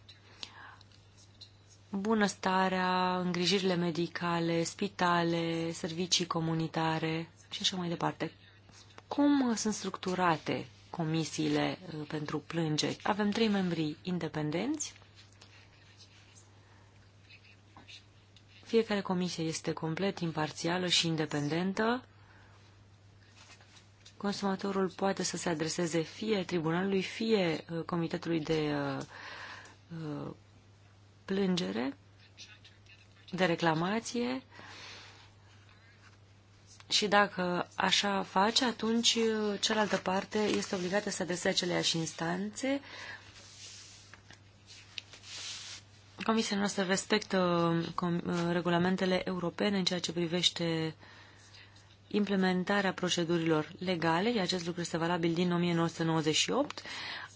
bunăstarea, îngrijirile medicale, spitale, servicii comunitare și așa mai departe. Cum uh, sunt structurate comisiile pentru plângeri? Avem trei membri independenți. Fiecare comisie este complet imparțială și independentă consumatorul poate să se adreseze fie tribunalului, fie uh, comitetului de uh, uh, plângere, de reclamație și dacă așa face, atunci cealaltă parte este obligată să adreseze aceleași instanțe. Comisia noastră respectă regulamentele europene în ceea ce privește uh, implementarea procedurilor legale, iar acest lucru este valabil din 1998.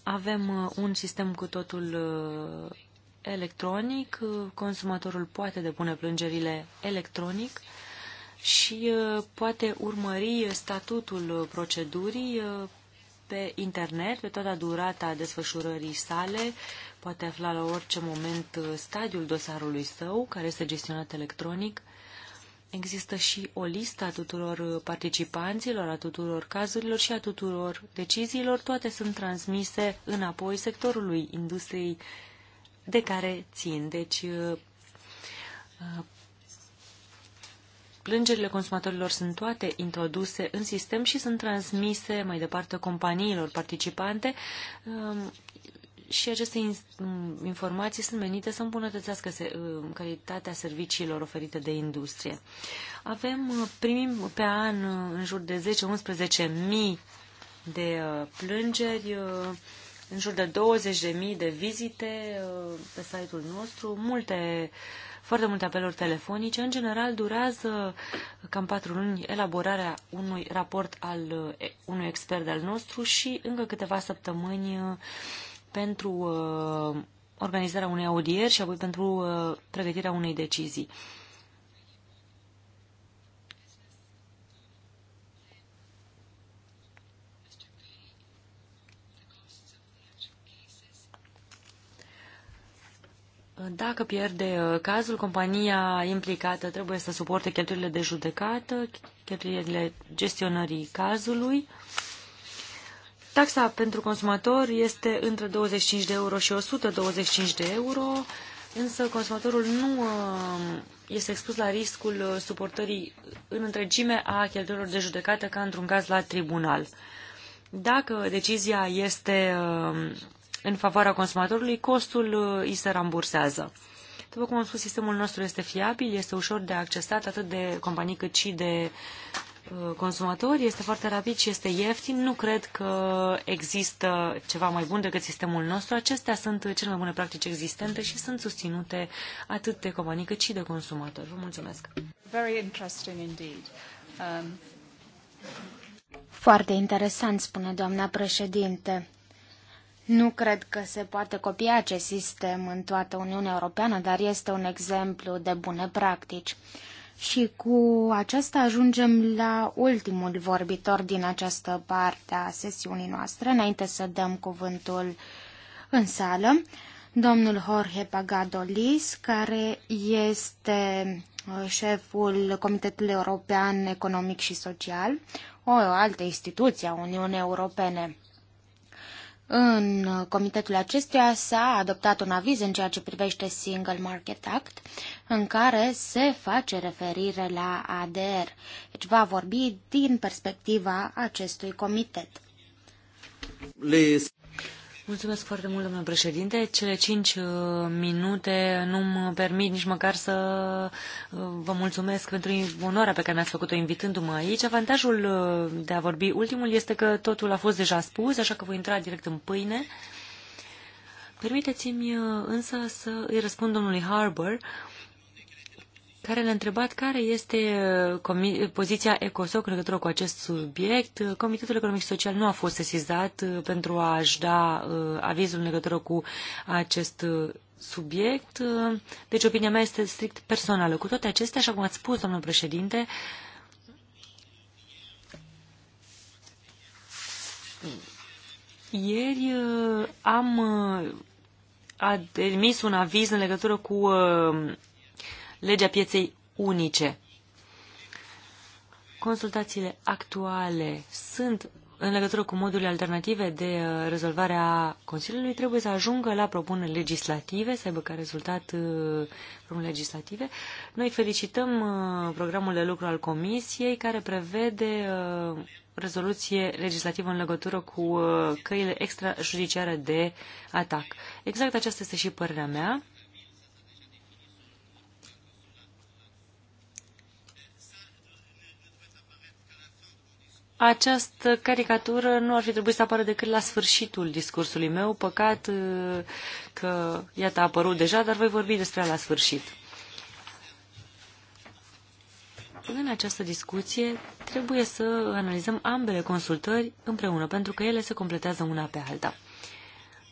Avem uh, un sistem cu totul uh, electronic, uh, consumatorul poate depune plângerile electronic și poate urmări statutul procedurii pe internet, pe toată durata desfășurării sale, poate afla la orice moment stadiul dosarului său, care este gestionat electronic Există și o listă a tuturor participanților, a tuturor cazurilor și a tuturor deciziilor. Toate sunt transmise înapoi sectorului industriei de care țin. Deci, uh, plângerile consumatorilor sunt toate introduse în sistem și sunt transmise mai departe companiilor participante um, și aceste informații sunt menite să îmbunătățească uh, calitatea serviciilor oferite de industrie. Avem, uh, primim pe an uh, în jur de 10-11 mii de plângeri, în jur de 20 de mii de vizite pe site-ul nostru, multe, foarte multe apeluri telefonice. În general, durează cam patru luni elaborarea unui raport al unui expert al nostru și încă câteva săptămâni pentru uh, organizarea unei audieri și apoi pentru uh, pregătirea unei decizii. Dacă pierde uh, cazul, compania implicată trebuie să suporte cheltuielile de judecată, cheltuielile gestionării cazului. Taxa pentru consumator este între 25 de euro și 125 de euro, însă consumatorul nu um, este expus la riscul suportării în întregime a cheltuielor de judecată ca într-un caz la tribunal. Dacă decizia este um, în favoarea consumatorului, costul uh, îi se rambursează. După cum am spus, sistemul nostru este fiabil, este ușor de accesat atât de companii cât și de Uh, consumatori, este foarte rapid și este ieftin. Nu cred că există ceva mai bun decât sistemul nostru. Acestea sunt cele mai bune practici existente și sunt susținute atât de companii cât și de consumatori. Vă mulțumesc! Very interesting indeed. Um... Foarte interesant, spune doamna președinte. Nu cred că se poate copia acest sistem în toată Uniunea Europeană, dar este un exemplu de bune practici. Și cu aceasta ajungem la ultimul vorbitor din această parte a sesiunii noastre, înainte să dăm cuvântul în sală, domnul Jorge Pagadolis, care este uh, șeful Comitetului European Economic și Social, o altă instituție a Uniunii Europene. În comitetul acestuia s-a adoptat un aviz în ceea ce privește Single Market Act, în care se face referire la ADR. Deci va vorbi din perspectiva acestui comitet. Les... Mulțumesc foarte mult, domnule președinte. Cele cinci uh, minute nu mă permit nici măcar să uh, vă mulțumesc pentru onoarea pe care mi-ați făcut-o invitându-mă aici. Avantajul uh, de a vorbi ultimul este că totul a fost deja spus, așa că voi intra direct în pâine. Permiteți-mi însă să îi răspund domnului Harbour. Uh, care ne-a întrebat care este uh, poziția ECOSOC în legătură cu acest subiect. Uh, Comitetul Economic și Social nu a fost sesizat uh, pentru a-și da avizul în legătură cu acest subiect, deci opinia mea este strict personală. Cu toate acestea, așa cum ați spus, domnul președinte, ieri am admis un aviz în legătură cu legea pieței unice. Consultațiile actuale sunt în legătură cu modurile alternative de uh, rezolvare a Consiliului, trebuie să ajungă la propuneri legislative, să aibă ca rezultat uh, propuneri legislative. Noi felicităm uh, programul de lucru al Comisiei, care prevede rezoluție legislativă în legătură cu căile extrajudiciare de atac. Exact aceasta este și părerea mea. Această caricatură nu ar fi trebuit să apară decât la sfârșitul discursului meu. Păcat uh, că, iată, a apărut deja, dar voi vorbi despre ea la sfârșit. În această discuție trebuie să analizăm ambele consultări împreună, pentru că ele se completează una pe alta.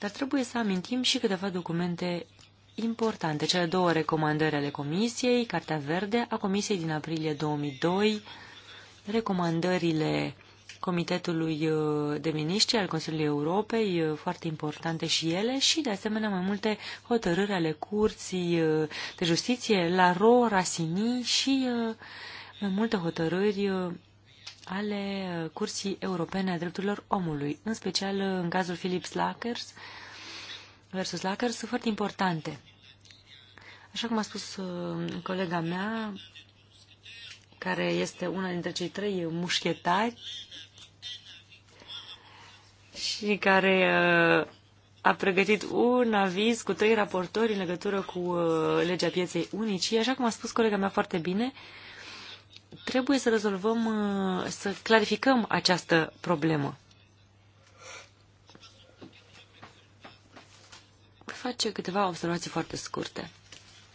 Dar trebuie să amintim și câteva documente importante, cele două recomandări ale Comisiei, Cartea Verde a Comisiei din aprilie 2002, recomandările Comitetului uh, de Miniștri al Consiliului Europei, uh, foarte importante și ele, și de asemenea mai multe hotărâri ale Curții uh, de Justiție, la Ro, Rasini și mai multe hotărâri ale Curții Europene a Drepturilor Omului, în special în cazul Philips Lackers versus Lackers, sunt foarte importante. Așa cum a spus colega mea, care este una dintre cei trei mușchetari și care uh, a pregătit un aviz cu trei raportori în legătură cu uh, legea pieței unici. Așa cum a spus colega mea foarte bine, trebuie să rezolvăm, uh, să clarificăm această problemă. face câteva observații foarte scurte.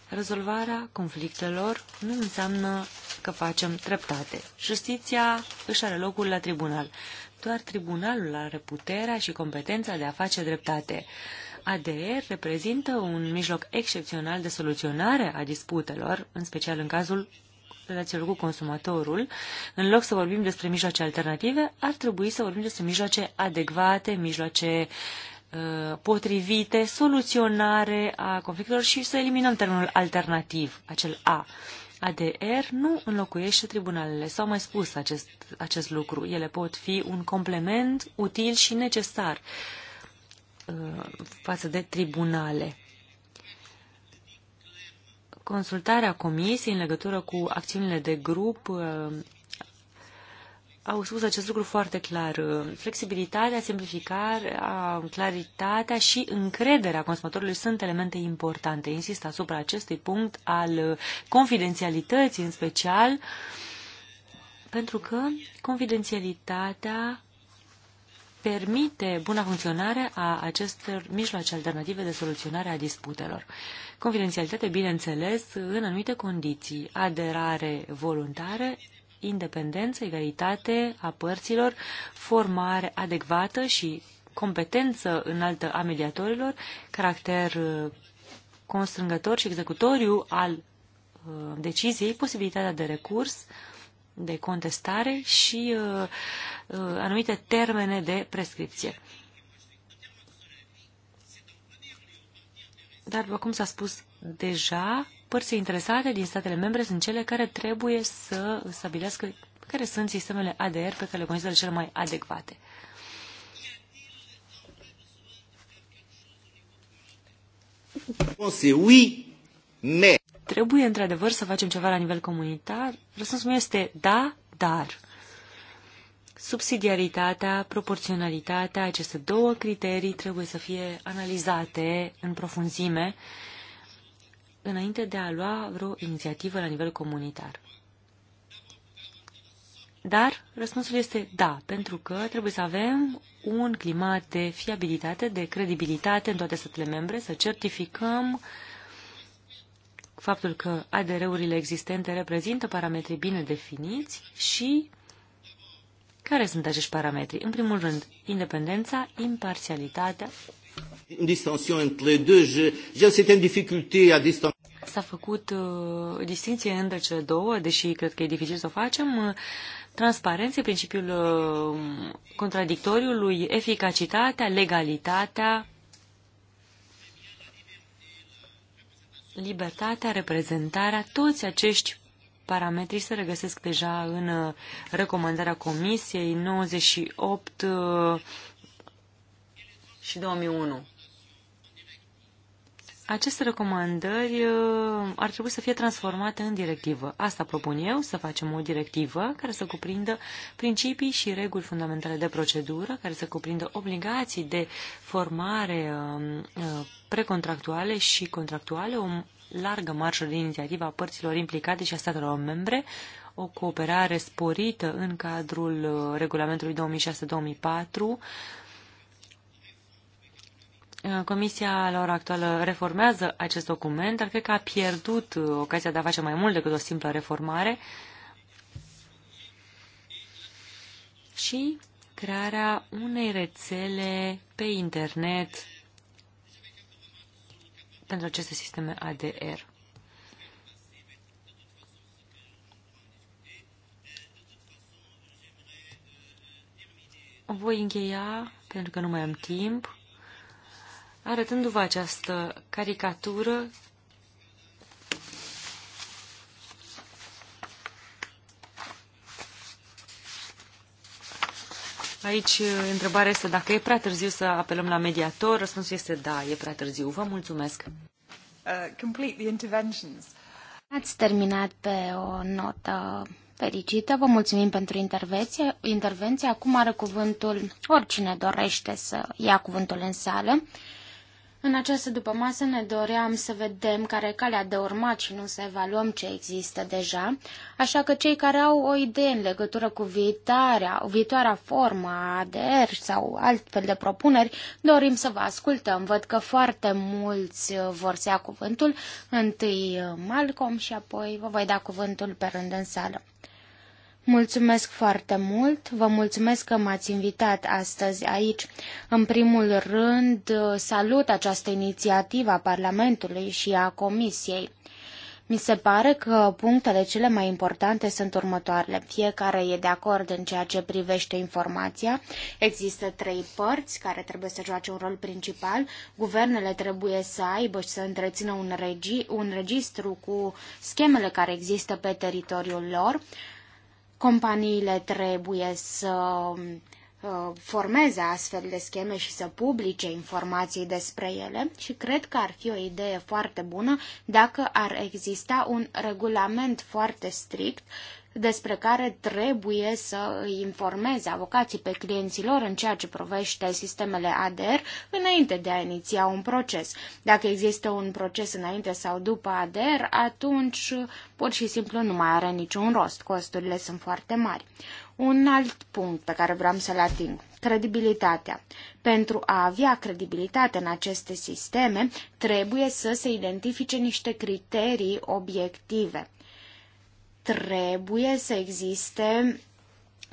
Rezolvarea conflictelor nu înseamnă că facem dreptate. Justiția își are locul la tribunal. Doar tribunalul are puterea și competența de a face dreptate. ADR reprezintă un mijloc excepțional de soluționare a disputelor, în special în cazul relațiilor cu consumatorul, în loc să vorbim despre mijloace alternative, ar trebui să vorbim despre mijloace adecvate, mijloace uh, potrivite, soluționare a conflictelor și să eliminăm termenul alternativ, acel A. ADR nu înlocuiește tribunalele. S-au mai spus acest, acest lucru. Ele pot fi un complement util și necesar uh, față de tribunale. Consultarea comisiei în legătură cu acțiunile de grup uh, au spus acest lucru foarte clar. Flexibilitatea, simplificarea, claritatea și încrederea consumatorului sunt elemente importante. Insist asupra acestui punct al confidențialității în special, pentru că confidențialitatea permite buna funcționare a acestor mijloace alternative de soluționare a disputelor. Confidențialitate, bineînțeles, în anumite condiții, aderare voluntară, independență, egalitate a părților, formare adecvată și competență înaltă a mediatorilor, caracter uh, constrângător și executoriu al uh, deciziei, posibilitatea de recurs, de contestare și uh, anumite termene de prescripție. Dar, după cum s-a spus deja, părți interesate din statele membre sunt cele care trebuie să stabilească care sunt sistemele ADR pe care le consideră cele mai adecvate. Trebuie într-adevăr să facem ceva la nivel comunitar? Răspunsul meu este da, dar. Subsidiaritatea, proporționalitatea, aceste două criterii trebuie să fie analizate în profunzime înainte de a lua vreo inițiativă la nivel comunitar. Dar răspunsul este da, pentru că trebuie să avem un climat de fiabilitate, de credibilitate în toate statele membre, să certificăm faptul că ADR-urile existente reprezintă parametri bine definiți și care sunt acești parametri? În primul rând, independența, imparțialitatea. Distanțion între entre j'ai à s-a făcut uh, distinție între cele două, deși cred că e dificil să o facem, uh, principiul uh, contradictoriului, eficacitatea, legalitatea, libertatea, reprezentarea, toți acești parametri se regăsesc deja în uh, recomandarea Comisiei 98 uh, și 2001. Aceste recomandări uh, ar trebui să fie transformate în directivă. Asta propun eu, să facem o directivă care să cuprindă principii și reguli fundamentale de procedură, care să cuprindă obligații de formare um, uh, precontractuale și contractuale, o largă marșă de inițiativă a părților implicate și a statelor membre, o cooperare sporită în cadrul uh, regulamentului 2006-2004, Uh, Comisia la ora actuală reformează acest document, dar cred că a pierdut uh, ocazia de a face mai mult decât o simplă reformare și crearea unei rețele pe internet pentru aceste sisteme ADR. Voi încheia, pentru că nu mai am timp, arătându-vă această caricatură Aici uh, întrebarea este dacă e prea târziu să apelăm la mediator. Răspunsul este da, e prea târziu. Vă mulțumesc. Uh, interventions. Ați terminat pe o notă fericită. Vă mulțumim pentru intervenție. intervenție. Acum are cuvântul oricine dorește să ia cuvântul în sală. În această dupămasă ne doream să vedem care e calea de urmat și nu să evaluăm ce există deja, așa că cei care au o idee în legătură cu o viitoarea formă a ADR sau altfel de propuneri, dorim să vă ascultăm. Văd că foarte mulți vor să ia cuvântul, întâi Malcolm și apoi vă voi da cuvântul pe rând în sală. Mulțumesc foarte mult, vă mulțumesc că m-ați invitat astăzi aici. În primul rând, salut această inițiativă a Parlamentului și a Comisiei. Mi se pare că punctele cele mai importante sunt următoarele. Fiecare e de acord în ceea ce privește informația. Există trei părți care trebuie să joace un rol principal. Guvernele trebuie să aibă și să întrețină un, regi, un registru cu schemele care există pe teritoriul lor. Companiile trebuie să uh, formeze astfel de scheme și să publice informații despre ele și cred că ar fi o idee foarte bună dacă ar exista un regulament foarte strict despre care trebuie să îi informeze avocații pe clienților în ceea ce provește sistemele ADR înainte de a iniția un proces. Dacă există un proces înainte sau după ADR, atunci pur și simplu nu mai are niciun rost. Costurile sunt foarte mari. Un alt punct pe care vreau să-l ating, credibilitatea. Pentru a avea credibilitate în aceste sisteme, trebuie să se identifice niște criterii obiective trebuie să existe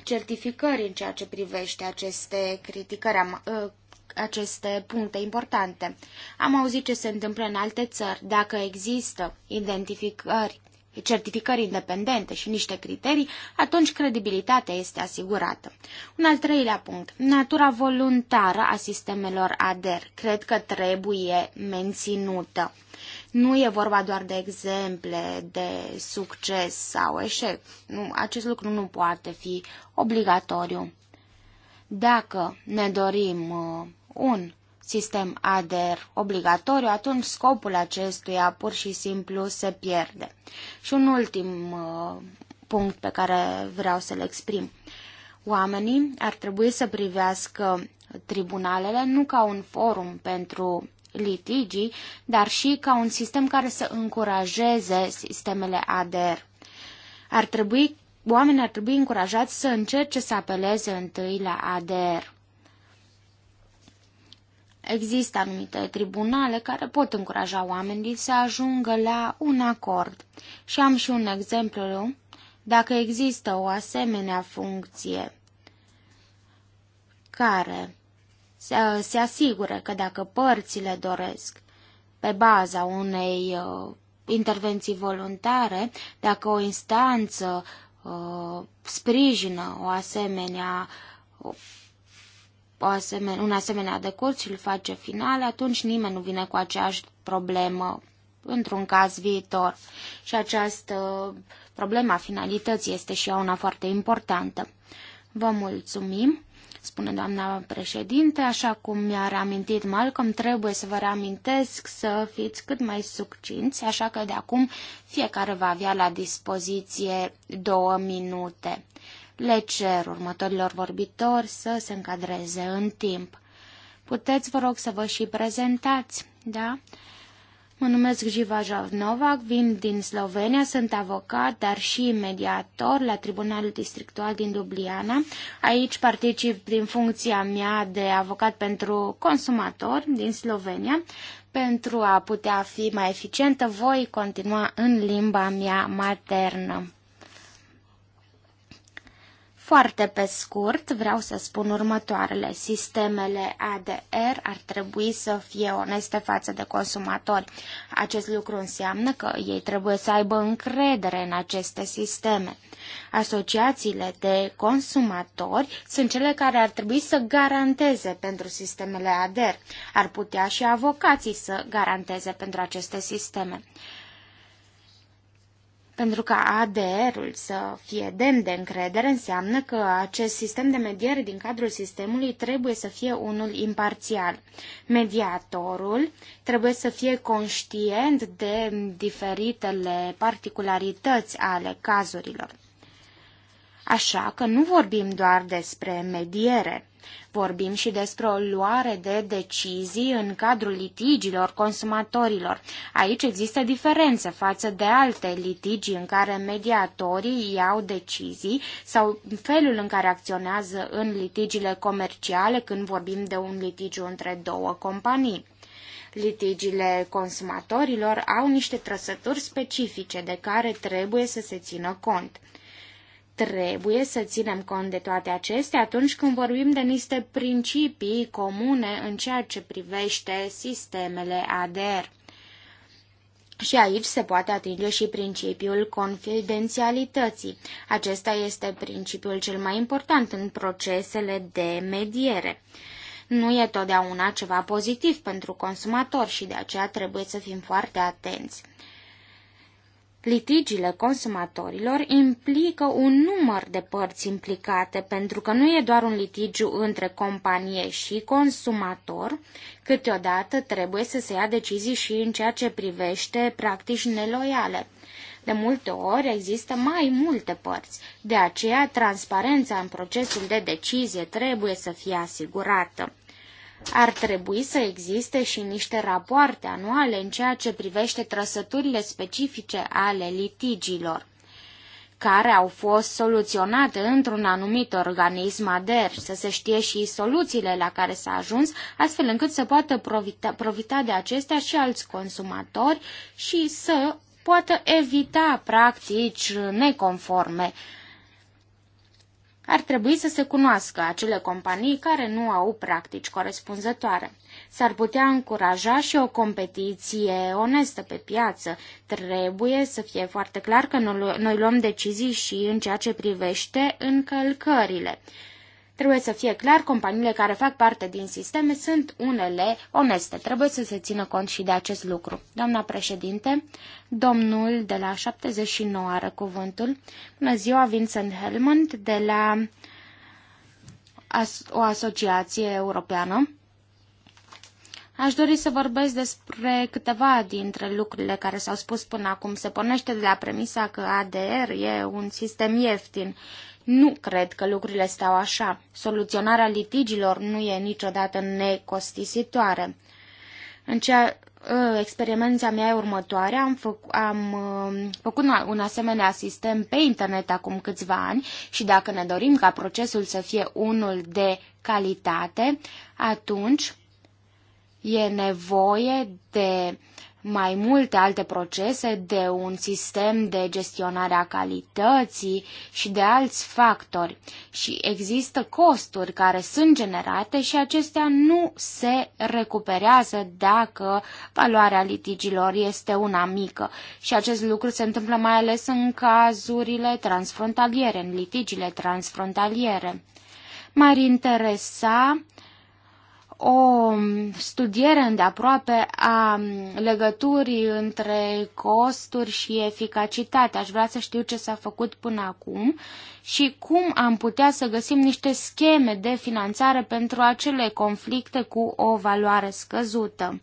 certificări în ceea ce privește aceste criticări, ă, aceste puncte importante. Am auzit ce se întâmplă în alte țări. Dacă există identificări, certificări independente și niște criterii, atunci credibilitatea este asigurată. Un al treilea punct. Natura voluntară a sistemelor ADER. Cred că trebuie menținută. Nu e vorba doar de exemple de succes sau eșec. Nu, acest lucru nu poate fi obligatoriu. Dacă ne dorim uh, un sistem ADR obligatoriu, atunci scopul acestuia pur și simplu se pierde. Și un ultim uh, punct pe care vreau să-l exprim. Oamenii ar trebui să privească tribunalele nu ca un forum pentru litigii, dar și ca un sistem care să încurajeze sistemele ADR. Ar trebui, oamenii ar trebui încurajați să încerce să apeleze întâi la ADR. Există anumite tribunale care pot încuraja oamenii să ajungă la un acord. Și am și un exemplu, dacă există o asemenea funcție care să se asigure că dacă părțile doresc, pe baza unei uh, intervenții voluntare, dacă o instanță uh, sprijină o asemenea, o, o asemenea, un asemenea decurs și îl face final, atunci nimeni nu vine cu aceeași problemă într-un caz viitor. Și această a finalității este și ea una foarte importantă. Vă mulțumim! spune doamna președinte. Așa cum mi-a reamintit Malcolm, trebuie să vă reamintesc să fiți cât mai succinți, așa că de acum fiecare va avea la dispoziție două minute. Le cer următorilor vorbitori să se încadreze în timp. Puteți, vă rog, să vă și prezentați, da? Mă numesc Jiva Novak, vin din Slovenia, sunt avocat, dar și mediator la Tribunalul Districtual din Dubliana. Aici particip din funcția mea de avocat pentru consumator din Slovenia. Pentru a putea fi mai eficientă, voi continua în limba mea maternă. Foarte pe scurt, vreau să spun următoarele. Sistemele ADR ar trebui să fie oneste față de consumatori. Acest lucru înseamnă că ei trebuie să aibă încredere în aceste sisteme. Asociațiile de consumatori sunt cele care ar trebui să garanteze pentru sistemele ADR. Ar putea și avocații să garanteze pentru aceste sisteme. Pentru ca ADR-ul să fie demn de încredere, înseamnă că acest sistem de mediere din cadrul sistemului trebuie să fie unul imparțial. Mediatorul trebuie să fie conștient de diferitele particularități ale cazurilor. Așa că nu vorbim doar despre mediere. Vorbim și despre o luare de decizii în cadrul litigiilor consumatorilor. Aici există diferențe față de alte litigi în care mediatorii iau decizii sau felul în care acționează în litigiile comerciale când vorbim de un litigiu între două companii. Litigiile consumatorilor au niște trăsături specifice de care trebuie să se țină cont. Trebuie să ținem cont de toate acestea atunci când vorbim de niște principii comune în ceea ce privește sistemele ADR. Și aici se poate atinge și principiul confidențialității. Acesta este principiul cel mai important în procesele de mediere. Nu e totdeauna ceva pozitiv pentru consumator și de aceea trebuie să fim foarte atenți. Litigiile consumatorilor implică un număr de părți implicate, pentru că nu e doar un litigiu între companie și consumator, câteodată trebuie să se ia decizii și în ceea ce privește practici neloiale. De multe ori există mai multe părți, de aceea transparența în procesul de decizie trebuie să fie asigurată. Ar trebui să existe și niște rapoarte anuale în ceea ce privește trăsăturile specifice ale litigilor care au fost soluționate într-un anumit organism ADER, să se știe și soluțiile la care s-a ajuns, astfel încât să poată profita, profita de acestea și alți consumatori și să poată evita practici neconforme ar trebui să se cunoască acele companii care nu au practici corespunzătoare. S-ar putea încuraja și o competiție onestă pe piață. Trebuie să fie foarte clar că noi luăm decizii și în ceea ce privește încălcările. Trebuie să fie clar, companiile care fac parte din sisteme sunt unele oneste. Trebuie să se țină cont și de acest lucru. Doamna președinte, domnul de la 79 are cuvântul. Bună ziua, Vincent Helmond, de la o asociație europeană. Aș dori să vorbesc despre câteva dintre lucrurile care s-au spus până acum. Se pornește de la premisa că ADR e un sistem ieftin nu cred că lucrurile stau așa. Soluționarea litigilor nu e niciodată necostisitoare. În cea, ă, experiența mea următoare, Am, făc, am ă, făcut un asemenea sistem pe internet acum câțiva ani și dacă ne dorim ca procesul să fie unul de calitate, atunci e nevoie de mai multe alte procese de un sistem de gestionare a calității și de alți factori și există costuri care sunt generate și acestea nu se recuperează dacă valoarea litigilor este una mică și acest lucru se întâmplă mai ales în cazurile transfrontaliere, în litigiile transfrontaliere. M-ar interesa o studiere îndeaproape a legăturii între costuri și eficacitate. Aș vrea să știu ce s-a făcut până acum și cum am putea să găsim niște scheme de finanțare pentru acele conflicte cu o valoare scăzută.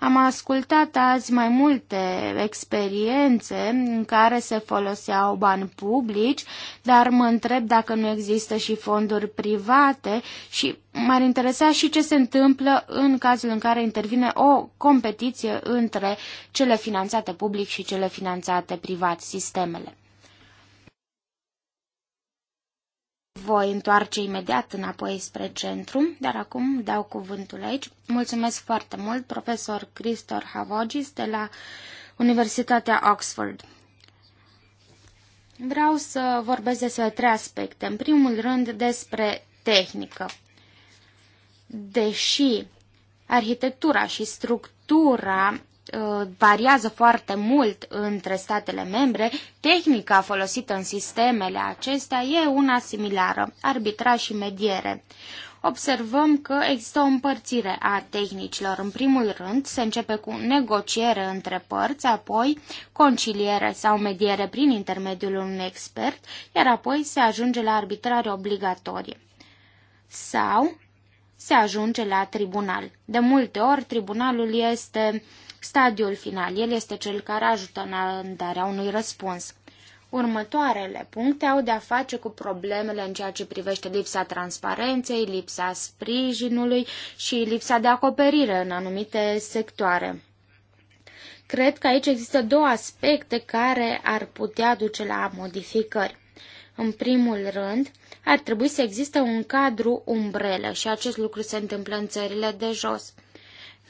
Am ascultat azi mai multe experiențe în care se foloseau bani publici, dar mă întreb dacă nu există și fonduri private și m-ar interesa și ce se întâmplă în cazul în care intervine o competiție între cele finanțate public și cele finanțate privat, sistemele. voi întoarce imediat înapoi spre centru, dar acum dau cuvântul aici. Mulțumesc foarte mult, profesor Cristor Havogis de la Universitatea Oxford. Vreau să vorbesc despre trei aspecte. În primul rând, despre tehnică. Deși arhitectura și structura Uh, variază foarte mult între statele membre, tehnica folosită în sistemele acestea e una similară, arbitraj și mediere. Observăm că există o împărțire a tehnicilor. În primul rând, se începe cu negociere între părți, apoi conciliere sau mediere prin intermediul unui expert, iar apoi se ajunge la arbitrare obligatorie. Sau se ajunge la tribunal. De multe ori, tribunalul este uh, Stadiul final, el este cel care ajută în darea unui răspuns. Următoarele puncte au de-a face cu problemele în ceea ce privește lipsa transparenței, lipsa sprijinului și lipsa de acoperire în anumite sectoare. Cred că aici există două aspecte care ar putea duce la modificări. În primul rând, ar trebui să existe un cadru umbrelă și acest lucru se întâmplă în țările de jos.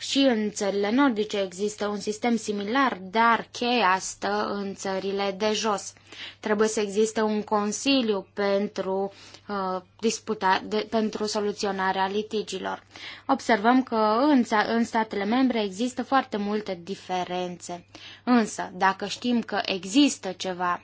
Și în țările nordice există un sistem similar, dar cheia stă în țările de jos. Trebuie să existe un consiliu pentru, uh, disputa, de, pentru soluționarea litigilor. Observăm că în, în statele membre există foarte multe diferențe. Însă, dacă știm că există ceva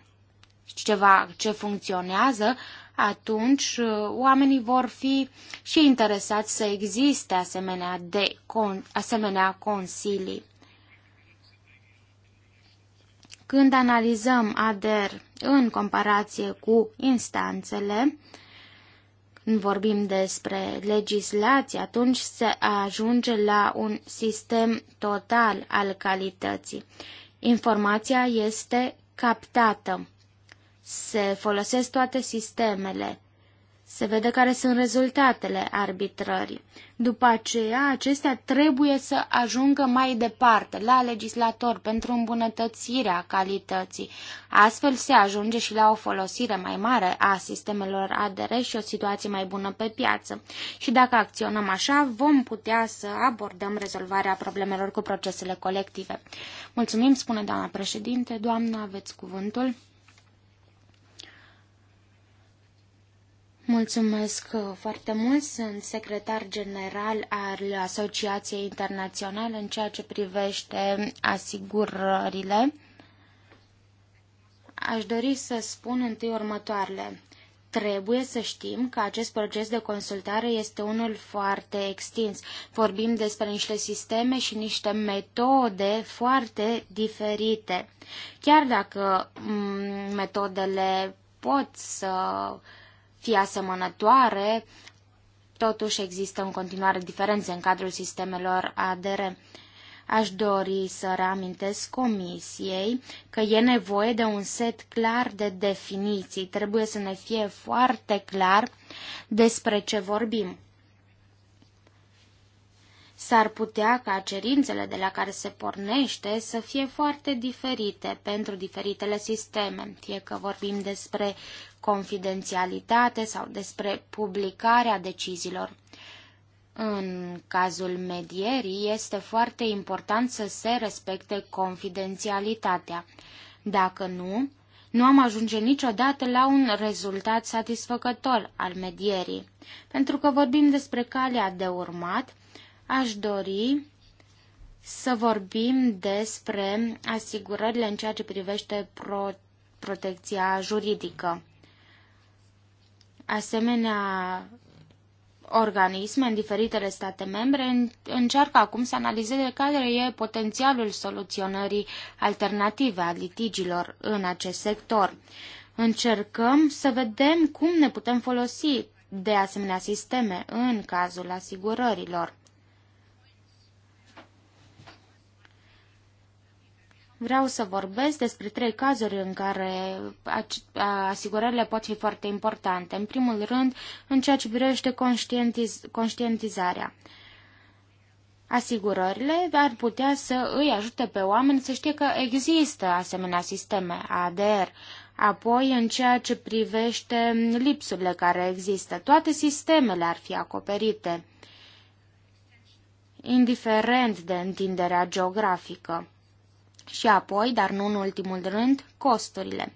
ceva ce funcționează, atunci uh, oamenii vor fi și interesați să existe asemenea, de, con, asemenea consilii. Când analizăm ADER în comparație cu instanțele, când vorbim despre legislație, atunci se ajunge la un sistem total al calității. Informația este captată se folosesc toate sistemele. Se vede care sunt rezultatele arbitrării. După aceea, acestea trebuie să ajungă mai departe, la legislator, pentru îmbunătățirea calității. Astfel se ajunge și la o folosire mai mare a sistemelor ADR și o situație mai bună pe piață. Și dacă acționăm așa, vom putea să abordăm rezolvarea problemelor cu procesele colective. Mulțumim, spune doamna președinte. Doamna, aveți cuvântul. Mulțumesc uh, foarte mult. Sunt secretar general al Asociației Internaționale în ceea ce privește asigurările. Aș dori să spun întâi următoarele. Trebuie să știm că acest proces de consultare este unul foarte extins. Vorbim despre niște sisteme și niște metode foarte diferite. Chiar dacă mm, metodele pot să uh, fi asemănătoare, totuși există în continuare diferențe în cadrul sistemelor ADR. Aș dori să reamintesc Comisiei că e nevoie de un set clar de definiții. Trebuie să ne fie foarte clar despre ce vorbim. S-ar putea ca cerințele de la care se pornește să fie foarte diferite pentru diferitele sisteme, fie că vorbim despre confidențialitate sau despre publicarea deciziilor. În cazul medierii este foarte important să se respecte confidențialitatea. Dacă nu, nu am ajunge niciodată la un rezultat satisfăcător al medierii, pentru că vorbim despre calea de urmat Aș dori să vorbim despre asigurările în ceea ce privește pro- protecția juridică. Asemenea, organisme în diferitele state membre încearcă acum să analizeze care e potențialul soluționării alternative a litigilor în acest sector. Încercăm să vedem cum ne putem folosi de asemenea sisteme în cazul asigurărilor. Vreau să vorbesc despre trei cazuri în care asigurările pot fi foarte importante. În primul rând, în ceea ce privește conștientiz conștientizarea. Asigurările ar putea să îi ajute pe oameni să știe că există asemenea sisteme ADR. Apoi, în ceea ce privește lipsurile care există, toate sistemele ar fi acoperite, indiferent de întinderea geografică. Și apoi, dar nu în ultimul rând, costurile.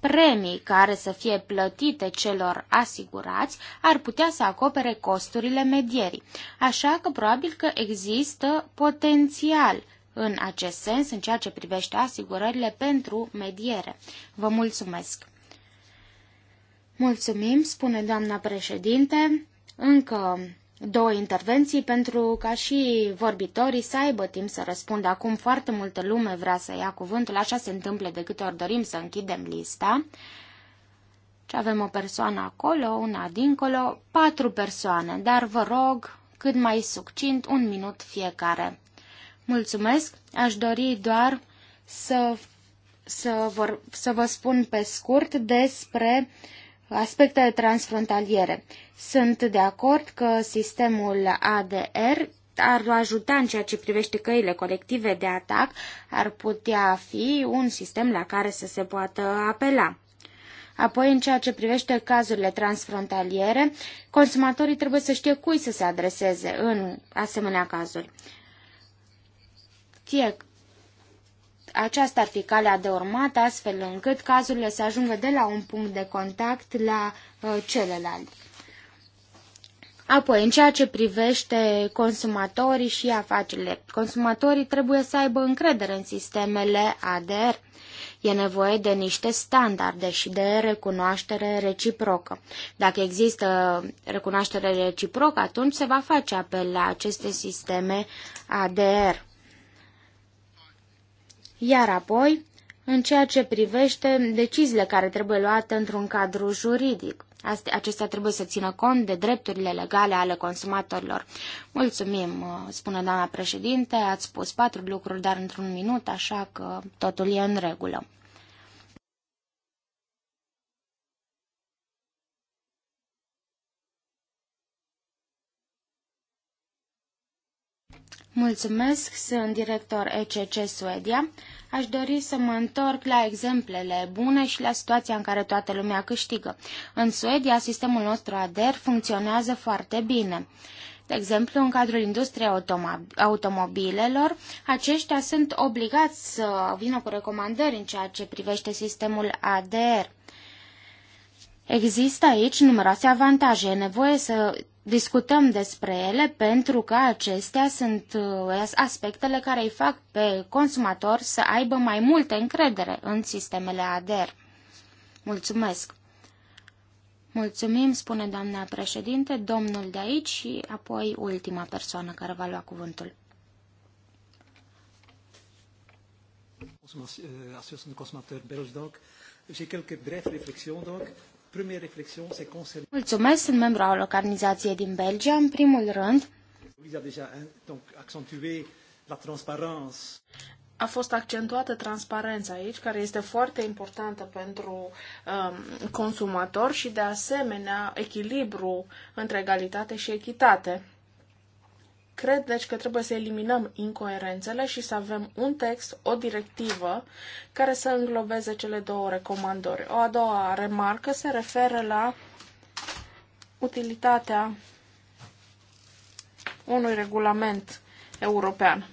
Premii care să fie plătite celor asigurați ar putea să acopere costurile medierii, așa că probabil că există potențial în acest sens în ceea ce privește asigurările pentru mediere. Vă mulțumesc! Mulțumim, spune doamna președinte. Încă două intervenții pentru ca și vorbitorii să aibă timp să răspundă. Acum foarte multă lume vrea să ia cuvântul, așa se întâmplă de câte ori dorim să închidem lista. Și avem o persoană acolo, una dincolo, patru persoane, dar vă rog, cât mai succint, un minut fiecare. Mulțumesc, aș dori doar să, să, vor, să vă spun pe scurt despre uh, aspectele transfrontaliere. Sunt de acord că sistemul ADR ar ajuta în ceea ce privește căile colective de atac, ar putea fi un sistem la care să se poată apela. Apoi, în ceea ce privește cazurile transfrontaliere, consumatorii trebuie să știe cui să se adreseze în asemenea cazuri. Fie aceasta ar fi calea de urmat, astfel încât cazurile să ajungă de la un punct de contact la uh, celălalt. Apoi, în ceea ce privește consumatorii și afacerile, consumatorii trebuie să aibă încredere în sistemele ADR. E nevoie de niște standarde și de recunoaștere reciprocă. Dacă există recunoaștere reciprocă, atunci se va face apel la aceste sisteme ADR. Iar apoi, în ceea ce privește deciziile care trebuie luate într-un cadru juridic. Acestea trebuie să țină cont de drepturile legale ale consumatorilor. Mulțumim, uh, spune doamna președinte, ați spus patru lucruri, dar într-un minut, așa că totul e în regulă. Mulțumesc, sunt director ECC Suedia. Aș dori să mă întorc la exemplele bune și la situația în care toată lumea câștigă. În Suedia, sistemul nostru ADER funcționează foarte bine. De exemplu, în cadrul industriei automobilelor, aceștia sunt obligați să vină cu recomandări în ceea ce privește sistemul ADR. Există aici numeroase avantaje. E nevoie să discutăm despre ele pentru că acestea sunt uh, aspectele care îi fac pe consumator să aibă mai multă încredere în sistemele ADER. Mulțumesc! Mulțumim, spune doamna președinte, domnul de aici și apoi ultima persoană care va lua cuvântul. Eh, Asociația de consumatori Belge, și J'ai quelques brèves réflexions, donc. Mulțumesc, sunt membru al organizației din Belgia. În primul rând, a fost accentuată transparența aici, care este foarte importantă pentru um, consumator și, de asemenea, echilibru între egalitate și echitate. Cred, deci, că trebuie să eliminăm incoerențele și să avem un text, o directivă, care să înglobeze cele două recomandări. O a doua remarcă se referă la utilitatea unui regulament european.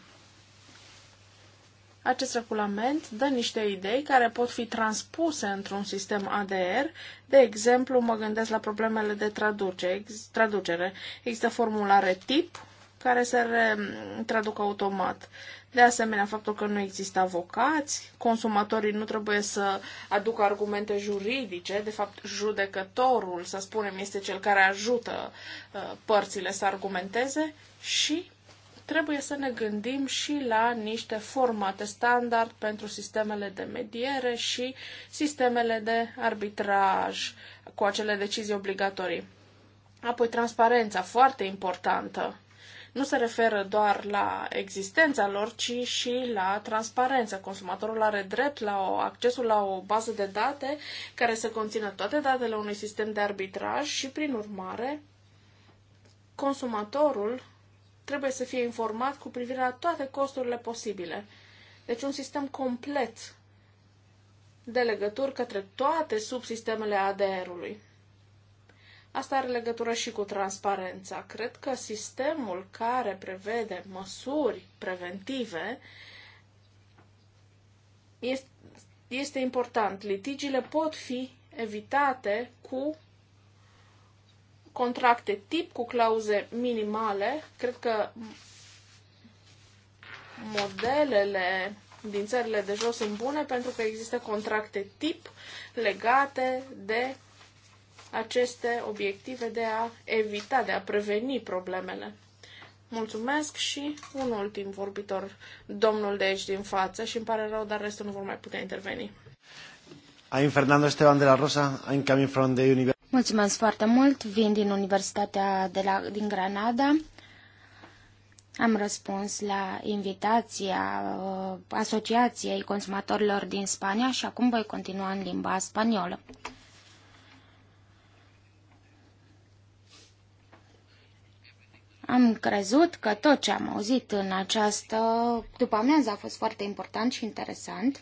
Acest regulament dă niște idei care pot fi transpuse într-un sistem ADR. De exemplu, mă gândesc la problemele de traduce, ex, traducere. Există formulare tip care se traduc automat. De asemenea, faptul că nu există avocați, consumatorii nu trebuie să aducă argumente juridice, de fapt judecătorul, să spunem, este cel care ajută uh, părțile să argumenteze și trebuie să ne gândim și la niște formate standard pentru sistemele de mediere și sistemele de arbitraj cu acele decizii obligatorii. Apoi transparența, foarte importantă nu se referă doar la existența lor, ci și la transparență. Consumatorul are drept la o, accesul la o bază de date care să conțină toate datele unui sistem de arbitraj și, prin urmare, consumatorul trebuie să fie informat cu privire la toate costurile posibile. Deci un sistem complet de legături către toate subsistemele ADR-ului. Asta are legătură și cu transparența. Cred că sistemul care prevede măsuri preventive este, este important. Litigiile pot fi evitate cu contracte tip cu clauze minimale. Cred că modelele din țările de jos sunt bune pentru că există contracte tip legate de aceste obiective de a evita, de a preveni problemele. Mulțumesc și un ultim vorbitor, domnul de aici din față și îmi pare rău, dar restul nu vor mai putea interveni. I'm Fernando Esteban de la Rosa, I'm coming from the university. Mulțumesc foarte mult, vin din Universitatea de la, din Granada. Am răspuns la invitația uh, Asociației Consumatorilor din Spania și acum voi continua în limba spaniolă. Am crezut că tot ce am auzit în această după amiază a fost foarte important și interesant.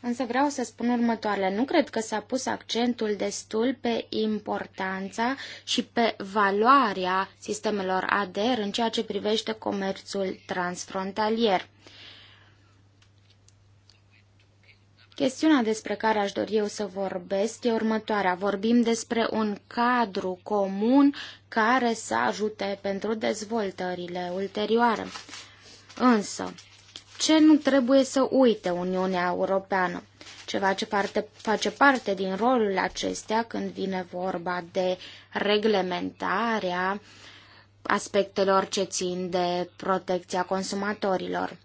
Însă vreau să spun următoarele. Nu cred că s-a pus accentul destul pe importanța și pe valoarea sistemelor ADR în ceea ce privește comerțul transfrontalier. Chestiunea despre care aș dori eu să vorbesc e următoarea. Vorbim despre un cadru comun care să ajute pentru dezvoltările ulterioare. Însă, ce nu trebuie să uite Uniunea Europeană? Ceva ce parte, face parte din rolul acestea când vine vorba de reglementarea aspectelor ce țin de protecția consumatorilor.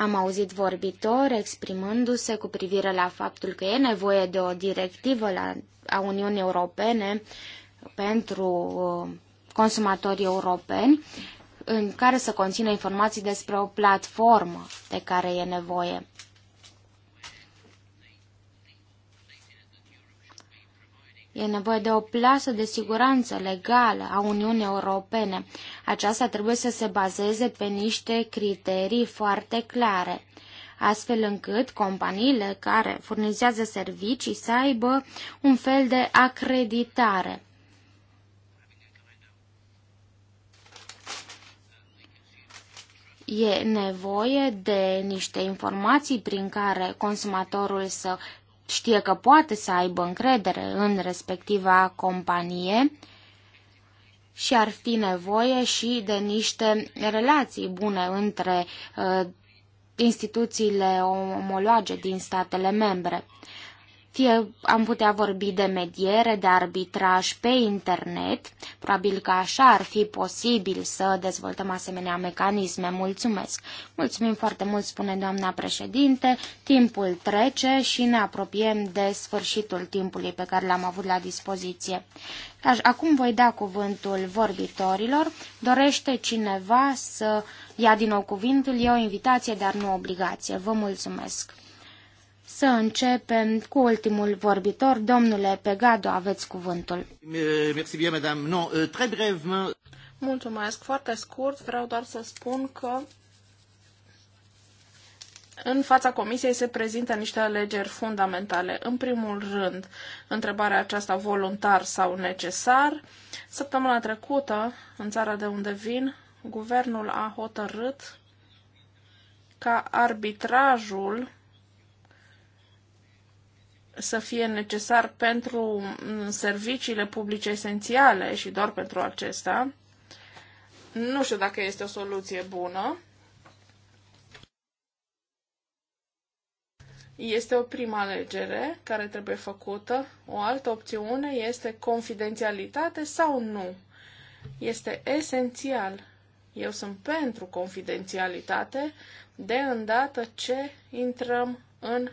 Am auzit vorbitori exprimându-se cu privire la faptul că e nevoie de o directivă la, a Uniunii Europene pentru uh, consumatorii europeni în care să conțină informații despre o platformă de care e nevoie. E nevoie de o plasă de siguranță legală a Uniunii Europene. Aceasta trebuie să se bazeze pe niște criterii foarte clare, astfel încât companiile care furnizează servicii să aibă un fel de acreditare. e nevoie de niște informații prin care consumatorul să știe că poate să aibă încredere în respectiva companie și ar fi nevoie și de niște relații bune între uh, instituțiile omologe din statele membre. E, am putea vorbi de mediere, de arbitraj pe internet. Probabil că așa ar fi posibil să dezvoltăm asemenea mecanisme. Mulțumesc! Mulțumim foarte mult, spune doamna președinte. Timpul trece și ne apropiem de sfârșitul timpului pe care l-am avut la dispoziție. Acum voi da cuvântul vorbitorilor. Dorește cineva să ia din nou cuvântul? E o invitație, dar nu obligație. Vă mulțumesc! Să începem cu ultimul vorbitor. Domnule Pegado, aveți cuvântul. bien, madame. Non, euh, très Mulțumesc. Foarte scurt, vreau doar să spun că în fața comisiei se prezintă niște alegeri fundamentale. În primul rând, întrebarea aceasta voluntar sau necesar. Săptămâna trecută, în țara de unde vin, guvernul a hotărât ca arbitrajul să fie necesar pentru mm, serviciile publice esențiale și doar pentru acesta. Nu știu dacă este o soluție bună. Este o prima alegere care trebuie făcută. O altă opțiune este confidențialitate sau nu. Este esențial. Eu sunt pentru confidențialitate de îndată ce intrăm în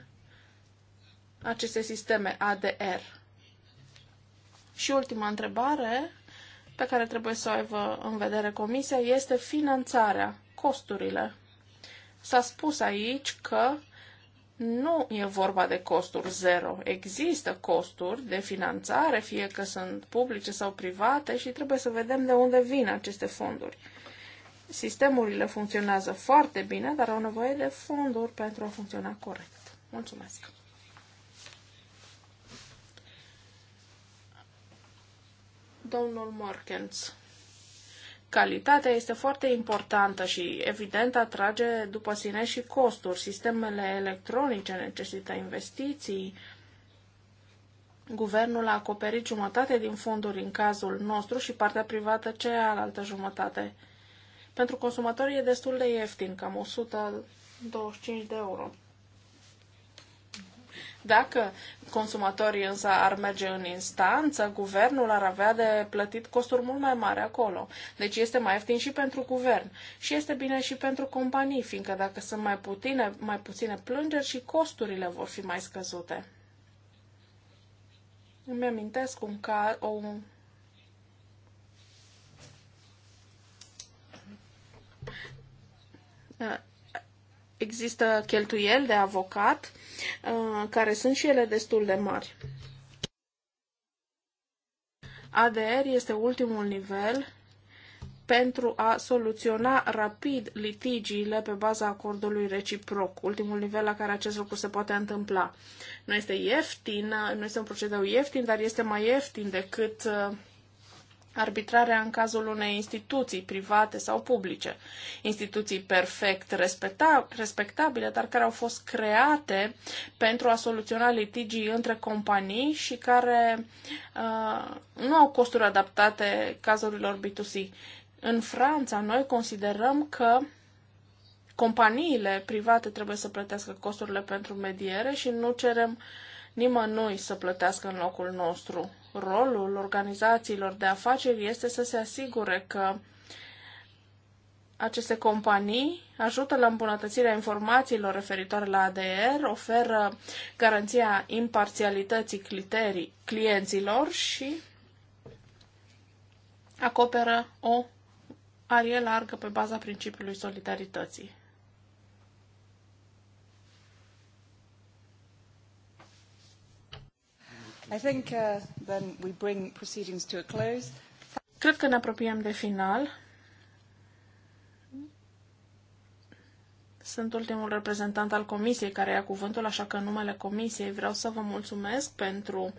aceste sisteme ADR? Și ultima întrebare pe care trebuie să o aibă în vedere comisia este finanțarea, costurile. S-a spus aici că nu e vorba de costuri zero. Există costuri de finanțare, fie că sunt publice sau private și trebuie să vedem de unde vin aceste fonduri. Sistemurile funcționează foarte bine, dar au nevoie de fonduri pentru a funcționa corect. Mulțumesc! domnul Morkens. Calitatea este foarte importantă și, evident, atrage după sine și costuri. Sistemele electronice necesită investiții. Guvernul a acoperit jumătate din fonduri în cazul nostru și partea privată cealaltă jumătate. Pentru consumatori e destul de ieftin, cam 125 de euro. Dacă consumatorii însă ar merge în instanță, guvernul ar avea de plătit costuri mult mai mari acolo. Deci este mai ieftin și pentru guvern. Și este bine și pentru companii, fiindcă dacă sunt mai puține, mai puține plângeri și costurile vor fi mai scăzute. Îmi amintesc un car, o, există cheltuieli de avocat, uh, care sunt și ele destul de mari. ADR este ultimul nivel pentru a soluționa rapid litigiile pe baza acordului reciproc, ultimul nivel la care acest lucru se poate întâmpla. Nu este ieftin, uh, nu este un procedeu ieftin, dar este mai ieftin decât uh, arbitrarea în cazul unei instituții private sau publice, instituții perfect respectabile, dar care au fost create pentru a soluționa litigii între companii și care uh, nu au costuri adaptate cazurilor B2C. În Franța, noi considerăm că companiile private trebuie să plătească costurile pentru mediere și nu cerem nimănui să plătească în locul nostru rolul organizațiilor de afaceri este să se asigure că aceste companii ajută la îmbunătățirea informațiilor referitoare la ADR, oferă garanția imparțialității criterii clienților și acoperă o arie largă pe baza principiului solidarității. Cred că ne apropiem de final. Sunt ultimul reprezentant al comisiei care ia cuvântul, așa că în numele comisiei vreau să vă mulțumesc pentru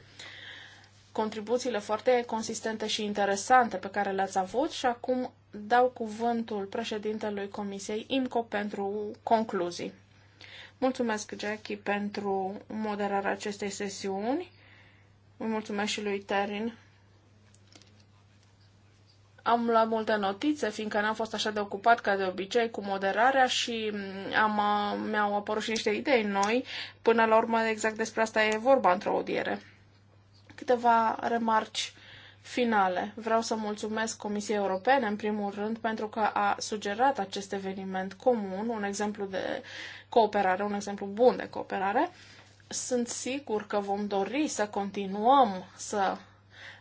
contribuțiile foarte consistente și interesante pe care le-ați avut și acum dau cuvântul președintelui comisiei IMCO pentru concluzii. Mulțumesc, Jackie, pentru moderarea acestei sesiuni. Îi mulțumesc și lui Terin. Am luat multe notițe, fiindcă n-am fost așa de ocupat ca de obicei cu moderarea și mm, am, uh, mi-au apărut și niște idei noi. Până la urmă, exact despre asta e vorba într-o audiere. Câteva remarci finale. Vreau să mulțumesc Comisiei Europene, în primul rând, pentru că a sugerat acest eveniment comun, un exemplu de cooperare, un exemplu bun de cooperare. Uh, sunt sigur că vom dori să continuăm să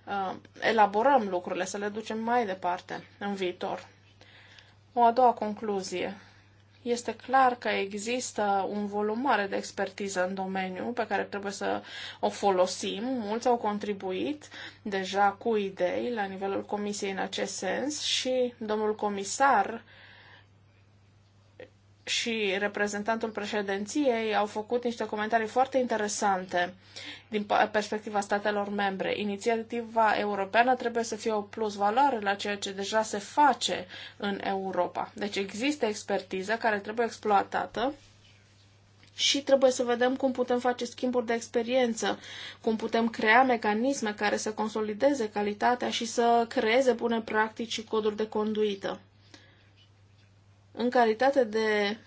uh, elaborăm lucrurile, să le ducem mai departe în viitor. O a doua concluzie. Este clar că există un volum mare de expertiză în domeniu pe care trebuie să o folosim. Mulți au contribuit deja cu idei la nivelul comisiei în acest sens și domnul comisar uh, și reprezentantul președinției au făcut niște comentarii foarte interesante din perspectiva statelor membre. Inițiativa europeană trebuie să fie o plus valoare la ceea ce deja se face în Europa. Deci există expertiză care trebuie exploatată și trebuie să vedem cum putem face schimburi de experiență, cum putem crea mecanisme care să consolideze calitatea și să creeze bune practici și coduri de conduită. În calitate de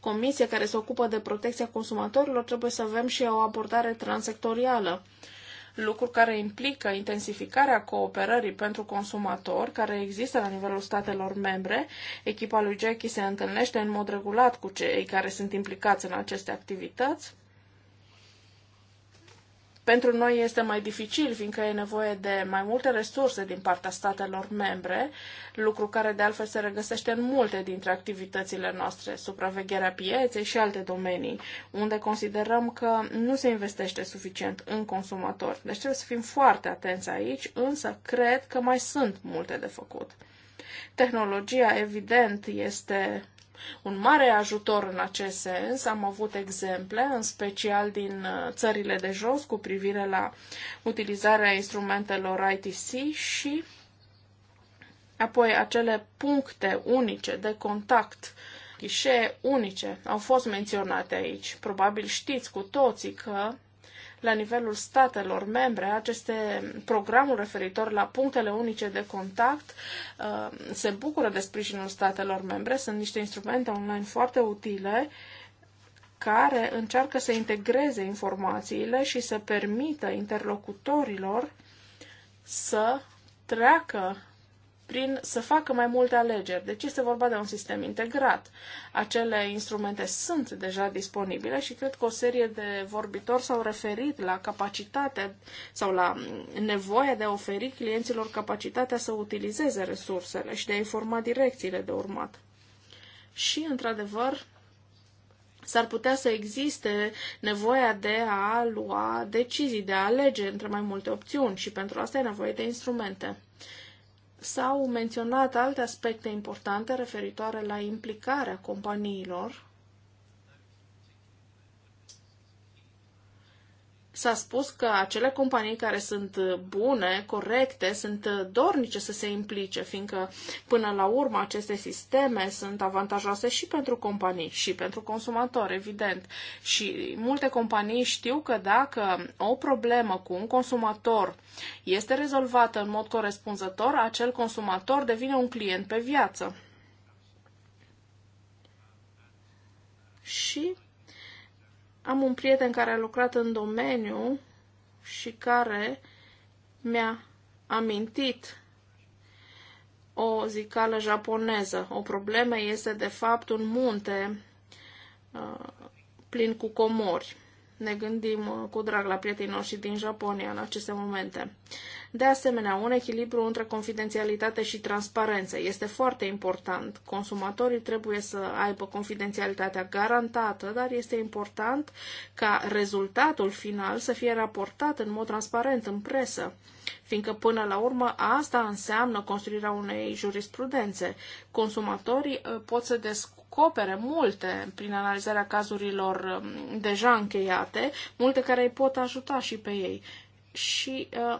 comisie care se ocupă de protecția consumatorilor, trebuie să avem și o abordare transsectorială, lucru care implică intensificarea cooperării pentru consumator care există la nivelul statelor membre. Echipa lui Jackie se întâlnește în mod regulat cu cei care sunt implicați în aceste activități pentru noi este mai dificil, fiindcă e nevoie de mai multe resurse din partea statelor membre, lucru care de altfel se regăsește în multe dintre activitățile noastre, supravegherea pieței și alte domenii, unde considerăm că nu se investește suficient în consumatori. Deci trebuie să fim foarte atenți aici, însă cred că mai sunt multe de făcut. Tehnologia, evident, este un mare ajutor în acest sens. Am avut exemple, în special din uh, țările de jos, cu privire la utilizarea instrumentelor ITC și apoi acele puncte unice de contact ghișee unice au fost menționate aici. Probabil știți cu toții că la nivelul statelor membre, aceste programuri referitor la punctele unice de contact uh, se bucură de sprijinul statelor membre, sunt niște instrumente online foarte utile care încearcă să integreze informațiile și să permită interlocutorilor să treacă prin să facă mai multe alegeri. Deci este vorba de un sistem integrat. Acele instrumente sunt deja disponibile și cred că o serie de vorbitori s-au referit la capacitatea sau la nevoia de a oferi clienților capacitatea să utilizeze resursele și de a informa direcțiile de urmat. Și, într-adevăr, s-ar putea să existe nevoia de a lua decizii, de a alege între mai multe opțiuni și pentru asta e nevoie de instrumente. S-au menționat alte aspecte importante referitoare la implicarea companiilor s-a spus că acele companii care sunt bune, corecte, sunt dornice să se implice, fiindcă până la urmă aceste sisteme sunt avantajoase și pentru companii și pentru consumatori, evident. Și multe companii știu că dacă o problemă cu un consumator este rezolvată în mod corespunzător, acel consumator devine un client pe viață. Și am un prieten care a lucrat în domeniu și care mi-a amintit o zicală japoneză. O problemă este, de fapt, un munte uh, plin cu comori. Ne gândim uh, cu drag la prietenii noștri din Japonia în aceste momente. De asemenea, un echilibru între confidențialitate și transparență este foarte important. Consumatorii trebuie să aibă confidențialitatea garantată, dar este important ca rezultatul final să fie raportat în mod transparent în presă fiindcă până la urmă asta înseamnă construirea unei jurisprudențe. Consumatorii uh, pot să descurce acopere multe prin analizarea cazurilor um, deja încheiate, multe care îi pot ajuta și pe ei. Și uh,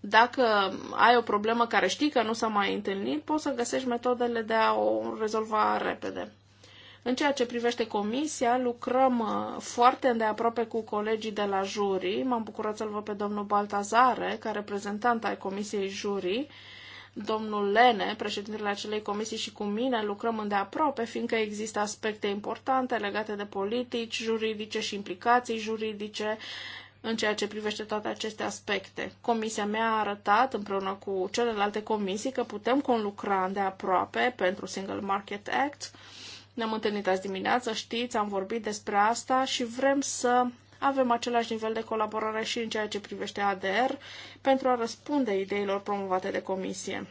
dacă ai o problemă care știi că nu s-a mai întâlnit, poți să găsești metodele de a o rezolva repede. În ceea ce privește comisia, lucrăm uh, foarte îndeaproape cu colegii de la juri. M-am bucurat să-l văd pe domnul Baltazare, ca reprezentant al comisiei juri, domnul Lene, președintele acelei comisii și cu mine lucrăm îndeaproape, fiindcă există aspecte importante legate de politici juridice și implicații juridice în ceea ce privește toate aceste aspecte. Comisia mea a arătat împreună cu celelalte comisii că putem conlucra îndeaproape pentru Single Market Act, ne-am întâlnit azi dimineață, știți, am vorbit despre asta și vrem să avem același nivel de colaborare și în ceea ce privește ADR pentru a răspunde ideilor promovate de comisie.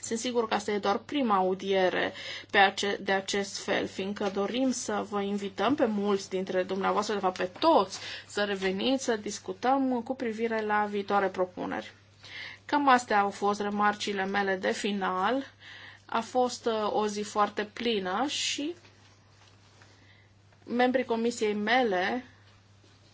Sunt sigur că asta e doar prima audiere pe ace- de acest fel, fiindcă dorim să vă invităm pe mulți dintre dumneavoastră, de fapt pe toți, să reveniți, să discutăm cu privire la viitoare propuneri. Cam astea au fost remarcile mele de final. A fost uh, o zi foarte plină și membrii comisiei mele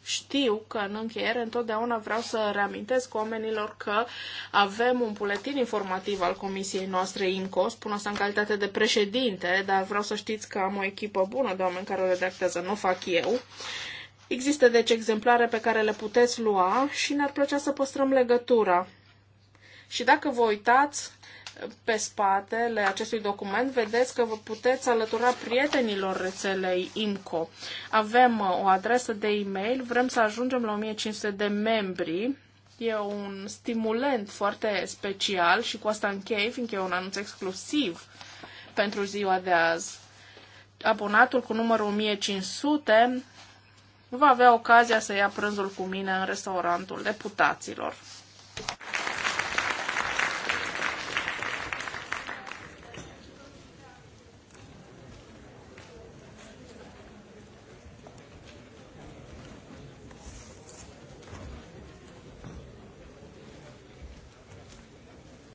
știu că în încheiere întotdeauna vreau să reamintesc oamenilor că avem un buletin informativ al comisiei noastre INCO, spun asta în calitate de președinte, dar vreau să știți că am o echipă bună de oameni care o redactează, nu fac eu. Există deci exemplare pe care le puteți lua și ne-ar plăcea să păstrăm legătura. Și dacă vă uitați, pe spatele acestui document vedeți că vă puteți alătura prietenilor rețelei IMCO. Avem uh, o adresă de e-mail, vrem să ajungem la 1500 de membri. E un stimulent foarte special și cu asta închei, fiindcă e un anunț exclusiv pentru ziua de azi. Abonatul cu numărul 1500 va avea ocazia să ia prânzul cu mine în restaurantul deputaților.